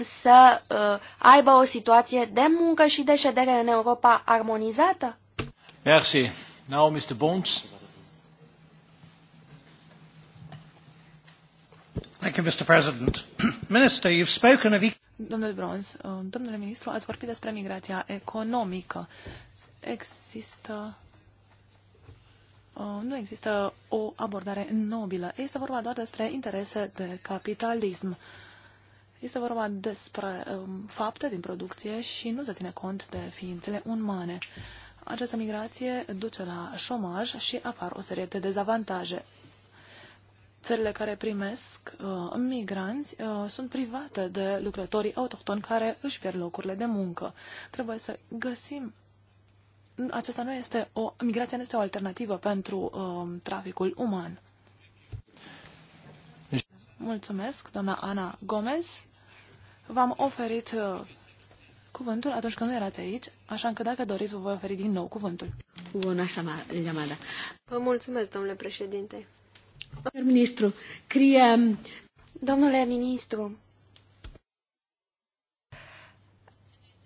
[SPEAKER 2] să uh, aibă o situație de muncă și de ședere în Europa armonizată?
[SPEAKER 3] Merci. Now, Mr. Bones. (clears throat) Domnule Bronz, uh, domnule ministru, ați vorbit despre migrația economică. Există uh, nu există o abordare nobilă. Este vorba doar despre interese de capitalism. Este vorba despre um, fapte din producție și nu se ține cont de ființele umane. Această migrație duce la șomaj și apar o serie de dezavantaje țările care primesc uh, migranți uh, sunt private de lucrătorii autohtoni care își pierd locurile de muncă. Trebuie să găsim aceasta nu este o, migrația nu este o alternativă pentru uh, traficul uman. Mulțumesc, doamna Ana Gomez. V-am oferit uh, cuvântul atunci când nu erați aici, așa că dacă doriți, vă voi oferi din nou cuvântul. Bună llamada.
[SPEAKER 1] Vă mulțumesc, domnule președinte.
[SPEAKER 3] Ministru, criem... Um, Domnule ministru,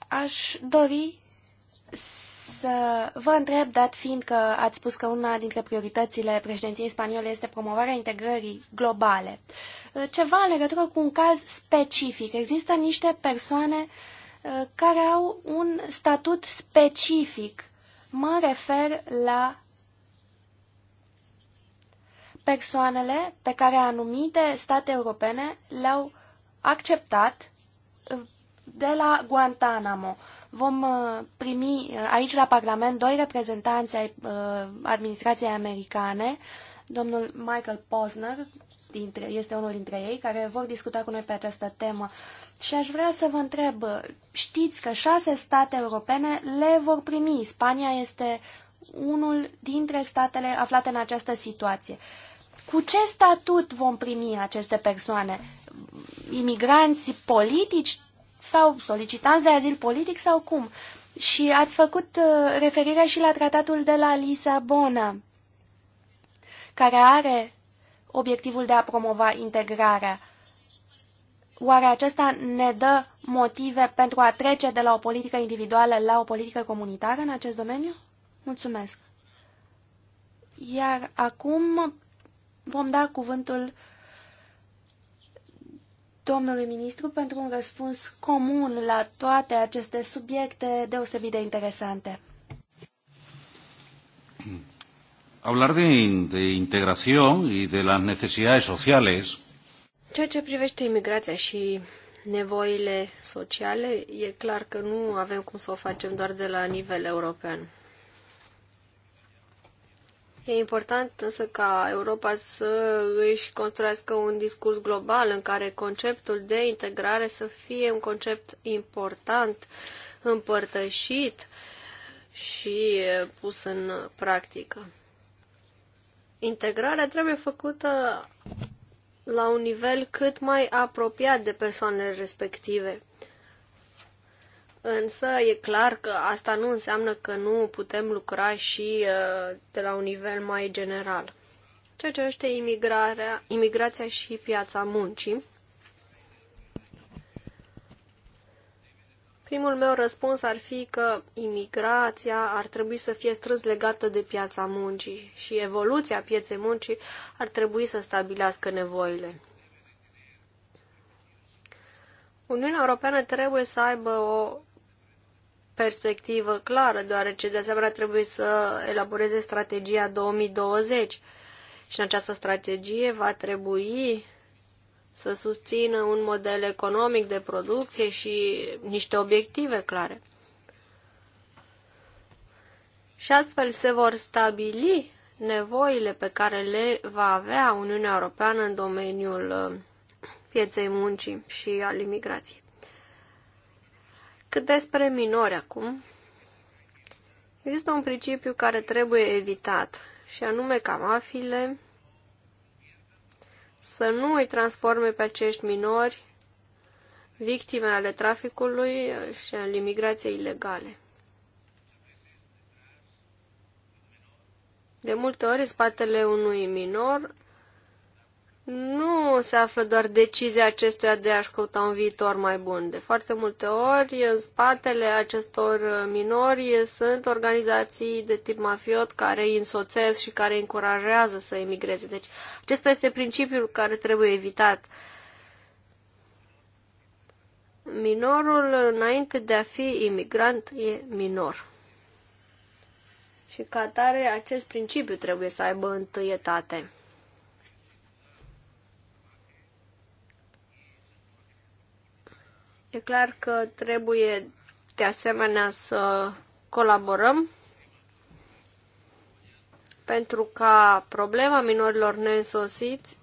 [SPEAKER 2] aș dori să vă întreb, dat fiind că ați spus că una dintre prioritățile președinției spaniole este promovarea integrării globale. Uh, ceva în legătură cu un caz specific. Există niște persoane uh, care au un statut specific. Mă refer la persoanele pe care anumite state europene le-au acceptat uh, de la Guantanamo. Vom uh, primi uh, aici la Parlament doi reprezentanți ai administrației americane, domnul Michael Posner este unul dintre ei, care vor discuta cu noi pe această temă. Și aș vrea să vă întreb, știți că șase state europene le vor primi. Spania este unul dintre statele aflate în această situație. Uh, cu ce statut vom primi aceste persoane? Imigranți politici sau solicitanți de azil politic sau cum? Și ați făcut uh, referire și la tratatul de la Lisabona, care are obiectivul de a promova integrarea. Oare acesta ne dă motive pentru a trece de la o politică individuală la o politică comunitară în acest domeniu? Mulțumesc! Iar acum Vom da cuvântul domnului ministru pentru un răspuns comun la toate aceste subiecte deosebit de interesante.
[SPEAKER 3] Hablar de, de integración y de las necesidades sociales.
[SPEAKER 1] Ceea ce privește imigrația și nevoile sociale, e clar că nu avem cum să o facem doar de la nivel european. E important însă ca Europa să își construiască un discurs global în care conceptul de integrare să fie un concept important, împărtășit și pus în practică. Integrarea trebuie făcută la un nivel cât mai apropiat de persoanele respective. Însă e clar că asta nu înseamnă că nu putem lucra și uh, de la un nivel mai general. Ceea ce este imigrarea, imigrația și piața muncii. Primul meu răspuns ar fi că imigrația ar trebui să fie strâns legată de piața muncii și evoluția pieței muncii ar trebui să stabilească nevoile. Uniunea Europeană trebuie să aibă o perspectivă clară, deoarece de asemenea trebuie să elaboreze strategia 2020 și în această strategie va trebui să susțină un model economic de producție și niște obiective clare. Și astfel se vor stabili nevoile pe care le va avea Uniunea Europeană în domeniul uh, pieței muncii și al imigrației. Cât despre minori acum, există un principiu care trebuie evitat, și anume ca mafile să nu îi transforme pe acești minori victime ale traficului și al imigrației ilegale. De multe ori, spatele unui minor nu se află doar decizia acestuia de a-și căuta un viitor mai bun. De foarte multe ori, în spatele acestor minori sunt organizații de tip mafiot care îi însoțesc și care îi încurajează să emigreze. Deci, acesta este principiul care trebuie evitat. Minorul, înainte de a fi imigrant, e minor. Și ca atare, acest principiu trebuie să aibă întâietate. E clar că trebuie de asemenea să colaborăm pentru ca problema minorilor neînsosiți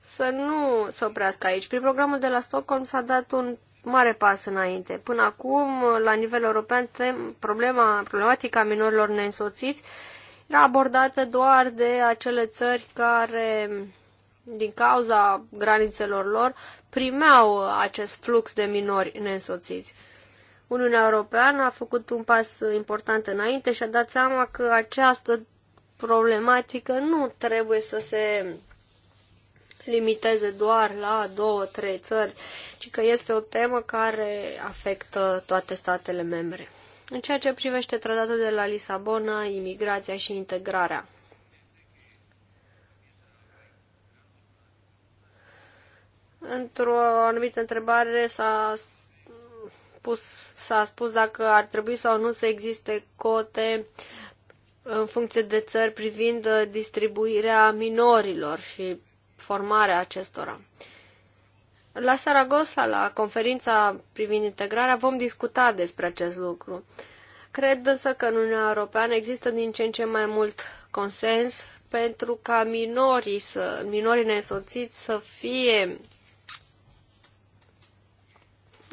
[SPEAKER 1] să nu se oprească aici. Prin programul de la Stockholm s-a dat un mare pas înainte. Până acum, la nivel european, problema, problematica minorilor neînsoțiți era abordată doar de acele țări care din cauza granițelor lor, primeau acest flux de minori nesoțiți. Uniunea Europeană a făcut un pas important înainte și a dat seama că această problematică nu trebuie să se limiteze doar la două, trei țări, ci că este o temă care afectă toate statele membre. În ceea ce privește tratatul de la Lisabona, imigrația și integrarea. Într-o anumită întrebare s-a spus, s-a spus dacă ar trebui sau nu să existe cote în funcție de țări privind distribuirea minorilor și formarea acestora. La Saragossa, la conferința privind integrarea, vom discuta despre acest lucru. Cred însă că în Uniunea Europeană există din ce în ce mai mult consens pentru ca minorii, să, minorii nesoțiți să fie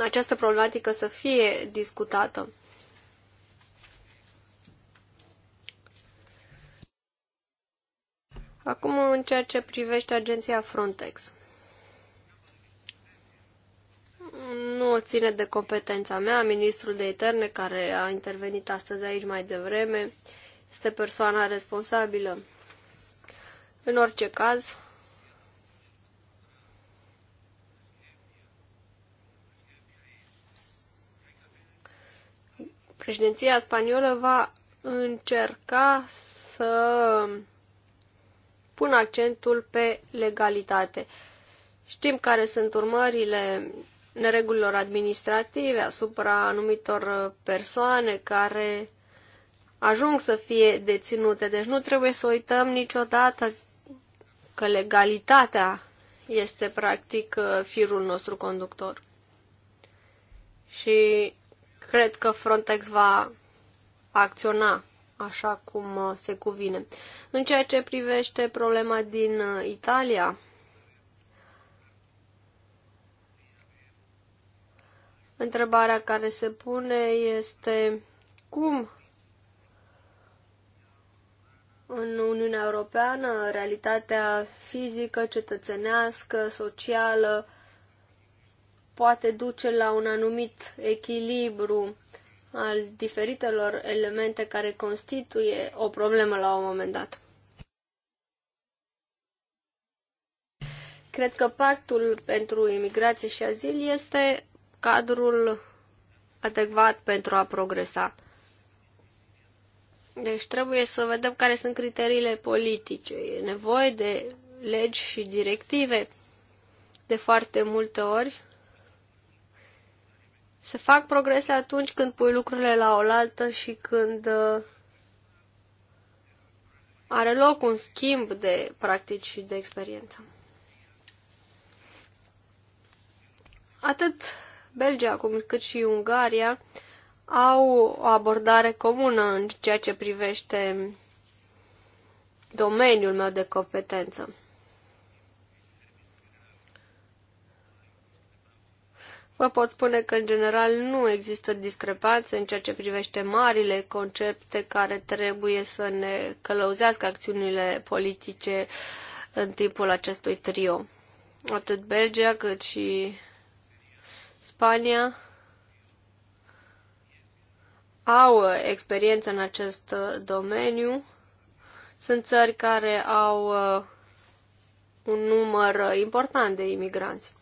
[SPEAKER 1] această problematică să fie discutată. Acum, în ceea ce privește agenția Frontex. Nu o ține de competența mea, ministrul de interne, care a intervenit astăzi aici mai devreme, este persoana responsabilă. În orice caz, Președinția spaniolă va încerca să pun accentul pe legalitate. Știm care sunt urmările neregulilor administrative asupra anumitor persoane care ajung să fie deținute. Deci nu trebuie să uităm niciodată că legalitatea este practic firul nostru conductor. Și Cred că Frontex va acționa așa cum uh, se cuvine. În ceea ce privește problema din uh, Italia, întrebarea care se pune este cum în Uniunea Europeană realitatea fizică, cetățenească, socială poate duce la un anumit echilibru al diferitelor elemente care constituie o problemă la un moment dat. Cred că pactul pentru imigrație și azil este cadrul adecvat pentru a progresa. Deci trebuie să vedem care sunt criteriile politice. E nevoie de legi și directive. De foarte multe ori se fac progrese atunci când pui lucrurile la oaltă și când uh, are loc un schimb de practici și de experiență. Atât Belgia cum cât și Ungaria au o abordare comună în ceea ce privește domeniul meu de competență. Vă pot spune că, în general, nu există discrepanțe în ceea ce privește marile concepte care trebuie să ne călăuzească acțiunile politice în timpul acestui trio. Atât Belgia cât și Spania au experiență în acest domeniu. Sunt țări care au uh, un număr important de imigranți.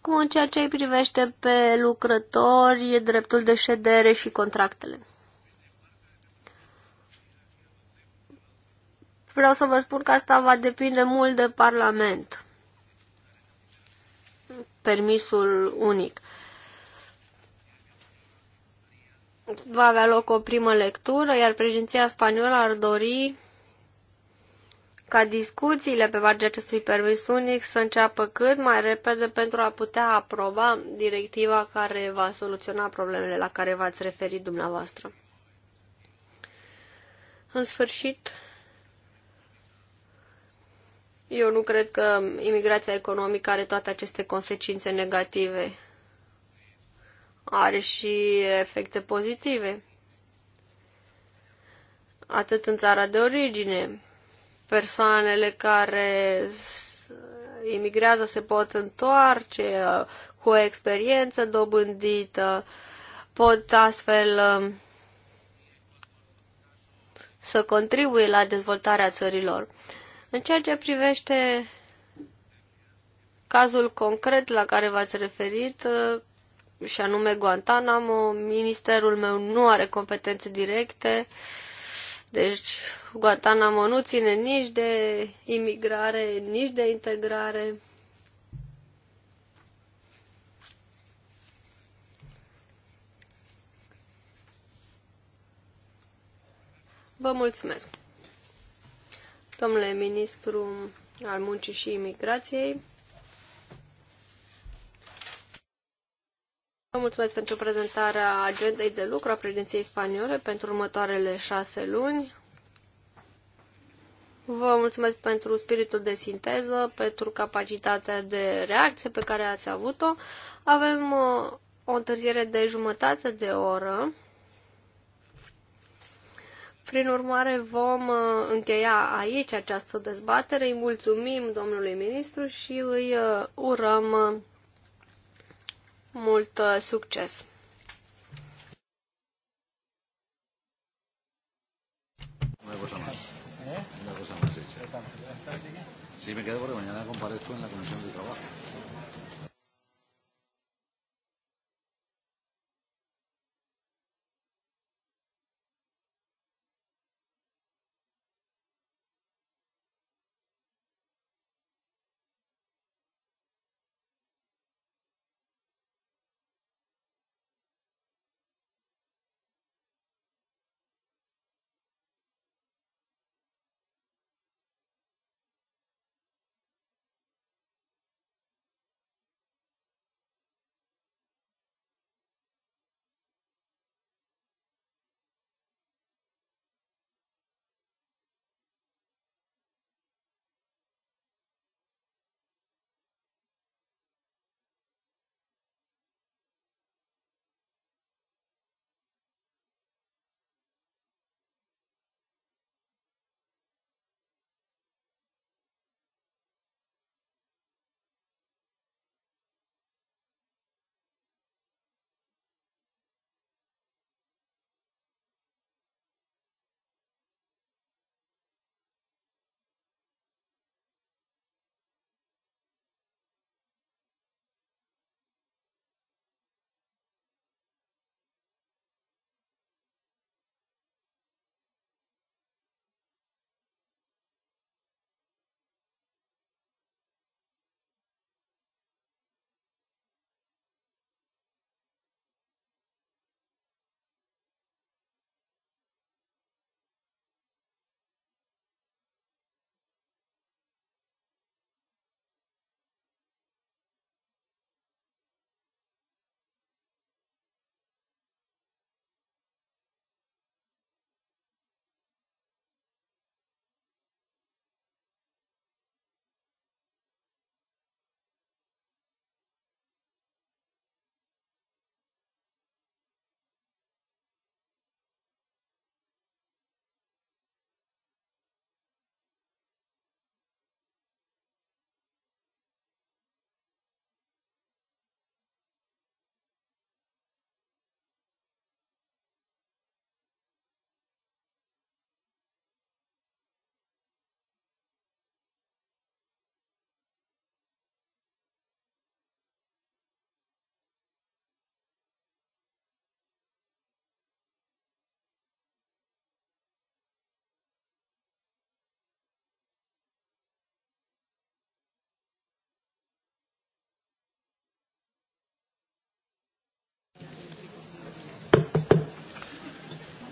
[SPEAKER 1] Cum în ceea ce îi privește pe lucrători, dreptul de ședere și contractele. Vreau să vă spun că asta va depinde mult de Parlament. Permisul unic. Va avea loc o primă lectură, iar președinția spaniolă ar dori ca discuțiile pe marge acestui permis unic să înceapă cât mai repede pentru a putea aproba directiva care va soluționa problemele la care v-ați referit dumneavoastră. În sfârșit, eu nu cred că imigrația economică are toate aceste consecințe negative. Are și efecte pozitive. Atât în țara de origine, persoanele care imigrează se pot întoarce uh, cu o experiență dobândită, pot astfel uh, să contribuie la dezvoltarea țărilor. În ceea ce privește cazul concret la care v-ați referit, uh, și anume Guantanamo, ministerul meu nu are competențe directe, uh, deci, Guantanamo nu ține nici de imigrare, nici de integrare. Vă mulțumesc. Domnule ministru al muncii și imigrației, Vă mulțumesc pentru prezentarea agendei de lucru a președinției spaniole pentru următoarele șase luni. Vă mulțumesc pentru spiritul de sinteză, pentru capacitatea de reacție pe care ați avut-o. Avem uh, o întârziere de jumătate de oră. Prin urmare, vom uh, încheia aici această dezbatere. Îi mulțumim domnului ministru și îi uh, urăm mult uh, succes!
[SPEAKER 3] Sí, me quedo porque mañana comparezco en la Comisión de Trabajo.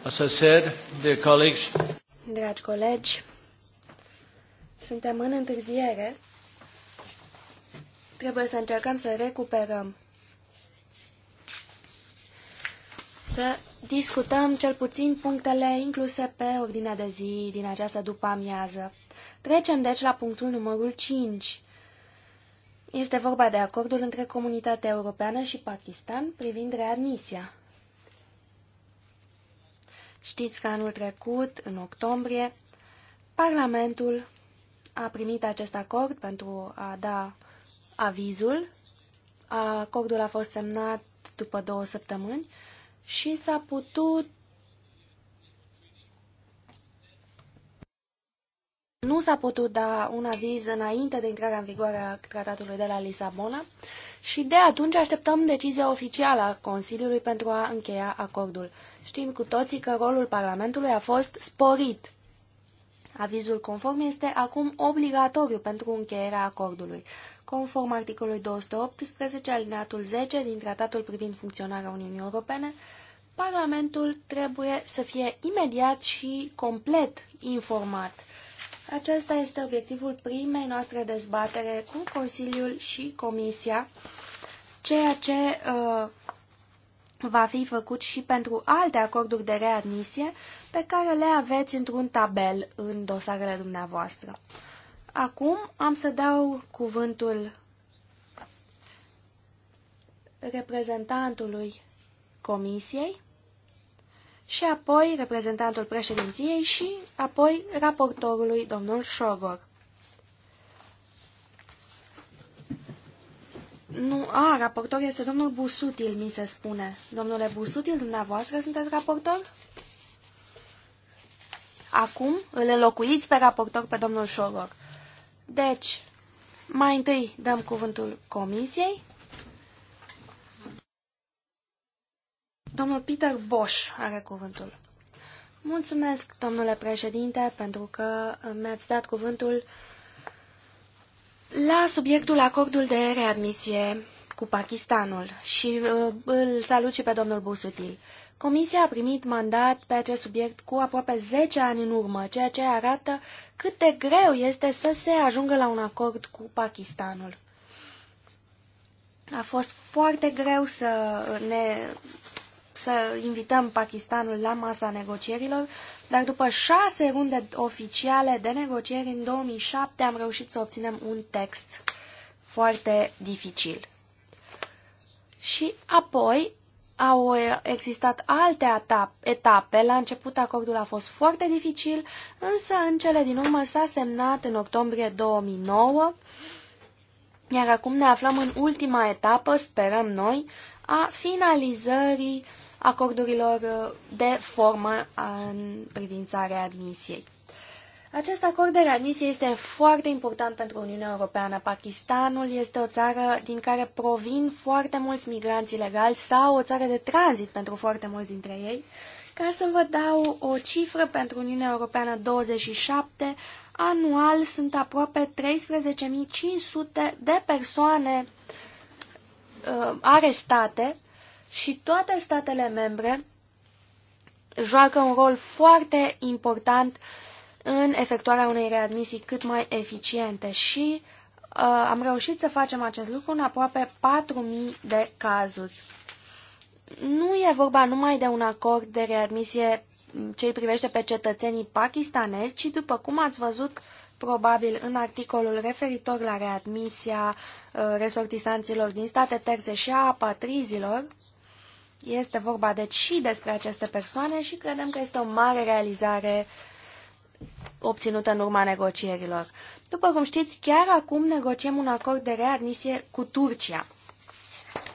[SPEAKER 1] As I said, dear colleagues,
[SPEAKER 2] Dragi colegi, suntem în întârziere. Trebuie să încercăm să recuperăm. Să discutăm cel puțin punctele incluse pe ordinea de zi din această după-amiază. Trecem deci la punctul numărul 5. Este vorba de acordul între Comunitatea Europeană și Pakistan privind readmisia. Știți că anul trecut, în octombrie, Parlamentul a primit acest acord pentru a da avizul. Acordul a fost semnat după două săptămâni și s-a putut Nu s-a putut da un aviz înainte de intrarea în vigoare a tratatului de la Lisabona și de atunci așteptăm decizia oficială a Consiliului pentru a încheia acordul. Știm cu toții că rolul Parlamentului a fost sporit. Avizul conform este acum obligatoriu pentru încheierea acordului. Conform articolului 218 alineatul 10 din Tratatul privind funcționarea Uniunii Europene, Parlamentul trebuie să fie imediat și complet informat acesta este obiectivul primei noastre dezbatere cu Consiliul și Comisia, ceea ce uh, va fi făcut și pentru alte acorduri de readmisie pe care le aveți într-un tabel în dosarele dumneavoastră. Acum am să dau cuvântul reprezentantului Comisiei și apoi reprezentantul președinției și apoi raportorului domnul Șogor. Nu, a, raportor este domnul Busutil, mi se spune. Domnule Busutil, dumneavoastră sunteți raportor? Acum îl înlocuiți pe raportor pe domnul Șogor. Deci, mai întâi dăm cuvântul comisiei Domnul Peter Bosch are cuvântul. Mulțumesc, domnule președinte, pentru că mi-ați dat cuvântul la subiectul acordul de readmisie cu Pakistanul și uh, îl salut și pe domnul Busutil. Comisia a primit mandat pe acest subiect cu aproape 10 ani în urmă, ceea ce arată cât de greu este să se ajungă la un acord cu Pakistanul. A fost foarte greu să ne să invităm Pakistanul la masa negocierilor, dar după șase runde oficiale de negocieri în 2007 am reușit să obținem un text foarte dificil. Și apoi au existat alte etape. La început acordul a fost foarte dificil, însă în cele din urmă s-a semnat în octombrie 2009, iar acum ne aflăm în ultima etapă, sperăm noi, a finalizării acordurilor uh, de formă în privința readmisiei. Acest acord de readmisie este foarte important pentru Uniunea Europeană. Pakistanul este o țară din care provin foarte mulți migranți ilegali sau o țară de tranzit pentru foarte mulți dintre ei. Ca să vă dau o cifră pentru Uniunea Europeană 27, anual sunt aproape 13.500 de persoane uh, arestate și toate statele membre joacă un rol foarte important în efectuarea unei readmisii cât mai eficiente și uh, am reușit să facem acest lucru în aproape 4.000 de cazuri. Nu e vorba numai de un acord de readmisie mm, ce îi privește pe cetățenii pakistanezi, ci după cum ați văzut probabil în articolul referitor la readmisia uh, resortisanților din state terțe și a apatrizilor, este vorba deci și despre aceste persoane și credem că este o mare realizare obținută în urma negocierilor. După cum știți, chiar acum negociem un acord de readmisie cu Turcia.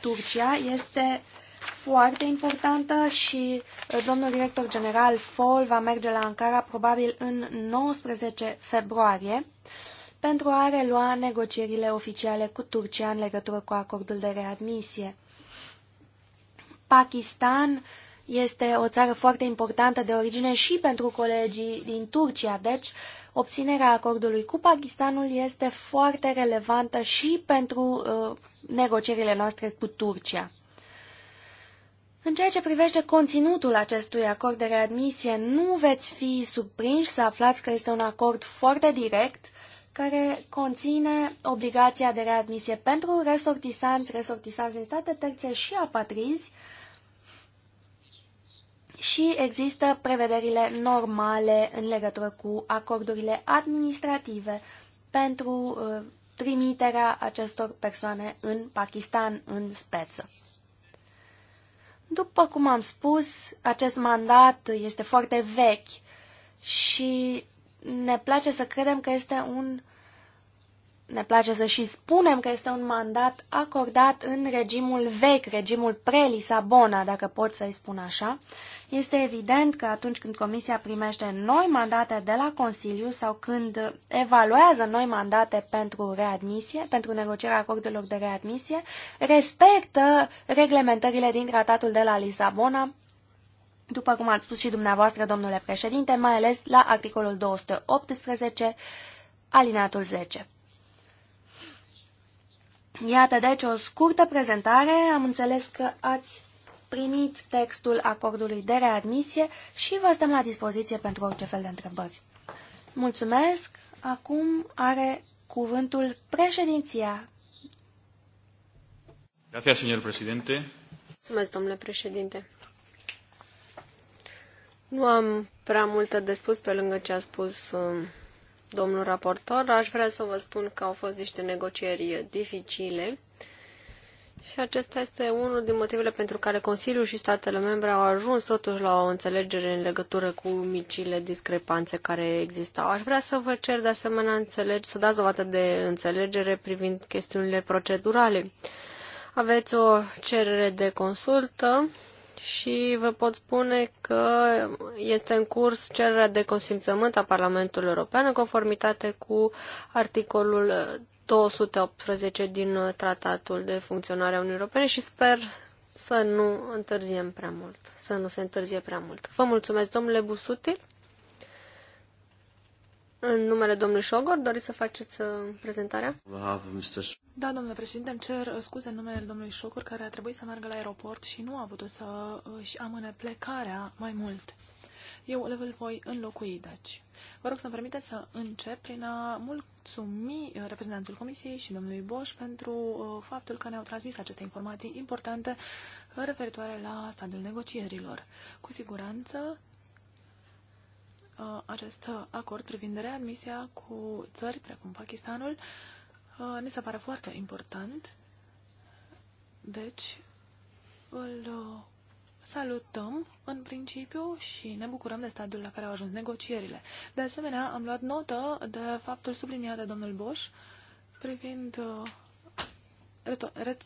[SPEAKER 2] Turcia este foarte importantă și uh, domnul director general Fol va merge la Ankara probabil în 19 februarie pentru a relua negocierile oficiale cu Turcia în legătură cu acordul de readmisie. Pakistan este o țară foarte importantă de origine și pentru colegii din Turcia, deci obținerea acordului cu Pakistanul este foarte relevantă și pentru uh, negocierile noastre cu Turcia. În ceea ce privește conținutul acestui acord de readmisie, nu veți fi surprinși să aflați că este un acord foarte direct care conține obligația de readmisie pentru resortisanți, resortisanți din state terțe și apatrizi, uh, și există prevederile normale în legătură cu acordurile administrative pentru uh, trimiterea acestor persoane în Pakistan, în speță. După cum am spus, acest mandat este foarte vechi și ne place să credem că este un ne place să și spunem că este un mandat acordat în regimul vechi, regimul pre-Lisabona, dacă pot să-i spun așa. Este evident că atunci când Comisia primește noi mandate de la Consiliu sau când evaluează noi mandate pentru readmisie, pentru negocierea acordurilor de readmisie, respectă reglementările din tratatul de la Lisabona, după cum ați spus și dumneavoastră, domnule președinte, mai ales la articolul 218, alineatul 10. Iată deci o scurtă prezentare, am înțeles că ați primit textul acordului de readmisie și vă stăm la dispoziție pentru orice fel de întrebări. Mulțumesc! Acum are cuvântul președinția.
[SPEAKER 3] Grazie, señor presidente.
[SPEAKER 2] Mulțumesc, domnule președinte.
[SPEAKER 1] Nu am prea multe de spus pe lângă ce a spus um, domnul raportor, aș vrea să vă spun că au fost niște negocieri dificile și acesta este unul din motivele pentru care Consiliul și statele membre au ajuns totuși la o înțelegere în legătură cu micile discrepanțe care existau. Aș vrea să vă cer de asemenea înțelege, să dați dată de înțelegere privind chestiunile procedurale. Aveți o cerere de consultă și vă pot spune că este în curs cererea de consimțământ a Parlamentului European în conformitate cu articolul 218 din Tratatul de Funcționare a Uniunii Europene și sper să nu întârziem prea mult, să nu se întârzie prea mult. Vă mulțumesc, domnule Busutil. În numele domnului Șogor, doriți să faceți uh, prezentarea?
[SPEAKER 3] Da, domnule președinte, îmi cer uh, scuze în numele domnului Șogor, care a trebuit să meargă la aeroport și nu a putut să uh, își amâne plecarea mai mult. Eu le voi înlocui, deci. Vă rog să-mi permiteți să încep prin a mulțumi reprezentantul Comisiei și domnului Boș pentru faptul că ne-au transmis aceste informații importante referitoare la stadiul negocierilor. Cu siguranță, Uh, acest acord privind readmisia cu țări precum Pakistanul uh, ne se pare foarte important. Deci, îl uh, salutăm în principiu și ne bucurăm de stadiul la care au ajuns negocierile. De asemenea, am luat notă de faptul subliniat de domnul Bosch privind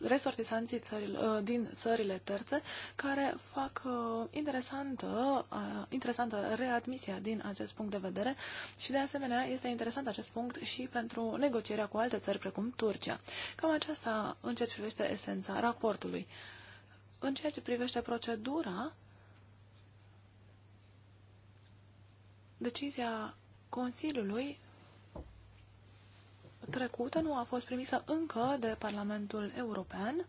[SPEAKER 3] resortisanții uh, din țările terțe care fac uh, interesantă, uh, interesantă readmisia din acest punct de vedere și de asemenea este interesant acest punct și pentru negocierea cu alte țări precum Turcia. Cam aceasta în ce privește esența raportului. În ceea ce privește procedura, decizia Consiliului trecută nu a fost primisă încă de Parlamentul European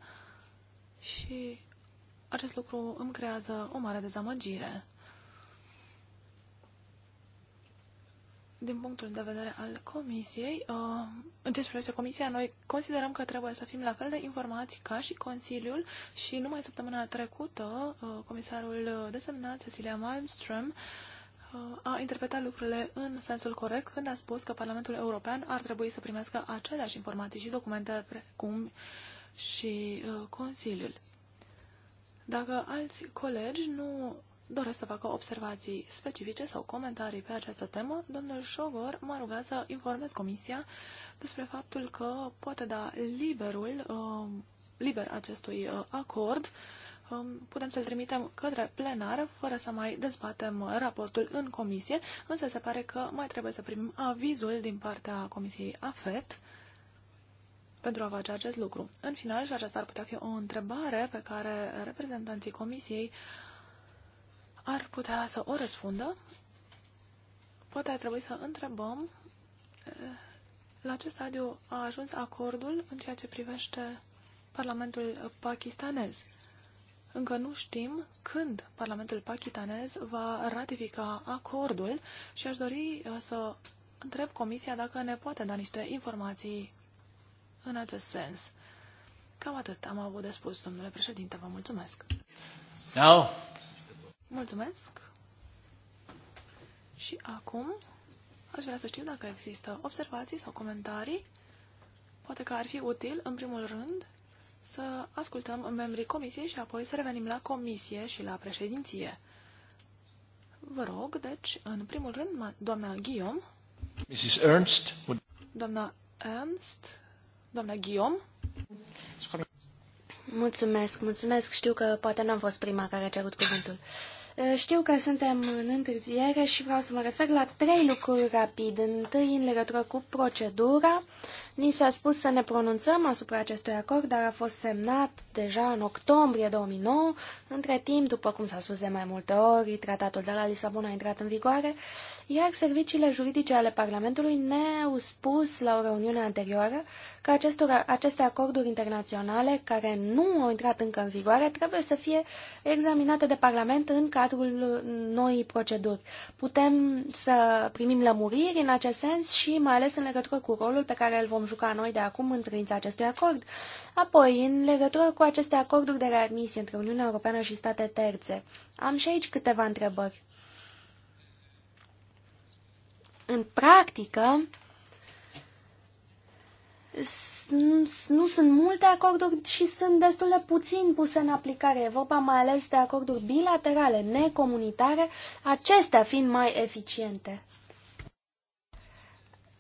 [SPEAKER 3] și acest lucru îmi creează o mare dezamăgire. Din punctul de vedere al Comisiei, uh, în ce privește Comisia, noi considerăm că trebuie să fim la fel de informați ca și Consiliul și numai săptămâna trecută uh, comisarul desemnat Cecilia Malmström a interpretat lucrurile în sensul corect când a spus că Parlamentul European ar trebui să primească aceleași informații și documente precum și uh, Consiliul. Dacă alți colegi nu doresc să facă observații specifice sau comentarii pe această temă, domnul Șogor m-a rugat să informez Comisia despre faptul că poate da liberul, uh, liber acestui uh, acord putem să-l trimitem către plenară, fără să mai dezbatem raportul în comisie, însă se pare că mai trebuie să primim avizul din partea Comisiei AFET pentru a face acest lucru. În final, și aceasta ar putea fi o întrebare pe care reprezentanții Comisiei ar putea să o răspundă, poate ar trebui să întrebăm la ce stadiu a ajuns acordul în ceea ce privește Parlamentul pakistanez. Încă nu știm când Parlamentul pakistanez va ratifica acordul și aș dori uh, să întreb Comisia dacă ne poate da niște informații în acest sens. Cam atât am avut de spus, domnule președinte. Vă mulțumesc. Now. Mulțumesc. Și acum aș vrea să știu dacă există observații sau comentarii. Poate că ar fi util, în primul rând, să ascultăm membrii comisiei și apoi să revenim la comisie și la președinție. Vă rog, deci, în primul rând, doamna Guillaume. Mrs. Ernst. Would... Doamna Ernst. Doamna Guillaume.
[SPEAKER 2] Mulțumesc, mulțumesc. Știu că poate n-am fost prima care a cerut cuvântul. Uh, știu că suntem în întârziere și vreau să mă refer la trei lucruri rapid. Întâi, în legătură cu procedura, ni s-a spus să ne pronunțăm asupra acestui acord, dar a fost semnat deja în octombrie 2009. Între timp, după cum s-a spus de mai multe ori, tratatul de la Lisabona a intrat în vigoare, iar serviciile juridice ale Parlamentului ne-au spus la o reuniune anterioară că acestor, aceste acorduri internaționale care nu au intrat încă în vigoare trebuie să fie examinate de Parlament în caz cadrul noii proceduri. Putem să primim lămuriri în acest sens și mai ales în legătură cu rolul pe care îl vom juca noi de acum în privința acestui acord. Apoi, în legătură cu aceste acorduri de readmisie între Uniunea Europeană și state terțe, am și aici câteva întrebări. În practică, nu sunt multe acorduri și sunt destul de puțin puse în aplicare. E vorba mai ales de acorduri bilaterale, necomunitare, acestea fiind mai eficiente.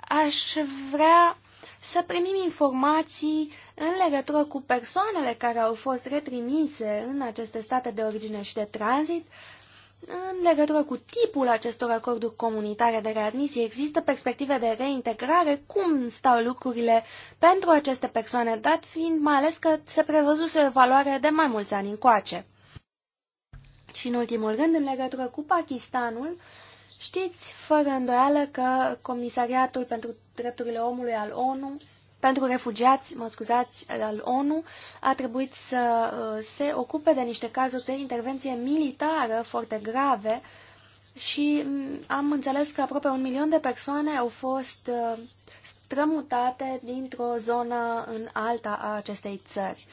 [SPEAKER 2] Aș vrea să primim informații în legătură cu persoanele care au fost retrimise în aceste state de origine și de tranzit, în legătură cu tipul acestor acorduri comunitare de readmisie, există perspective de reintegrare? Cum stau lucrurile pentru aceste persoane, dat fiind mai ales că se prevăzuse o evaluare de mai mulți ani încoace? Și în ultimul rând, în legătură cu Pakistanul, știți fără îndoială că Comisariatul pentru Drepturile Omului al ONU pentru refugiați, mă scuzați, al ONU, a trebuit să uh, se ocupe de niște cazuri de intervenție militară foarte grave și mm, am înțeles că aproape un milion de persoane au fost uh, strămutate dintr-o zonă în alta a acestei țări.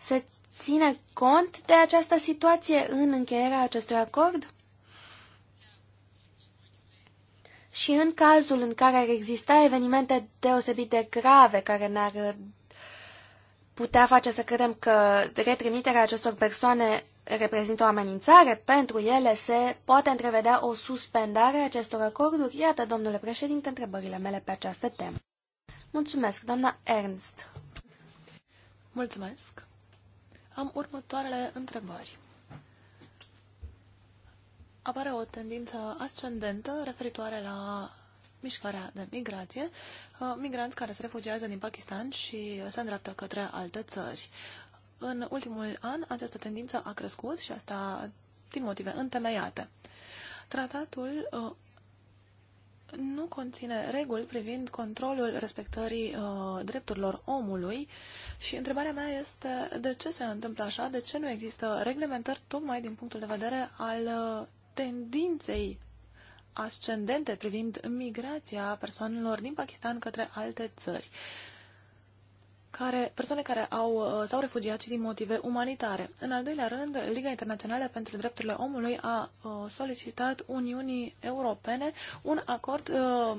[SPEAKER 2] Se ține cont de această situație în încheierea acestui acord? și în cazul în care ar exista evenimente deosebit de grave care ne-ar uh, putea face să credem că retrimiterea acestor persoane reprezintă o amenințare pentru ele, se poate întrevedea o suspendare a acestor acorduri? Iată, domnule președinte, întrebările mele pe această temă. Mulțumesc, doamna Ernst.
[SPEAKER 3] Mulțumesc. Am următoarele întrebări apare o tendință ascendentă referitoare la mișcarea de migrație, uh, migranți care se refugiază din Pakistan și se îndreaptă către alte țări. În ultimul an, această tendință a crescut și asta din motive întemeiate. Tratatul uh, nu conține reguli privind controlul respectării uh, drepturilor omului și întrebarea mea este de ce se întâmplă așa, de ce nu există reglementări tocmai din punctul de vedere al tendinței ascendente privind migrația persoanelor din Pakistan către alte țări. Care, persoane care au, uh, s-au refugiat și din motive umanitare. În al doilea rând, Liga Internațională pentru Drepturile Omului a uh, solicitat Uniunii Europene un acord uh,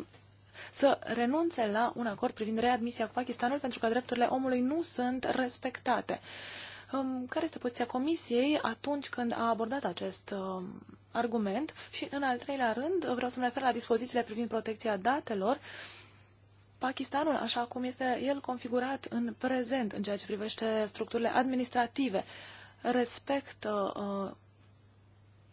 [SPEAKER 3] să renunțe la un acord privind readmisia cu Pakistanul pentru că drepturile omului nu sunt respectate. Um, care este poziția Comisiei atunci când a abordat acest um, argument și, în al treilea rând, vreau să mă refer la dispozițiile privind protecția datelor. Pakistanul, așa cum este el configurat în prezent în ceea ce privește structurile administrative, respectă uh,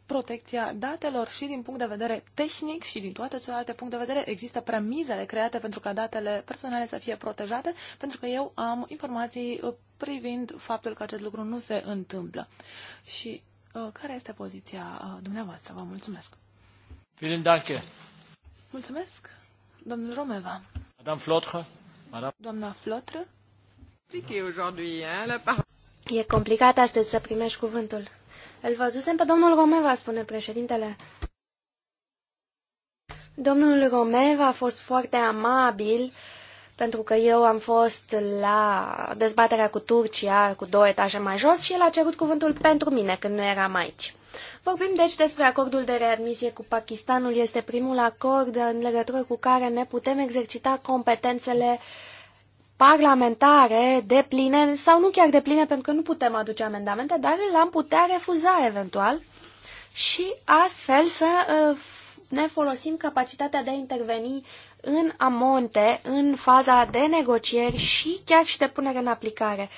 [SPEAKER 3] protecția datelor și din punct de vedere tehnic și din toate celelalte puncte de vedere există premizele create pentru ca datele personale să fie protejate, pentru că eu am informații uh, privind faptul că acest lucru nu se întâmplă. Și Uh, care este poziția uh, dumneavoastră. Vă mulțumesc. Vielen Dank. Mulțumesc. Domnul Romeva. Madame Flotre. Madame... Doamna Flotre.
[SPEAKER 2] E complicat astăzi să primești cuvântul. Îl văzusem pe domnul Romeva, spune președintele. Domnul Romeva a fost foarte amabil pentru că eu am fost la dezbaterea cu Turcia, cu două etaje mai jos, și el a cerut cuvântul pentru mine când nu eram aici. Vorbim deci despre acordul de readmisie cu Pakistanul. Este primul acord în legătură cu care ne putem exercita competențele parlamentare de pline sau nu chiar de pline pentru că nu putem aduce amendamente, dar l-am putea refuza eventual și astfel să uh, ne folosim capacitatea de a interveni în amonte, în faza de negocieri și chiar și de punere în aplicare,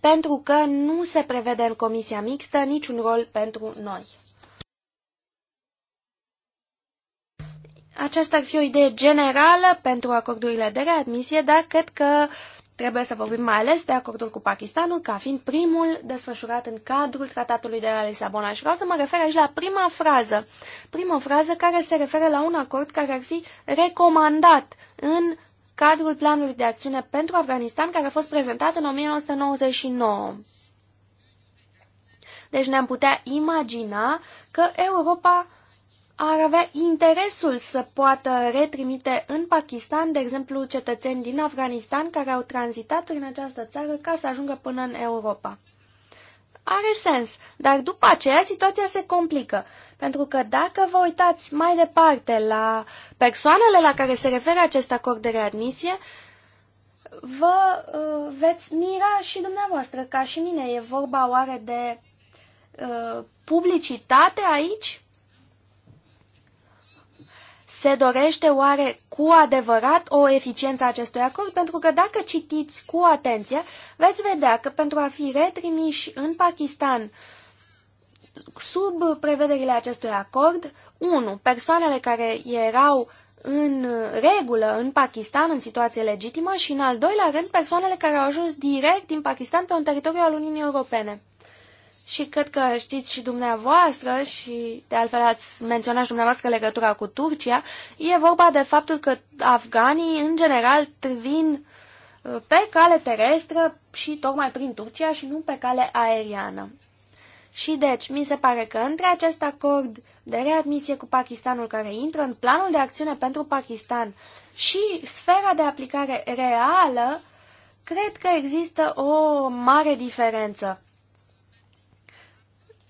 [SPEAKER 2] pentru că nu se prevede în comisia mixtă niciun rol pentru noi. Aceasta ar fi o idee generală pentru acordurile de readmisie, dar cred că Trebuie să vorbim mai ales de acordul cu Pakistanul, ca fiind primul desfășurat în cadrul Tratatului de la Lisabona. Și vreau să mă refer aici la prima frază. Prima frază care se referă la un acord care ar fi recomandat în cadrul planului de acțiune pentru Afganistan care a fost prezentat în 1999. Deci ne-am putea imagina că Europa ar avea interesul să poată retrimite în Pakistan, de exemplu, cetățeni din Afganistan care au tranzitat prin această țară ca să ajungă până în Europa. Are sens, dar după aceea situația se complică, pentru că dacă vă uitați mai departe la persoanele la care se referă acest acord de readmisie, vă uh, veți mira și dumneavoastră, ca și mine. E vorba oare de uh, publicitate aici? Se dorește oare cu adevărat o eficiență a acestui acord? Pentru că dacă citiți cu atenție, veți vedea că pentru a fi retrimiși în Pakistan sub prevederile acestui acord, 1. Persoanele care erau în regulă în Pakistan, în situație legitimă, și în al doilea rând persoanele care au ajuns direct din Pakistan pe un teritoriu al Uniunii Europene și cred că știți și dumneavoastră și de altfel ați menționat și dumneavoastră legătura cu Turcia, e vorba de faptul că afganii în general vin uh, pe cale terestră și tocmai prin Turcia și nu pe cale aeriană. Și deci, mi se pare că între acest acord de readmisie cu Pakistanul care intră în planul de acțiune pentru Pakistan și sfera de aplicare reală, cred că există o mare diferență.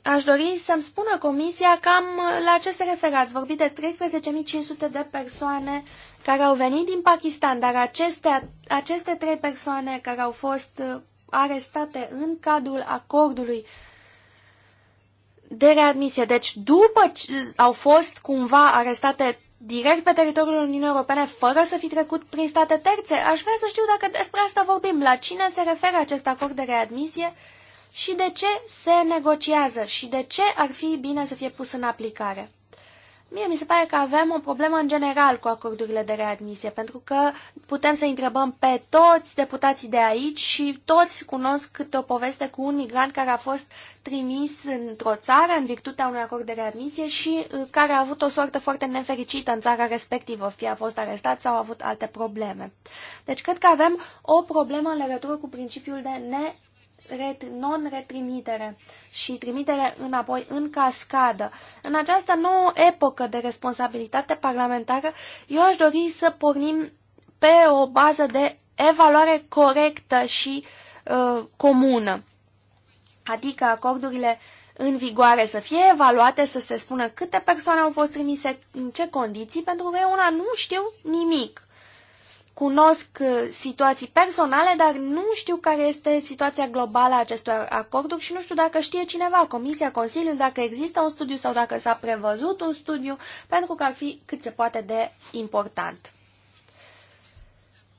[SPEAKER 2] Aș dori să-mi spună Comisia cam la ce se referă. Ați vorbit de 13.500 de persoane care au venit din Pakistan, dar aceste, aceste trei persoane care au fost uh, arestate în cadrul acordului de readmisie, deci după ce au fost cumva arestate direct pe teritoriul Uniunii Europene fără să fi trecut prin state terțe, aș vrea să știu dacă despre asta vorbim, la cine se referă acest acord de readmisie și de ce se negociază și de ce ar fi bine să fie pus în aplicare. Mie mi se pare că avem o problemă în general cu acordurile de readmisie, pentru că putem să întrebăm pe toți deputații de aici și toți cunosc câte o poveste cu un migrant care a fost trimis într-o țară în virtutea unui acord de readmisie și uh, care a avut o soartă foarte nefericită în țara respectivă, fie a fost arestat sau a avut alte probleme. Deci cred că avem o problemă în legătură cu principiul de ne non-retrimitere și trimitere înapoi în cascadă. În această nouă epocă de responsabilitate parlamentară, eu aș dori să pornim pe o bază de evaluare corectă și uh, comună. Adică acordurile în vigoare să fie evaluate, să se spună câte persoane au fost trimise, în ce condiții, pentru că eu una nu știu nimic cunosc uh, situații personale, dar nu știu care este situația globală a acestor acorduri și nu știu dacă știe cineva, Comisia, Consiliul, dacă există un studiu sau dacă s-a prevăzut un studiu, pentru că ar fi cât se poate de important.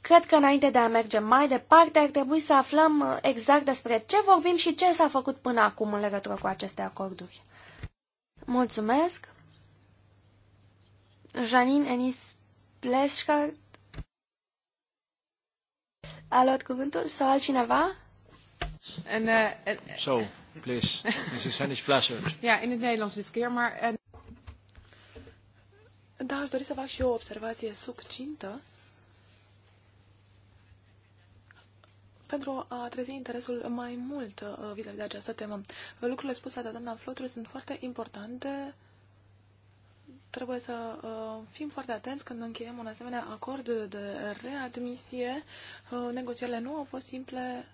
[SPEAKER 2] Cred că înainte de a merge mai departe, ar trebui să aflăm uh, exact despre ce vorbim și ce s-a făcut până acum în legătură cu aceste acorduri. Mulțumesc! Janin Enis Pleșcar a luat cuvântul sau altcineva?
[SPEAKER 3] En, uh, en...
[SPEAKER 2] so, eh, please. Mrs. Hennis Plassert.
[SPEAKER 3] Ja, in het Nederlands dit keer, maar... En... Eh, da, aș dori să fac și eu o observație succintă pentru a trezi interesul mai mult vis-a-vis -vis de această temă. Lucrurile spuse de doamna Flotru sunt foarte importante trebuie să uh, fim foarte atenți când încheiem un asemenea acord de readmisie. Uh, negocierile nu au fost simple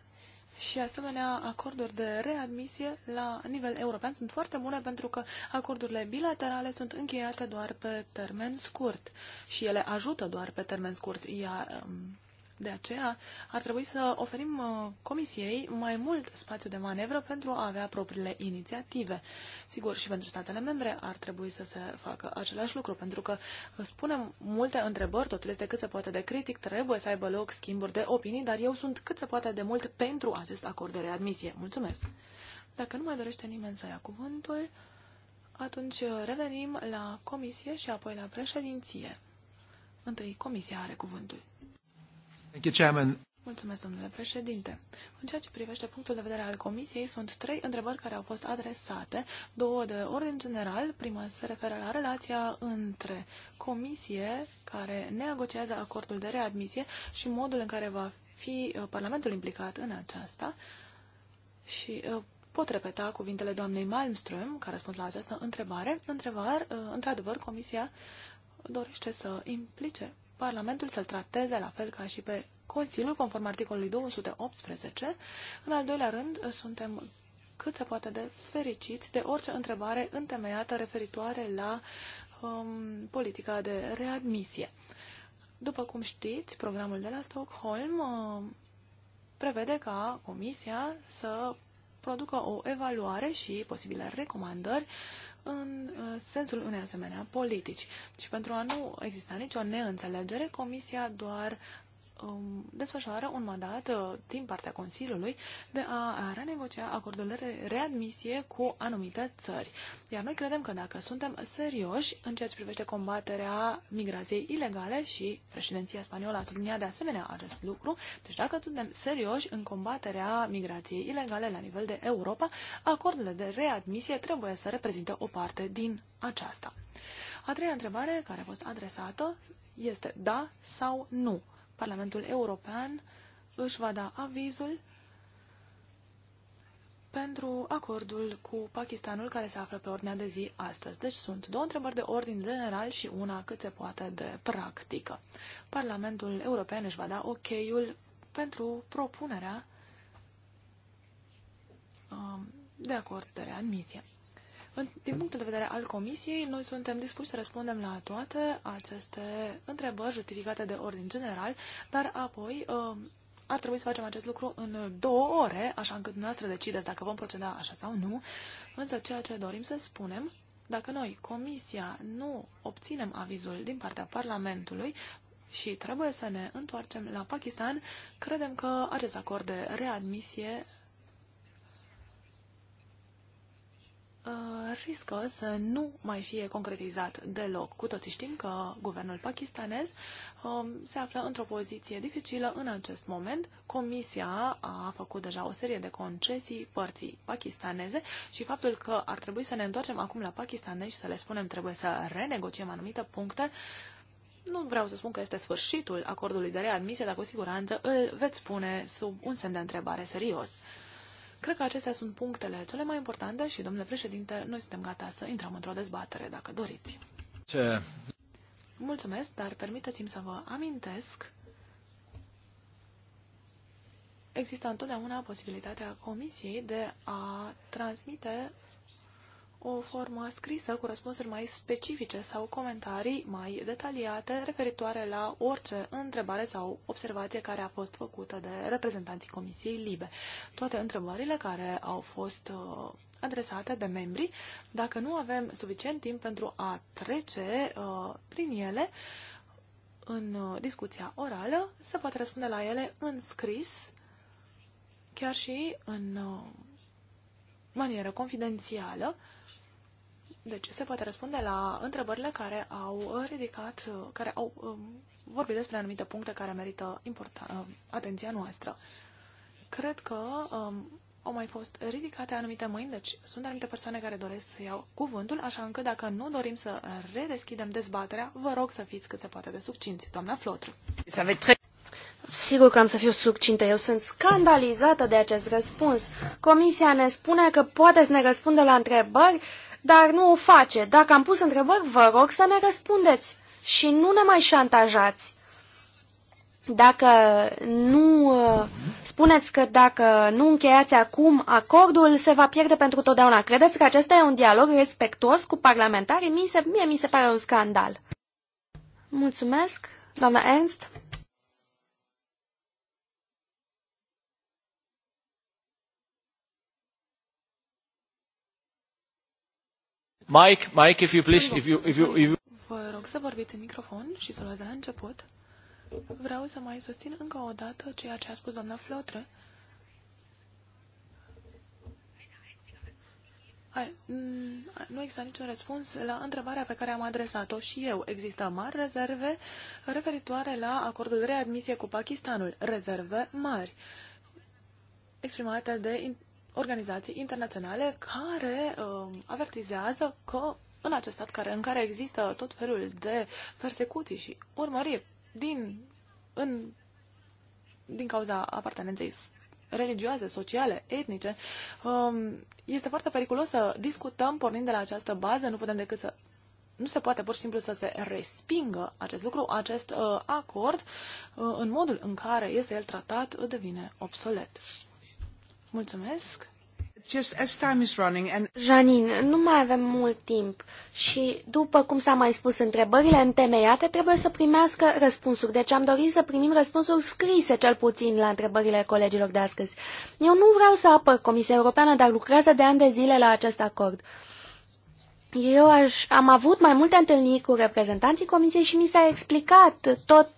[SPEAKER 3] și asemenea acorduri de readmisie la nivel european sunt foarte bune pentru că acordurile bilaterale sunt încheiate doar pe termen scurt și ele ajută doar pe termen scurt. Iar, um, de aceea ar trebui să oferim uh, Comisiei mai mult spațiu de manevră pentru a avea propriile inițiative. Sigur, și pentru statele membre ar trebui să se facă același lucru, pentru că uh, spunem multe întrebări, totul este cât se poate de critic, trebuie să aibă loc schimburi de opinii, dar eu sunt cât se poate de mult pentru acest acord de readmisie. Mulțumesc! Dacă nu mai dorește nimeni să ia cuvântul, atunci uh, revenim la comisie și apoi la președinție. Întâi comisia are cuvântul. Thank you, Chairman. Mulțumesc, domnule președinte. În ceea ce privește punctul de vedere al Comisiei, sunt trei întrebări care au fost adresate, două de ordin general. Prima se referă la relația între Comisie, care negociază acordul de readmisie, și modul în care va fi uh, Parlamentul implicat în aceasta. Și uh, pot repeta cuvintele doamnei Malmström, care răspund la această întrebare. Întrebar, uh, într-adevăr, Comisia dorește să implice Parlamentul să-l trateze la fel ca și pe Consiliul, conform articolului 218. În al doilea rând, suntem cât se poate de fericiți de orice întrebare întemeiată referitoare la um, politica de readmisie. După cum știți, programul de la Stockholm uh, prevede ca Comisia să producă o evaluare și posibile recomandări uh, în uh, sensul unei asemenea politici. Și deci, pentru a nu exista nicio neînțelegere, Comisia doar Um, desfășoară un mandat uh, din partea Consiliului de a renegocia acordurile de readmisie cu anumite țări. Iar noi credem că dacă suntem serioși în ceea ce privește combaterea migrației ilegale și președinția spaniolă a subliniat de asemenea acest lucru, deci dacă suntem serioși în combaterea migrației ilegale la nivel de Europa, acordurile de readmisie trebuie să reprezinte o parte din aceasta. A treia întrebare care a fost adresată este da sau nu. Parlamentul European își va da avizul pentru acordul cu Pakistanul care se află pe ordinea de zi astăzi. Deci sunt două întrebări de ordin general și una cât se poate de practică. Parlamentul European își va da ok-ul pentru propunerea um, de acord de readmisie. Din punctul de vedere al Comisiei, noi suntem dispuși să răspundem la toate aceste întrebări justificate de ordin general, dar apoi um, ar trebui să facem acest lucru în două ore, așa încât dumneavoastră decideți dacă vom proceda așa sau nu. Însă ceea ce dorim să spunem, dacă noi, Comisia, nu obținem avizul din partea Parlamentului, și trebuie să ne întoarcem la Pakistan, credem că acest acord de readmisie Uh, riscă să nu mai fie concretizat deloc. Cu toții știm că guvernul pakistanez um, se află într-o poziție dificilă în acest moment. Comisia a făcut deja o serie de concesii părții pakistaneze și faptul că ar trebui să ne întoarcem acum la pakistanezi și să le spunem trebuie să renegociem anumite puncte nu vreau să spun că este sfârșitul acordului de readmisie, dar cu siguranță îl veți pune sub un semn de întrebare serios. Cred că acestea sunt punctele cele mai importante și, domnule președinte, noi suntem gata să intrăm într-o dezbatere, dacă doriți. Ce? Mulțumesc, dar permiteți-mi să vă amintesc există întotdeauna posibilitatea Comisiei de a transmite o formă scrisă cu răspunsuri mai specifice sau comentarii mai detaliate referitoare la orice întrebare sau observație care a fost făcută de reprezentanții Comisiei Libe. Toate întrebările care au fost uh, adresate de membri, dacă nu avem suficient timp pentru a trece uh, prin ele în uh, discuția orală, se poate răspunde la ele în scris, chiar și în uh, manieră confidențială, deci se poate răspunde la întrebările care au ridicat, care au um, vorbit despre anumite puncte care merită um, atenția noastră. Cred că um, au mai fost ridicate anumite mâini, deci sunt anumite persoane care doresc să iau cuvântul, așa încât dacă nu dorim să redeschidem dezbaterea, vă rog să fiți cât se poate de succinți. Doamna Flotru.
[SPEAKER 2] Sigur că am să fiu succintă. Eu sunt scandalizată de acest răspuns. Comisia ne spune că poate să ne răspundă la întrebări dar nu o face. Dacă am pus întrebări, vă rog să ne răspundeți și nu ne mai șantajați. Dacă nu uh, spuneți că dacă nu încheiați acum acordul, se va pierde pentru totdeauna. Credeți că acesta e un dialog respectuos cu parlamentarii? Mie, mie mi se pare un scandal. Mulțumesc, doamna Ernst.
[SPEAKER 3] Mike, Mike, if you please, if you, if you, if you... Vă rog să vorbiți în microfon și să luați de la început. Vreau să mai susțin încă o dată ceea ce a spus doamna Flotre. Mm, nu există niciun răspuns la întrebarea pe care am adresat-o și eu. Există mari rezerve referitoare la acordul de readmisie cu Pakistanul. Rezerve mari exprimate de organizații internaționale care uh, avertizează că în acest stat care, în care există tot felul de persecuții și urmăriri din, în, din cauza apartenenței religioase, sociale, etnice, um, este foarte periculos să discutăm pornind de la această bază, nu putem decât să nu se poate pur și simplu să se respingă acest lucru, acest uh, acord, uh, în modul în care este el tratat, devine obsolet. Janin, Janine, nu mai avem mult timp și,
[SPEAKER 2] după cum s-a mai spus, întrebările întemeiate trebuie să primească răspunsuri. Deci am dorit să primim răspunsuri scrise, cel puțin, la întrebările colegilor de astăzi. Eu nu vreau să apăr Comisia Europeană, dar lucrează de ani de zile la acest acord. Eu aș, am avut mai multe întâlniri cu reprezentanții Comisiei și mi s-a explicat tot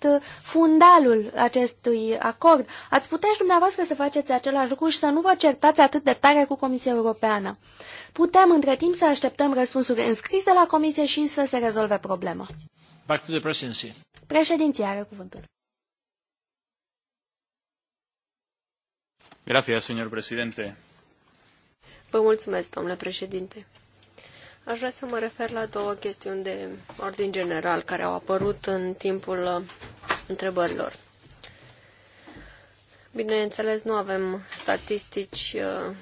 [SPEAKER 2] fundalul acestui acord. Ați putea și dumneavoastră să faceți același lucru și să nu vă certați atât de tare cu Comisia Europeană. Putem între timp să așteptăm răspunsuri înscrise la Comisie și să se rezolve problema.
[SPEAKER 3] Back to the presidency.
[SPEAKER 2] Președinția are cuvântul.
[SPEAKER 3] Gracias, señor presidente.
[SPEAKER 1] Vă mulțumesc, domnule președinte. Aș vrea să mă refer la două chestiuni de ordin general care au apărut în timpul uh, întrebărilor. Bineînțeles, nu avem statistici, uh,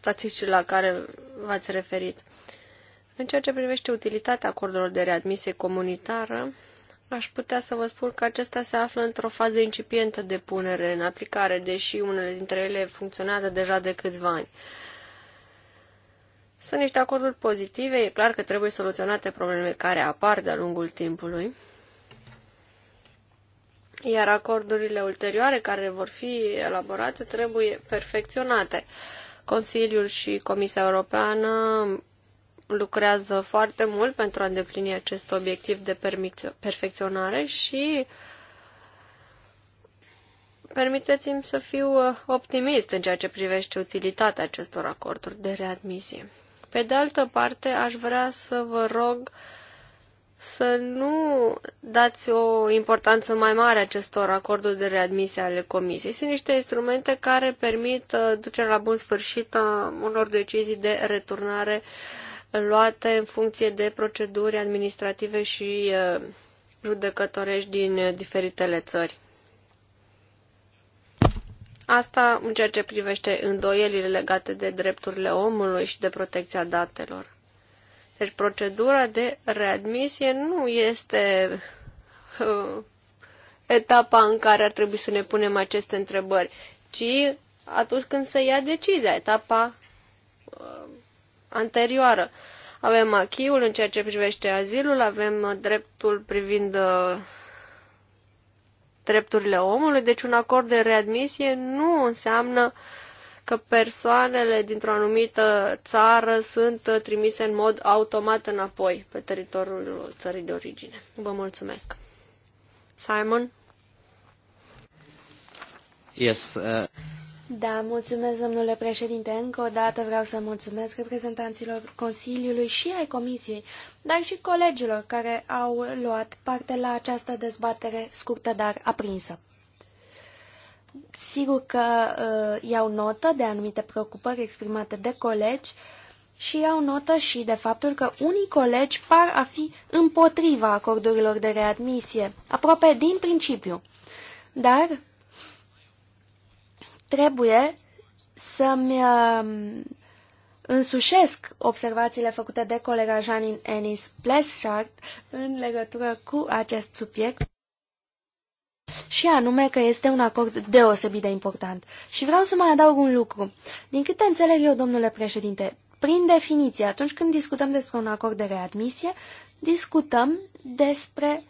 [SPEAKER 1] statistici la care v-ați referit. În ceea ce privește utilitatea acordurilor de readmisie comunitară, aș putea să vă spun că acesta se află într-o fază incipientă de punere în aplicare, deși unele dintre ele funcționează deja de câțiva ani. Sunt niște acorduri pozitive, e clar că trebuie soluționate problemele care apar de-a lungul timpului. Iar acordurile ulterioare care vor fi elaborate trebuie perfecționate. Consiliul și Comisia Europeană lucrează foarte mult pentru a îndeplini acest obiectiv de perfecționare și permiteți-mi să fiu uh, optimist în ceea ce privește utilitatea acestor acorduri de readmisie. Pe de altă parte, aș vrea să vă rog să nu dați o importanță mai mare acestor acorduri de readmisie ale Comisiei. Sunt niște instrumente care permit uh, ducerea la bun sfârșit a unor decizii de returnare luate în funcție de proceduri administrative și uh, judecătorești din uh, diferitele țări. Asta în ceea ce privește îndoielile legate de drepturile omului și de protecția datelor. Deci procedura de readmisie nu este uh, etapa în care ar trebui să ne punem aceste întrebări, ci atunci când se ia decizia, etapa uh, anterioară. Avem achiul în ceea ce privește azilul, avem dreptul privind uh, drepturile omului, deci un acord de readmisie nu înseamnă că persoanele dintr-o anumită țară sunt trimise în mod automat înapoi pe teritoriul țării de origine. Vă mulțumesc. Simon? Yes. Uh...
[SPEAKER 2] Da, mulțumesc, domnule președinte. Încă o dată vreau să mulțumesc reprezentanților Consiliului și ai Comisiei, dar și colegilor care au luat parte la această dezbatere scurtă, dar aprinsă. Sigur că uh, iau notă de anumite preocupări exprimate de colegi și iau notă și de faptul că unii colegi par a fi împotriva acordurilor de readmisie, aproape din principiu. Dar trebuie să-mi um, însușesc observațiile făcute de colega Janin Ennis Pleshardt în legătură cu acest subiect și anume că este un acord deosebit de important. Și vreau să mai adaug un lucru. Din câte înțeleg eu, domnule președinte, prin definiție, atunci când discutăm despre un acord de readmisie, discutăm despre uh,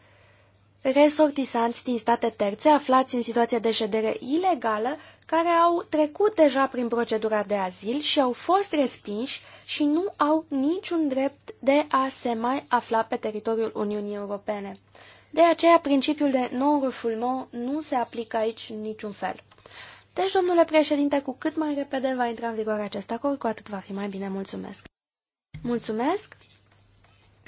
[SPEAKER 2] resortisanți din state terțe aflați în situație de ședere ilegală care au trecut deja prin procedura de azil și au fost respinși și nu au niciun drept de a se mai afla pe teritoriul Uniunii Europene. De aceea, principiul de non-refoulement nu se aplică aici în niciun fel. Deci, domnule președinte, cu cât mai repede va intra în vigoare acest acord, cu atât va fi mai bine. Mulțumesc! Mulțumesc!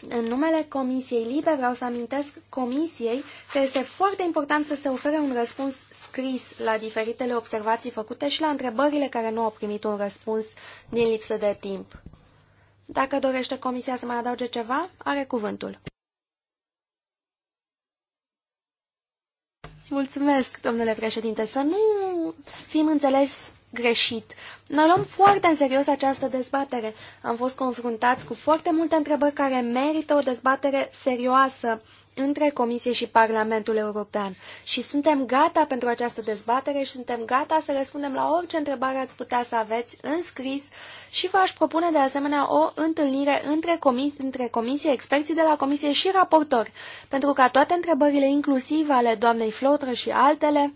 [SPEAKER 2] În numele Comisiei Libe vreau să amintesc Comisiei că este foarte important să se ofere un răspuns scris la diferitele observații făcute și la întrebările care nu au primit un răspuns din lipsă de timp. Dacă dorește Comisia să mai adauge ceva, are cuvântul. Mulțumesc, domnule președinte. Să nu fim înțeleși greșit. Noi luăm foarte în serios această dezbatere. Am fost confruntați cu foarte multe întrebări care merită o dezbatere serioasă între Comisie și Parlamentul European. Și suntem gata pentru această dezbatere și suntem gata să răspundem la orice întrebare ați putea să aveți în scris și v-aș propune de asemenea o întâlnire între, Comisie, între Comisie, experții de la Comisie și raportori, pentru ca toate întrebările, inclusiv ale doamnei Flotră și altele,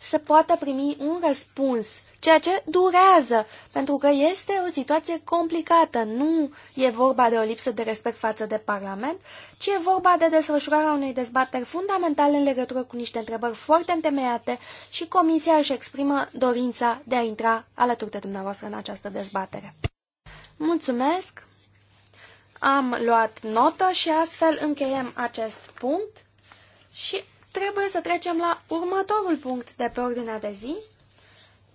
[SPEAKER 2] să poată primi un răspuns, ceea ce durează, pentru că este o situație complicată. Nu e vorba de o lipsă de respect față de Parlament, ci e vorba de desfășurarea unei dezbateri fundamentale în legătură cu niște întrebări foarte întemeiate și Comisia își exprimă dorința de a intra alături de dumneavoastră în această dezbatere. Mulțumesc! Am luat notă și astfel încheiem acest punct și trebuie să trecem la următorul punct de pe ordinea de zi,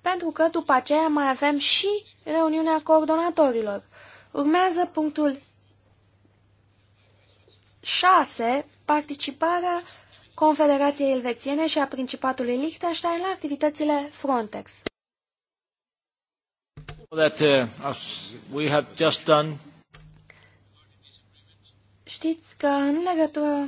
[SPEAKER 2] pentru că după aceea mai avem și reuniunea coordonatorilor. Urmează punctul 6, participarea Confederației Elvețiene și a Principatului Liechtenstein la activitățile Frontex.
[SPEAKER 1] That, uh, we have just done...
[SPEAKER 2] Știți că în legătură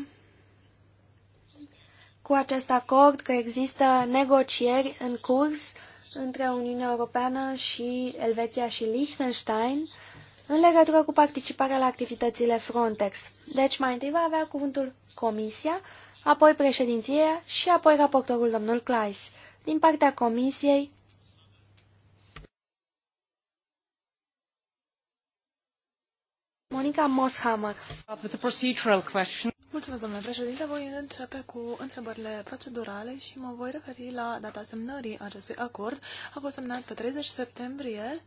[SPEAKER 2] cu acest acord că există negocieri în curs între Uniunea Europeană și Elveția și Liechtenstein în legătură cu participarea la activitățile Frontex. Deci mai întâi va avea cuvântul Comisia, apoi președinția și apoi raportorul domnul Claes. Din partea Comisiei, Monica Moshammer.
[SPEAKER 3] Mulțumesc, domnule președinte. Voi începe cu întrebările procedurale și mă voi referi la data semnării acestui acord. A fost semnat pe 30 septembrie,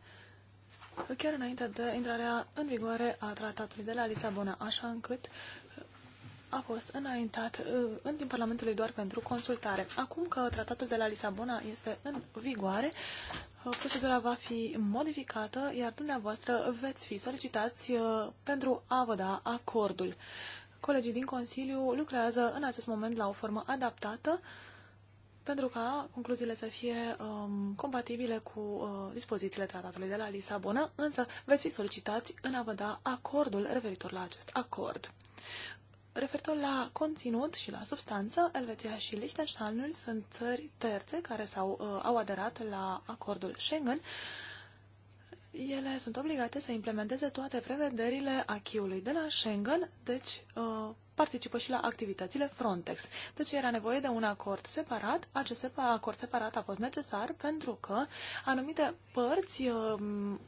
[SPEAKER 3] chiar înainte de intrarea în vigoare a tratatului de la Lisabona, așa încât a fost înaintat uh, în timp Parlamentului doar pentru consultare. Acum că tratatul de la Lisabona este în vigoare, uh, procedura va fi modificată, iar dumneavoastră veți fi solicitați uh, pentru a vă da acordul. Colegii din Consiliu lucrează în acest moment la o formă adaptată pentru ca concluziile să fie um, compatibile cu uh, dispozițiile tratatului de la Lisabona, însă veți fi solicitați în a vă da acordul referitor la acest acord. Referitor la conținut și la substanță, Elveția și Liechtensteinul sunt țări terțe care s-au, uh, au aderat la acordul Schengen. Uh, ele sunt obligate să implementeze toate prevederile achiului de la Schengen, deci uh, participă și la activitățile Frontex. Deci era nevoie de un acord separat. Acest acord separat a fost necesar pentru că anumite părți um,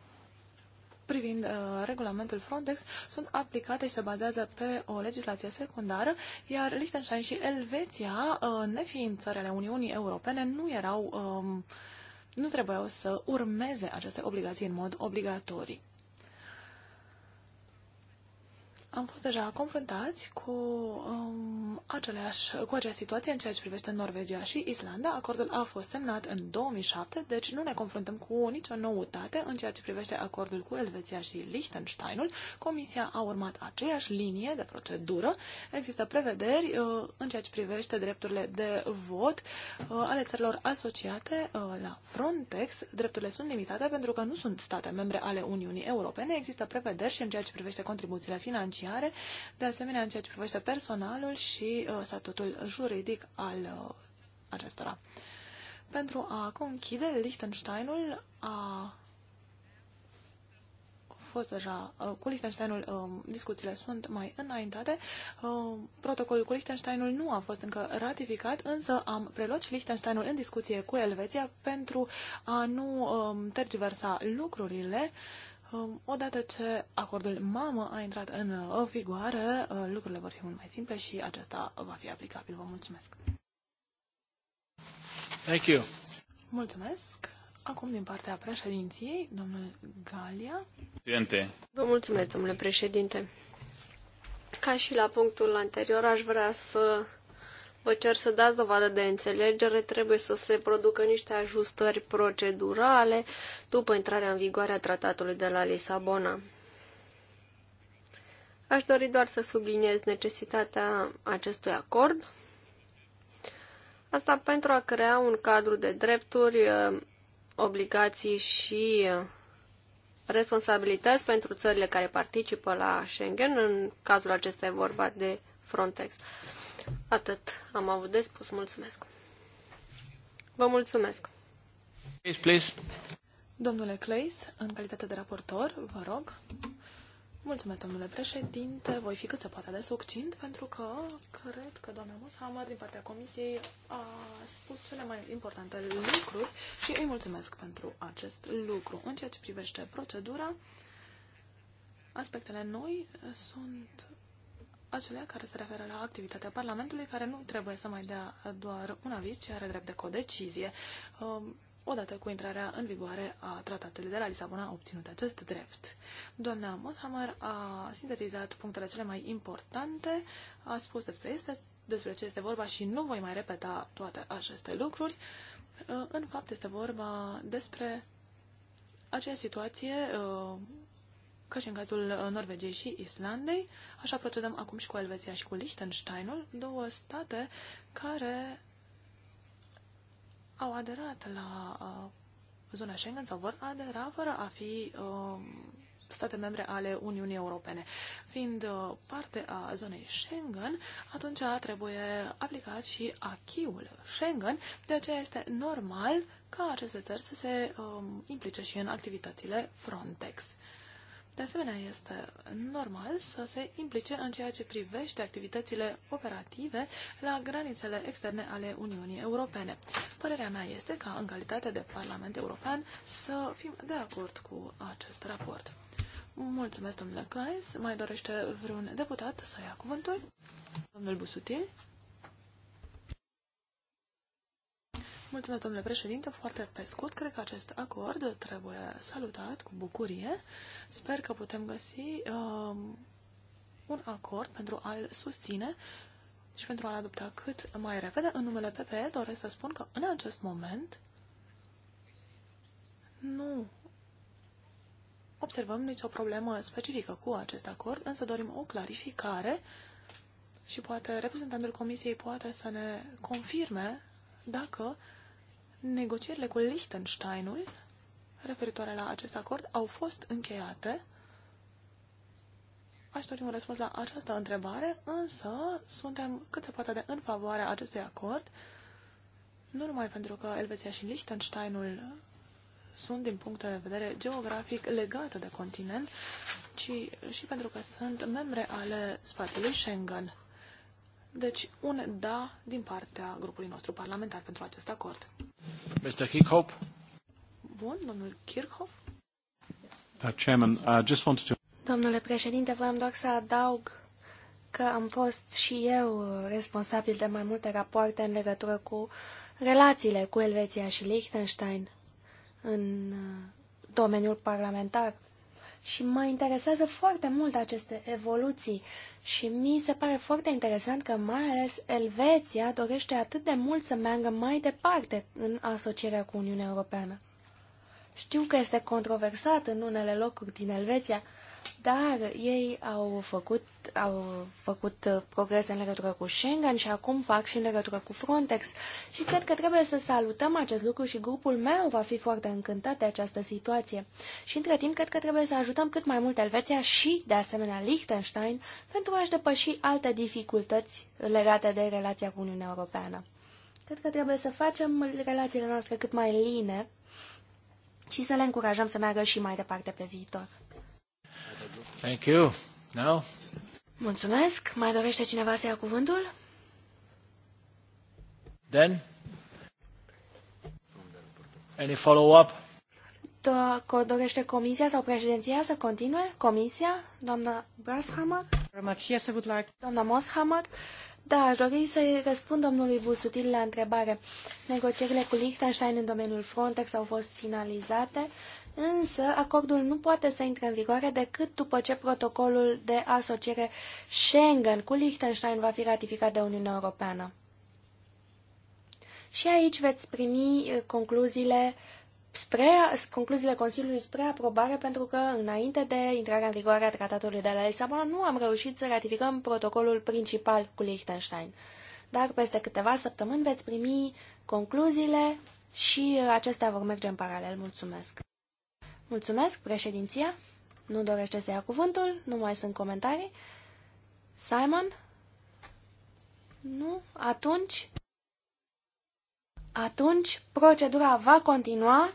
[SPEAKER 3] privind uh, regulamentul Frontex sunt aplicate și se bazează pe o legislație secundară, iar Liechtenstein și Elveția, uh, nefiind țările Uniunii Europene, nu erau uh, nu trebuiau să urmeze aceste obligații în mod obligatoriu am fost deja confruntați cu, um, aceleași, cu această situație în ceea ce privește Norvegia și Islanda. Acordul a fost semnat în 2007, deci nu ne confruntăm cu nicio noutate în ceea ce privește acordul cu Elveția și Liechtensteinul. Comisia a urmat aceeași linie de procedură. Există prevederi uh, în ceea ce privește drepturile de vot uh, ale țărilor asociate uh, la Frontex. Drepturile sunt limitate pentru că nu sunt state membre ale Uniunii Europene. Există prevederi și în ceea ce privește contribuțiile financiare financiare, de asemenea în ceea ce privește personalul și uh, statutul juridic al uh, acestora. Pentru a conchide, Liechtensteinul a fost deja uh, cu Liechtensteinul, um, discuțiile sunt mai înaintate. Protocolul cu Liechtensteinul nu a fost încă ratificat, însă am preluat și Liechtensteinul în discuție cu Elveția pentru a nu um, tergiversa lucrurile Um, odată ce acordul mamă a intrat în uh, vigoare, uh, lucrurile vor fi mult mai simple și acesta va fi aplicabil. Vă mulțumesc! Thank you. Mulțumesc! Acum, din partea președinției, domnul Galia. Presidente. Vă mulțumesc, domnule președinte.
[SPEAKER 1] Ca și la punctul anterior, aș vrea să vă cer să dați dovadă de înțelegere, trebuie să se producă niște ajustări procedurale după intrarea în vigoare a tratatului de la Lisabona. Aș dori doar să subliniez necesitatea acestui acord. Asta pentru a crea un cadru de drepturi, eh, obligații și eh, responsabilități pentru țările care participă la Schengen. În cazul acesta e vorba de Frontex. Atât am avut de spus.
[SPEAKER 3] Mulțumesc. Vă mulțumesc. Please, please. Domnule Clays, în calitate de raportor, vă rog. Mulțumesc, domnule președinte. Voi fi cât se poate de succint, pentru că cred că doamna Moshammer, din partea comisiei, a spus cele mai importante lucruri și îi mulțumesc pentru acest lucru. În ceea ce privește procedura, aspectele noi sunt acelea care se referă la activitatea Parlamentului, care nu trebuie să mai dea doar un aviz, ci are drept de codecizie, um, odată cu intrarea în vigoare a tratatului de la Lisabona a obținut acest drept. Doamna Moshammer a sintetizat punctele cele mai importante, a spus despre, este, despre ce este vorba și nu voi mai repeta toate aceste lucruri. Uh, în fapt, este vorba despre aceea situație uh, ca și în cazul uh, Norvegiei și Islandei. Așa procedăm acum și cu Elveția și cu Liechtensteinul, două state care au aderat la uh, zona Schengen sau vor adera fără a fi uh, state membre ale Uniunii Europene. Fiind parte a zonei Schengen, atunci trebuie aplicat și achiul Schengen, de aceea este normal ca aceste țări să se um, implice și în activitățile Frontex. De asemenea, este normal să se implice în ceea ce privește activitățile operative la granițele externe ale Uniunii Europene. Părerea mea este ca, în calitate de Parlament European, să fim de acord cu acest raport. Mulțumesc, domnule Kleis. Mai dorește vreun deputat să ia cuvântul? Domnul Busutil? Mulțumesc, domnule președinte. Foarte pe scurt, cred că acest acord trebuie salutat cu bucurie. Sper că putem găsi um, un acord pentru a-l susține și pentru a-l adopta cât mai repede. În numele PPE doresc să spun că în acest moment nu observăm nicio problemă specifică cu acest acord, însă dorim o clarificare și poate reprezentantul Comisiei poate să ne confirme dacă Negocierile cu Liechtensteinul referitoare la acest acord au fost încheiate. Aș dori un răspuns la această întrebare, însă suntem cât se poate de în favoarea acestui acord, nu numai pentru că Elveția și Liechtensteinul sunt, din punct de vedere geografic, legate de continent, ci și pentru că sunt membre ale spațiului Schengen. Deci, un da din partea grupului nostru parlamentar pentru acest acord. Mr. Kirchhoff. Bun, domnul Kirchhoff. Uh, chairman, I just wanted to... Domnule președinte, voiam doar să adaug
[SPEAKER 2] că am fost și eu responsabil de mai multe rapoarte în legătură cu relațiile cu Elveția și Liechtenstein în uh, domeniul parlamentar și mă interesează foarte mult aceste evoluții și mi se pare foarte interesant că mai ales Elveția dorește atât de mult să meargă mai departe în asocierea cu Uniunea Europeană. Știu că este controversat în unele locuri din Elveția, dar ei au făcut, au făcut uh, progrese în legătură cu Schengen și acum fac și în legătură cu Frontex. Și cred că trebuie să salutăm acest lucru și grupul meu va fi foarte încântat de această situație. Și între timp, cred că trebuie să ajutăm cât mai mult Elveția și, de asemenea, Liechtenstein pentru a-și depăși alte dificultăți legate de relația cu Uniunea Europeană. Cred că trebuie să facem relațiile noastre cât mai line și să le încurajăm să meargă și mai departe pe viitor.
[SPEAKER 1] Thank you. Now?
[SPEAKER 2] Mulțumesc. Mai dorește cineva să ia cuvântul?
[SPEAKER 3] Then? Any follow-up?
[SPEAKER 2] dorește comisia sau președinția să continue, comisia, doamna Brashammer,
[SPEAKER 3] yes, I would like... doamna
[SPEAKER 2] Moshammer, da, aș dori să-i răspund domnului Busutil la întrebare. Negocierile cu Liechtenstein în domeniul Frontex au fost finalizate însă acordul nu poate să intre în vigoare decât după ce protocolul de asociere Schengen cu Liechtenstein va fi ratificat de Uniunea Europeană. Și aici veți primi uh, concluziile spre concluziile Consiliului spre aprobare, pentru că înainte de intrarea în vigoare a tratatului de la Lisabona nu am reușit să ratificăm protocolul principal cu Liechtenstein. Dar peste câteva săptămâni veți primi concluziile și uh, acestea vor merge în paralel. Mulțumesc! Mulțumesc, președinția. Nu dorește să ia cuvântul, nu mai sunt comentarii. Simon? Nu? Atunci? Atunci, procedura va continua.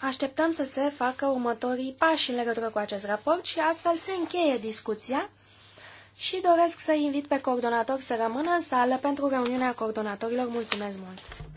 [SPEAKER 2] Așteptăm să se facă următorii pași în legătură cu acest raport și astfel se încheie discuția și doresc să invit pe coordonator să rămână în sală pentru reuniunea coordonatorilor. Mulțumesc mult!